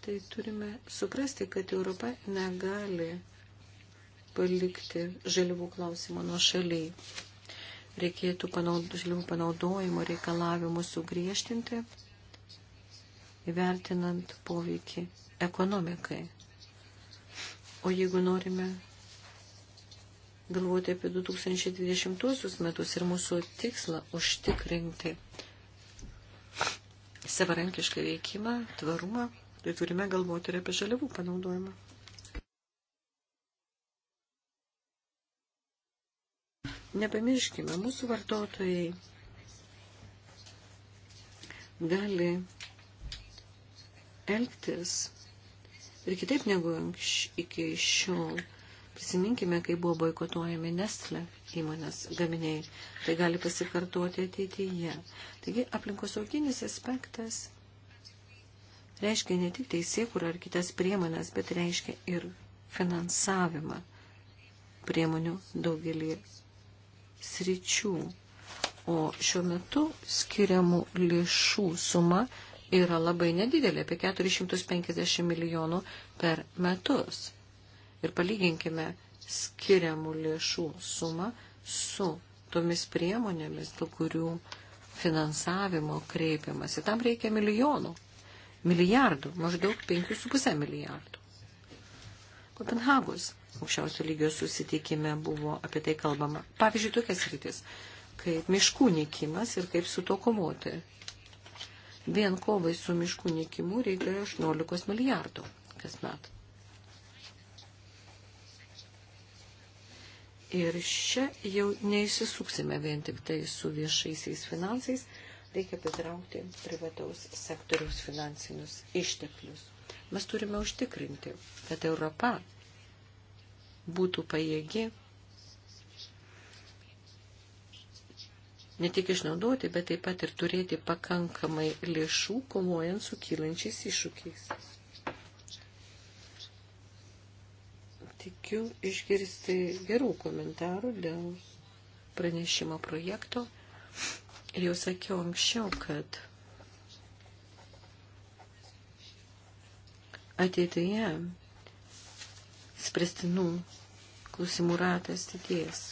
tai turime suprasti, kad Europa negali palikti žalivų klausimo nuo šaliai. Reikėtų panaud, žalivų panaudojimo reikalavimų sugriežtinti, įvertinant poveikį ekonomikai. O jeigu norime galvoti apie 2020 metus ir mūsų tikslą užtikrinti savarankišką veikimą, tvarumą, tai turime galvoti ir apie žaliavų panaudojimą. Nepamirškime, mūsų vartotojai gali elgtis ir kitaip negu iki šiol Prisiminkime, kai buvo boikotuojami Nestle įmonės gaminiai. Tai gali pasikartoti ateityje. Taigi aplinkosauginis aspektas reiškia ne tik teisėkurą ar kitas priemonės, bet reiškia ir finansavimą priemonių daugelį sričių. O šiuo metu skiriamų lėšų suma yra labai nedidelė, apie 450 milijonų per metus ir palyginkime skiriamų lėšų sumą su tomis priemonėmis, dėl kurių finansavimo kreipiamasi. Tam reikia milijonų, milijardų, maždaug 5,5 milijardų. Kopenhagos aukščiausio lygio susitikime buvo apie tai kalbama. Pavyzdžiui, tokias rytis, kaip miškų nikimas ir kaip su to kovoti. Vien kovai su miškų nikimu reikia 18 milijardų kasmet. Ir čia jau neįsisuksime vien tik tai su viešaisiais finansais, reikia patraukti privataus sektoriaus finansinius išteklius. Mes turime užtikrinti, kad Europa būtų pajėgi ne tik išnaudoti, bet taip pat ir turėti pakankamai lėšų, kovojant su kylančiais iššūkiais. tikiu išgirsti gerų komentarų dėl pranešimo projekto. Ir jau sakiau anksčiau, kad ateityje spręstinų klausimų ratas didės.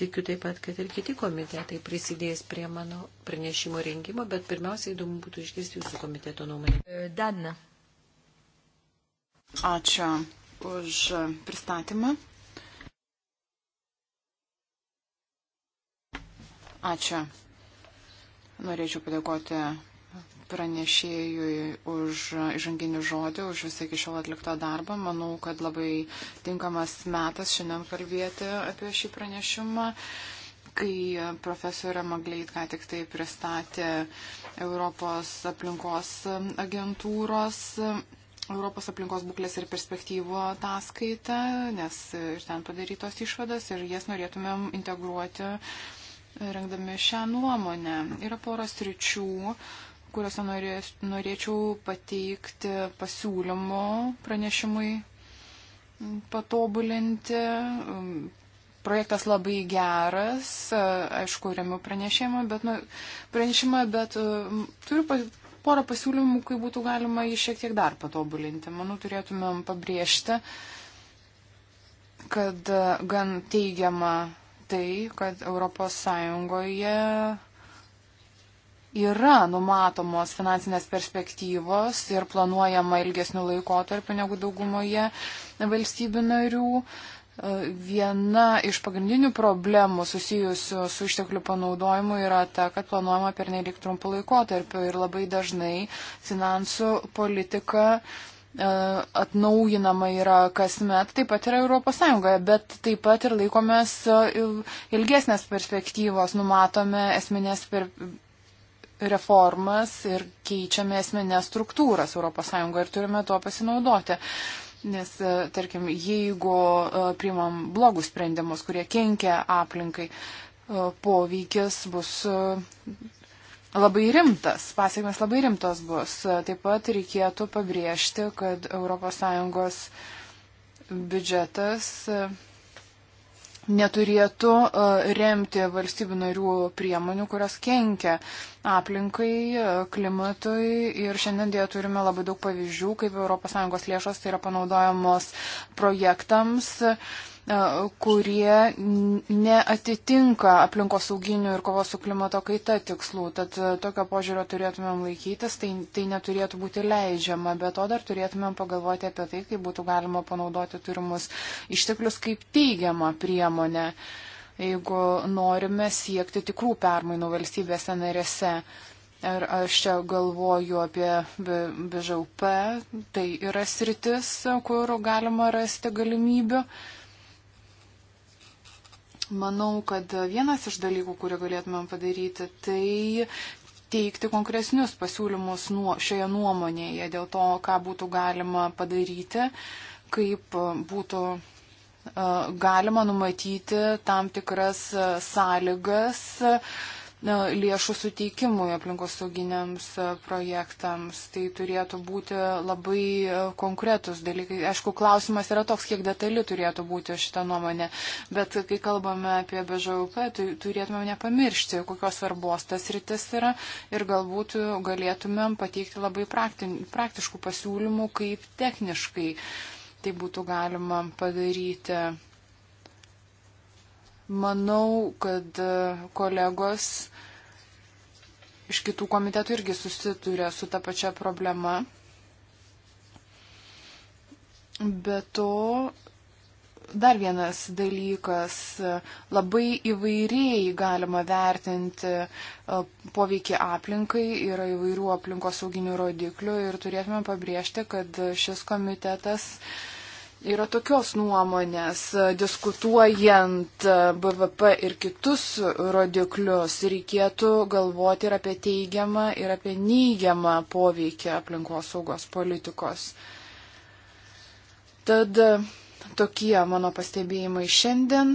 Tikiu taip pat, kad ir kiti komitetai prisidės prie mano pranešimo rengimo, bet pirmiausia įdomu būtų išgirsti jūsų komiteto nuomonę. Danna. Ačiū už pristatymą. Ačiū. Norėčiau padėkoti pranešėjui už žanginių žodį, už visą iki šiol atliktą darbą. Manau, kad labai tinkamas metas šiandien kalbėti apie šį pranešimą. Kai profesorė Magleit ką tik tai pristatė Europos aplinkos agentūros Europos aplinkos būklės ir perspektyvų ataskaitą, nes ir ten padarytos išvadas ir jas norėtumėm integruoti, rengdami šią nuomonę. Yra poras ryčių, kuriuose norės, norėčiau pateikti pasiūlymų pranešimui patobulinti. Projektas labai geras, aišku, remiu pranešimą, bet, nu, pranešimą, bet turiu porą pasiūlymų, kai būtų galima jį šiek tiek dar patobulinti. Manau, turėtumėm pabrėžti, kad e, gan teigiama tai, kad ES yra numatomos finansinės perspektyvos ir planuojama ilgesnių laikotarpių negu daugumoje valstybių narių. Viena iš pagrindinių problemų susijusių su išteklių panaudojimu yra ta, kad planuojama per nelik trumpų laikotarpių ir labai dažnai finansų politika e, atnaujinama yra kasmet, taip pat yra Europos Sąjungoje, bet taip pat ir laikomės e, ilgesnės perspektyvos, numatome esminės per reformas ir keičiame esminės struktūras Europos Sąjungoje ir turime tuo pasinaudoti. Uh, Nes, e, tarkim, jeigu e, priimam blogus sprendimus, kurie kenkia aplinkai, e, poveikis bus labai rimtas, pasiekmes labai rimtos bus. Taip pat reikėtų pabrėžti, kad ES biudžetas neturėtų e, remti valstybių narių priemonių, kurios kenkia aplinkai, e, klimatui. Ir šiandien dėja turime labai daug pavyzdžių, kaip ES lėšos tai yra panaudojamos projektams E, kurie neatitinka aplinkosauginių ir kovos su klimato kaita tikslų. Tad e, tokio požiūrio turėtumėm laikytis, tai, tai neturėtų būti leidžiama. Be to dar turėtumėm pagalvoti apie tai, kaip būtų galima panaudoti turimus išteklius kaip teigiamą priemonę, jeigu norime siekti tikrų permainų valstybėse narėse. Ar aš čia galvoju apie BŽUP, tai yra sritis, kur galima rasti galimybių. Uh, Manau, kad vienas iš dalykų, kurį galėtumėm padaryti, tai teikti konkresnius pasiūlymus nuo, šioje nuomonėje dėl to, ką būtų galima padaryti, kaip būtų e, galima numatyti tam tikras e, sąlygas lėšų suteikimui aplinkosauginiams e, projektams. Tai turėtų būti labai e, konkretus dalykai. Aišku, klausimas yra toks, kiek detali turėtų būti šita nuomonė. Bet kai kalbame apie BŽUP, tai turėtume nepamiršti, kokios svarbos tas rytis yra ir galbūt galėtumėm pateikti labai praktin, praktiškų pasiūlymų, kaip techniškai tai būtų galima padaryti Manau, kad e, kolegos iš kitų komitetų irgi susituria su ta pačia problema. Be to, dar vienas dalykas, labai įvairiai galima vertinti e, poveikį aplinkai, yra įvairių aplinkosauginių rodiklių ir turėtume pabrėžti, kad šis komitetas uh, yra tokios nuomonės, diskutuojant BVP ir kitus rodiklius, reikėtų galvoti ir apie teigiamą, ir apie neigiamą poveikį aplinkos saugos politikos. Tad tokie mano pastebėjimai šiandien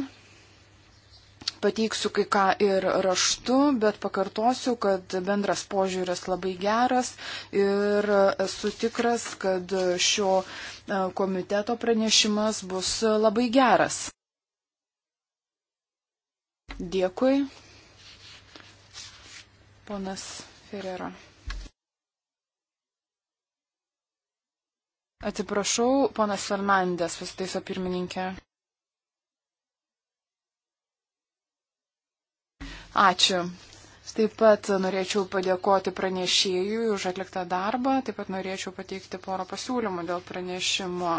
pateiksiu kai ką ir raštu, bet pakartosiu, kad bendras požiūris labai geras ir esu tikras, kad šio e, komiteto pranešimas bus labai geras. Dėkui. Ponas Ferrera. Atsiprašau, ponas Fernandės pasitaiso pirmininkė. Ačiū. Taip pat norėčiau padėkoti pranešėjui už atliktą darbą, taip pat norėčiau pateikti porą pasiūlymų dėl pranešimo.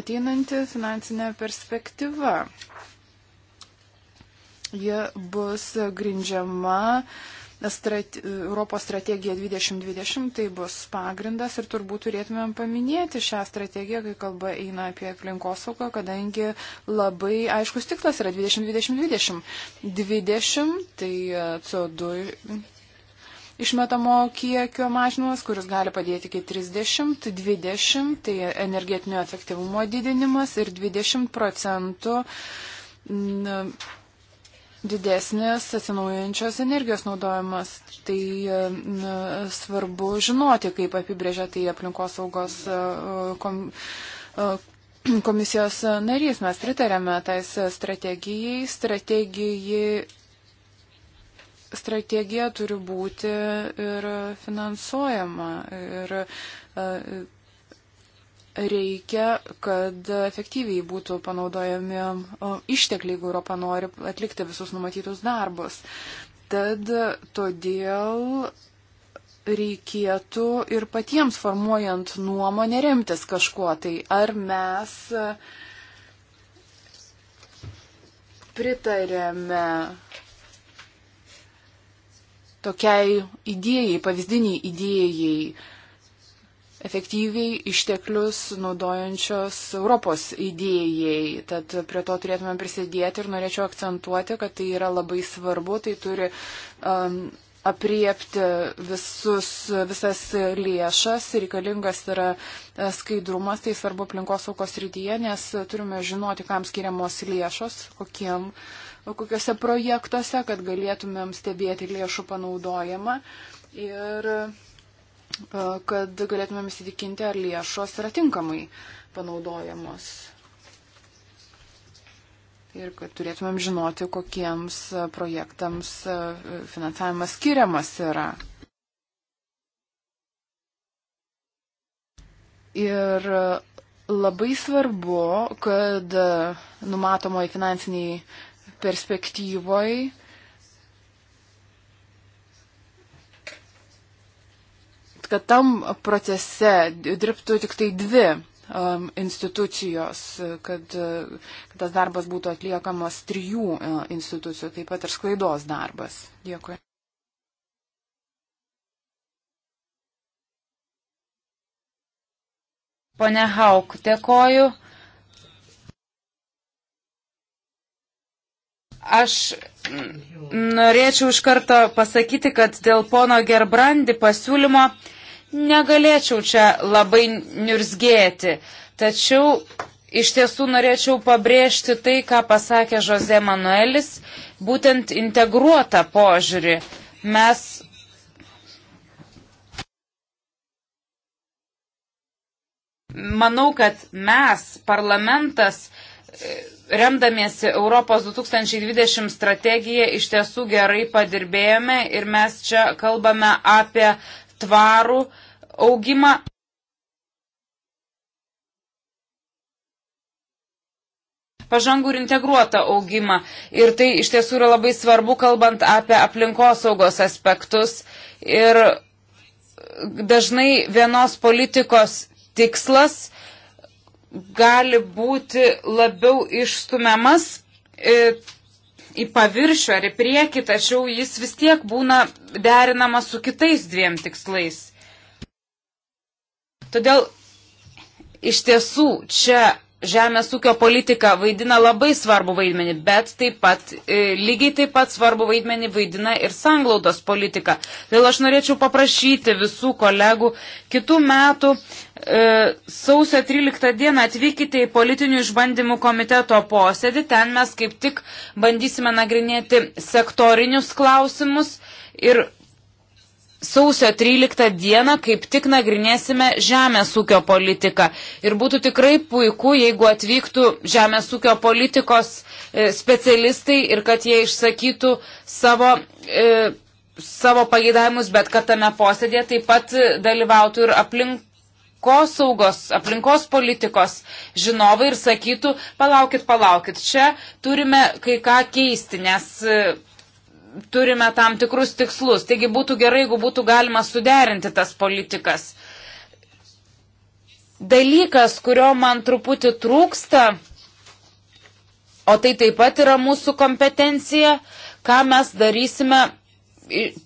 Ateinanti finansinė perspektyva. Ji bus grindžiama uh, strate, Europos strategija 2020 tai bus pagrindas ir turbūt turėtumėm paminėti šią strategiją, kai kalba eina apie aplinkosaugą, kadangi labai aiškus tikslas yra 2020-2020. 20 tai e, CO2 išmetamo kiekio mažinimas, kuris gali padėti iki 30, 20, tai energetinio efektyvumo didinimas ir 20 procentų didesnis atsinaujančios energijos naudojimas. Tai svarbu žinoti, kaip apibrėžia tai aplinkosaugos e, kom, e, komisijos narys. Mes pritarėme tais strategijai. Strategijai strategija turi būti ir finansuojama. Ir e, reikia, kad efektyviai būtų panaudojami ištekliai, jeigu Europa nori atlikti visus numatytus darbus. Tad todėl reikėtų ir patiems formuojant nuomonę remtis kažkuo tai. Ar mes pritarėme tokiai idėjai, pavyzdiniai idėjai, efektyviai išteklius naudojančios Europos idėjai. Tad prie to turėtume prisidėti ir norėčiau akcentuoti, kad tai yra labai svarbu, tai turi um, apriepti visus, visas lėšas, reikalingas yra e, skaidrumas, tai svarbu aplinkos saugos rytyje, nes turime žinoti, kam skiriamos lėšos, kokiem, kokiuose projektuose, kad galėtumėm stebėti lėšų panaudojimą. Ir uh, kad galėtumėm įsitikinti, ar lėšos yra tinkamai panaudojamos. Ir kad turėtumėm žinoti, kokiems projektams finansavimas skiriamas yra. Ir labai svarbu, kad numatomoj finansiniai perspektyvoj kad tam procese dirbtų tik tai dvi um, institucijos, kad, kad tas darbas būtų atliekamas trijų uh, institucijų, taip pat ir sklaidos darbas. Dėkui. Pone Hauk, dėkoju. Aš norėčiau iš karto pasakyti, kad dėl pono Gerbrandi pasiūlymo uh, negalėčiau čia labai niurzgėti, tačiau iš tiesų norėčiau pabrėžti tai, ką pasakė Jose Manuelis, būtent integruotą požiūrį. Mes manau, kad mes, parlamentas, remdamiesi Europos 2020 strategiją, iš tiesų gerai padirbėjome ir mes čia kalbame apie tvarų augimą. pažangų ir integruotą augimą. Ir tai iš tiesų yra labai svarbu, kalbant apie aplinkosaugos aspektus. Ir dažnai vienos politikos tikslas gali būti labiau išstumiamas e, į paviršių ar į priekį, tačiau jis vis tiek būna derinamas su kitais dviem tikslais. Todėl iš tiesų čia žemės ūkio politika vaidina labai svarbu vaidmenį, bet taip pat e, lygiai taip pat svarbu vaidmenį vaidina ir sanglaudos politika. Todėl aš norėčiau paprašyti visų kolegų kitų metų e, sausio 13 dieną atvykite į politinių išbandymų komiteto posėdį. Ten mes kaip tik bandysime nagrinėti sektorinius klausimus ir sausio 13 dieną kaip tik nagrinėsime žemės ūkio politiką. Ir būtų tikrai puiku, jeigu atvyktų žemės ūkio politikos e, specialistai ir kad jie išsakytų savo, e, savo pageidavimus, bet kad tame posėdėje taip pat dalyvautų ir aplink aplinkosaugos, aplinkos politikos žinovai ir sakytų, palaukit, palaukit, čia turime kai ką keisti, nes e, turime tam tikrus tikslus. Taigi būtų gerai, jeigu būtų galima suderinti tas politikas. Dalykas, kurio man truputį trūksta, o tai taip pat yra mūsų kompetencija, ką mes darysime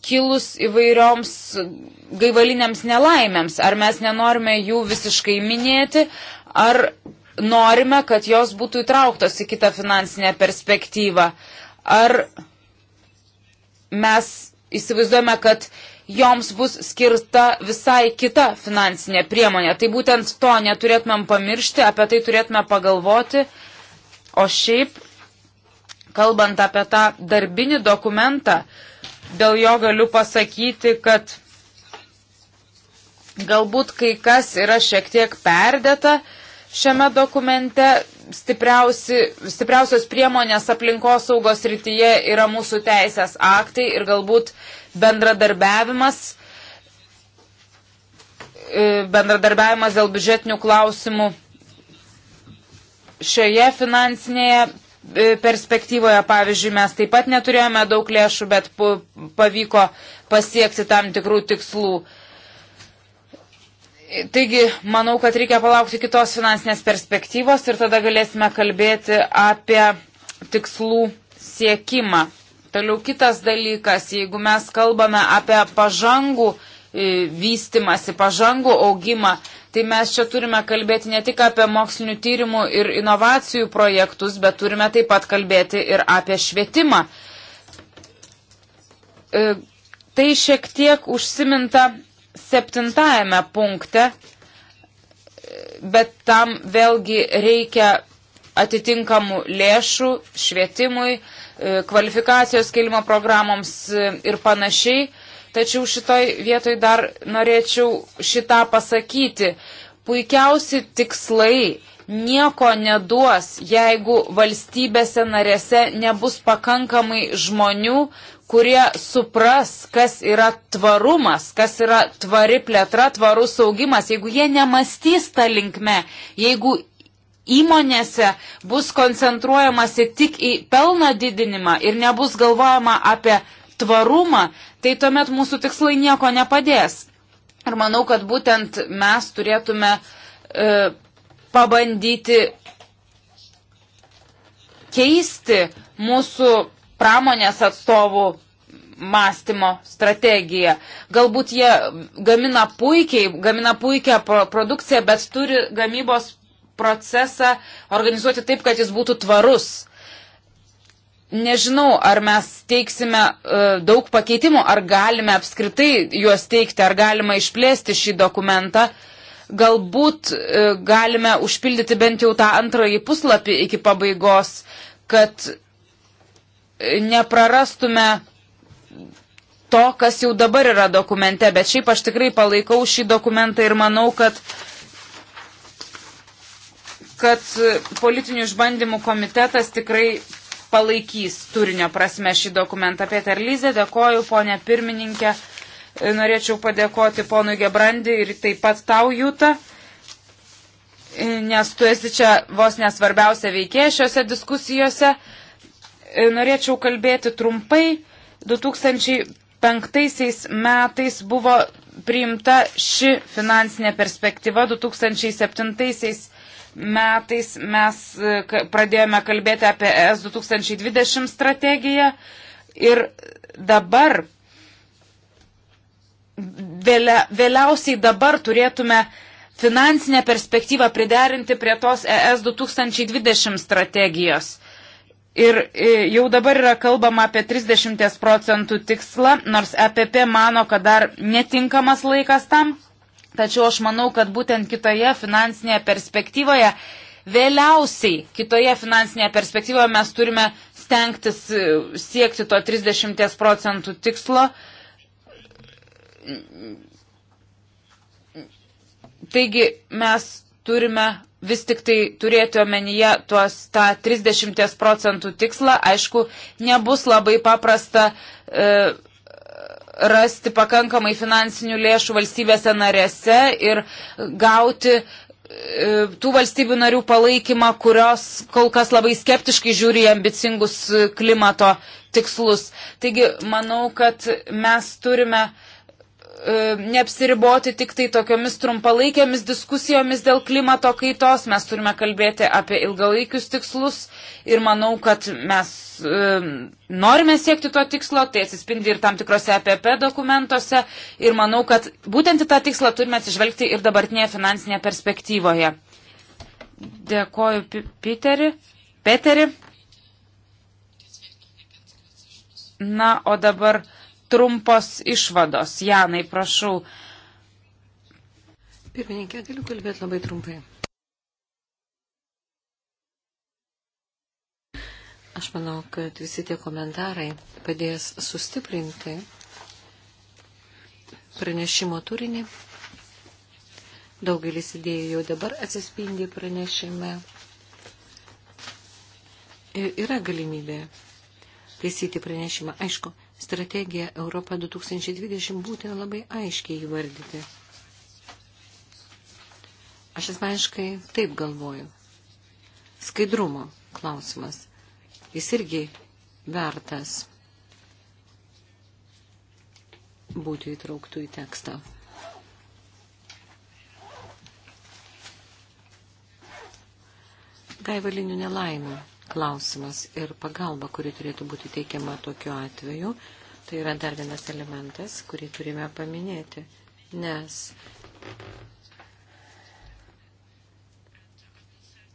kilus įvairioms gaivaliniams nelaimėms. Ar mes nenorime jų visiškai minėti, ar norime, kad jos būtų įtrauktos į kitą finansinę perspektyvą. Ar mes įsivaizduojame, kad joms bus skirta visai kita finansinė priemonė. Tai būtent to neturėtumėm pamiršti, apie tai turėtume pagalvoti. O šiaip, kalbant apie tą darbinį dokumentą, dėl jo galiu pasakyti, kad galbūt kai kas yra šiek tiek perdėta, šiame dokumente. Stipriausios priemonės aplinkos saugos rytyje yra mūsų teisės aktai ir galbūt bendradarbiavimas, e, bendradarbiavimas dėl biudžetinių klausimų šioje finansinėje e, perspektyvoje, pavyzdžiui, mes taip pat neturėjome daug lėšų, bet pavyko pasiekti tam tikrų tikslų. Taigi, manau, kad reikia palaukti kitos finansinės perspektyvos ir tada galėsime kalbėti apie tikslų siekimą. Toliau kitas dalykas, jeigu mes kalbame apie pažangų e, vystimasi, pažangų augimą, tai mes čia turime kalbėti ne tik apie mokslinių tyrimų ir inovacijų projektus, bet turime taip pat kalbėti ir apie švietimą. E, tai šiek tiek užsiminta septintajame punkte, bet tam vėlgi reikia atitinkamų lėšų švietimui, e, kvalifikacijos kelimo programoms e, ir panašiai. Tačiau šitoj vietoj dar norėčiau šitą pasakyti. Puikiausi tikslai nieko neduos, jeigu valstybėse narėse nebus pakankamai žmonių, kurie supras, kas yra tvarumas, kas yra tvari plėtra, tvarus augimas, jeigu jie nemastys tą linkme, jeigu įmonėse bus koncentruojamasi tik į pelno didinimą ir nebus galvojama apie tvarumą, tai tuomet mūsų tikslai nieko nepadės. Ir manau, kad būtent mes turėtume e, pabandyti keisti mūsų pramonės atstovų mąstymo strategija. Galbūt jie gamina puikiai, gamina puikią produkciją, bet turi gamybos procesą organizuoti taip, kad jis būtų tvarus. Nežinau, ar mes teiksime uh, daug pakeitimų, ar galime apskritai juos teikti, ar galima išplėsti šį dokumentą. Galbūt uh, galime užpildyti bent jau tą antrąjį puslapį iki pabaigos, kad uh, neprarastume to, kas jau dabar yra dokumente, bet šiaip aš tikrai palaikau šį dokumentą ir manau, kad, kad politinių išbandymų komitetas tikrai palaikys turinio prasme šį dokumentą. Peter Lyze, dėkoju, ponė pirmininkė, norėčiau padėkoti ponui Gebrandi ir taip pat tau, Jūta nes tu esi čia vos nesvarbiausia veikė šiuose diskusijose. E, norėčiau kalbėti trumpai. 2005 metais buvo priimta ši finansinė perspektyva, 2007 metais mes e, pradėjome kalbėti apie ES 2020 strategiją ir dabar, vėlia, vėliausiai dabar turėtume finansinę perspektyvą priderinti prie tos ES 2020 strategijos. Ir e, jau dabar yra kalbama apie 30 procentų tikslą, nors EPP mano, kad dar netinkamas laikas tam. Tačiau aš manau, kad būtent kitoje finansinėje perspektyvoje, vėliausiai kitoje finansinėje perspektyvoje mes turime stengtis e, siekti to 30 procentų tikslo. Taigi mes turime vis tik tai turėti omenyje tuos tą 30 procentų tikslą, aišku, nebus labai paprasta e, rasti pakankamai finansinių lėšų valstybėse narėse ir gauti e, tų valstybių narių palaikymą, kurios kol kas labai skeptiškai žiūri į ambicingus e, klimato tikslus. Taigi, manau, kad mes turime uh, E, neapsiriboti tik tai tokiomis trumpalaikėmis diskusijomis dėl klimato kaitos, mes turime kalbėti apie ilgalaikius tikslus ir manau, kad mes e, norime siekti to tikslo, tai atsispindi ir tam tikrose APP e dokumentuose ir manau, kad būtent į tą tikslą turime atsižvelgti ir dabartinėje finansinėje perspektyvoje. Dėkoju, Piteri. Peteri. Na, o dabar trumpos išvados. Janai, prašau. Pirmininkė, galiu kalbėti labai trumpai. Aš manau, kad visi tie komentarai padės sustiprinti pranešimo turinį. Daugelis idėjų jau dabar atsispindi pranešime. Ir yra galimybė taisyti pranešimą. Aišku, strategija Europa 2020 būtina labai aiškiai įvardyti. Aš asmeniškai taip galvoju. Skaidrumo klausimas. Jis irgi vertas būti įtrauktų į tekstą. Gaivalinių nelaimių klausimas ir pagalba, kuri turėtų būti teikiama tokiu atveju. Tai yra dar vienas elementas, kurį turime paminėti, nes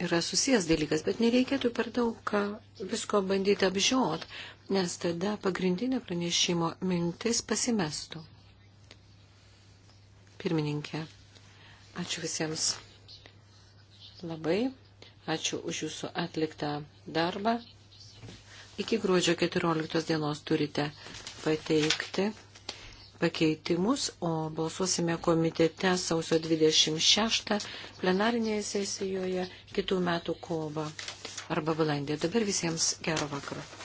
yra susijęs dalykas, bet nereikėtų per daug visko bandyti apžiot, nes tada pagrindinė pranešimo mintis pasimestų. Pirmininkė, ačiū visiems labai. Ačiū už jūsų atliktą darbą. Iki gruodžio 14 dienos turite pateikti pakeitimus, o balsuosime komitete sausio 26 plenarinėje sesijoje kitų metų kovą arba valandė. Dabar visiems gero vakaro.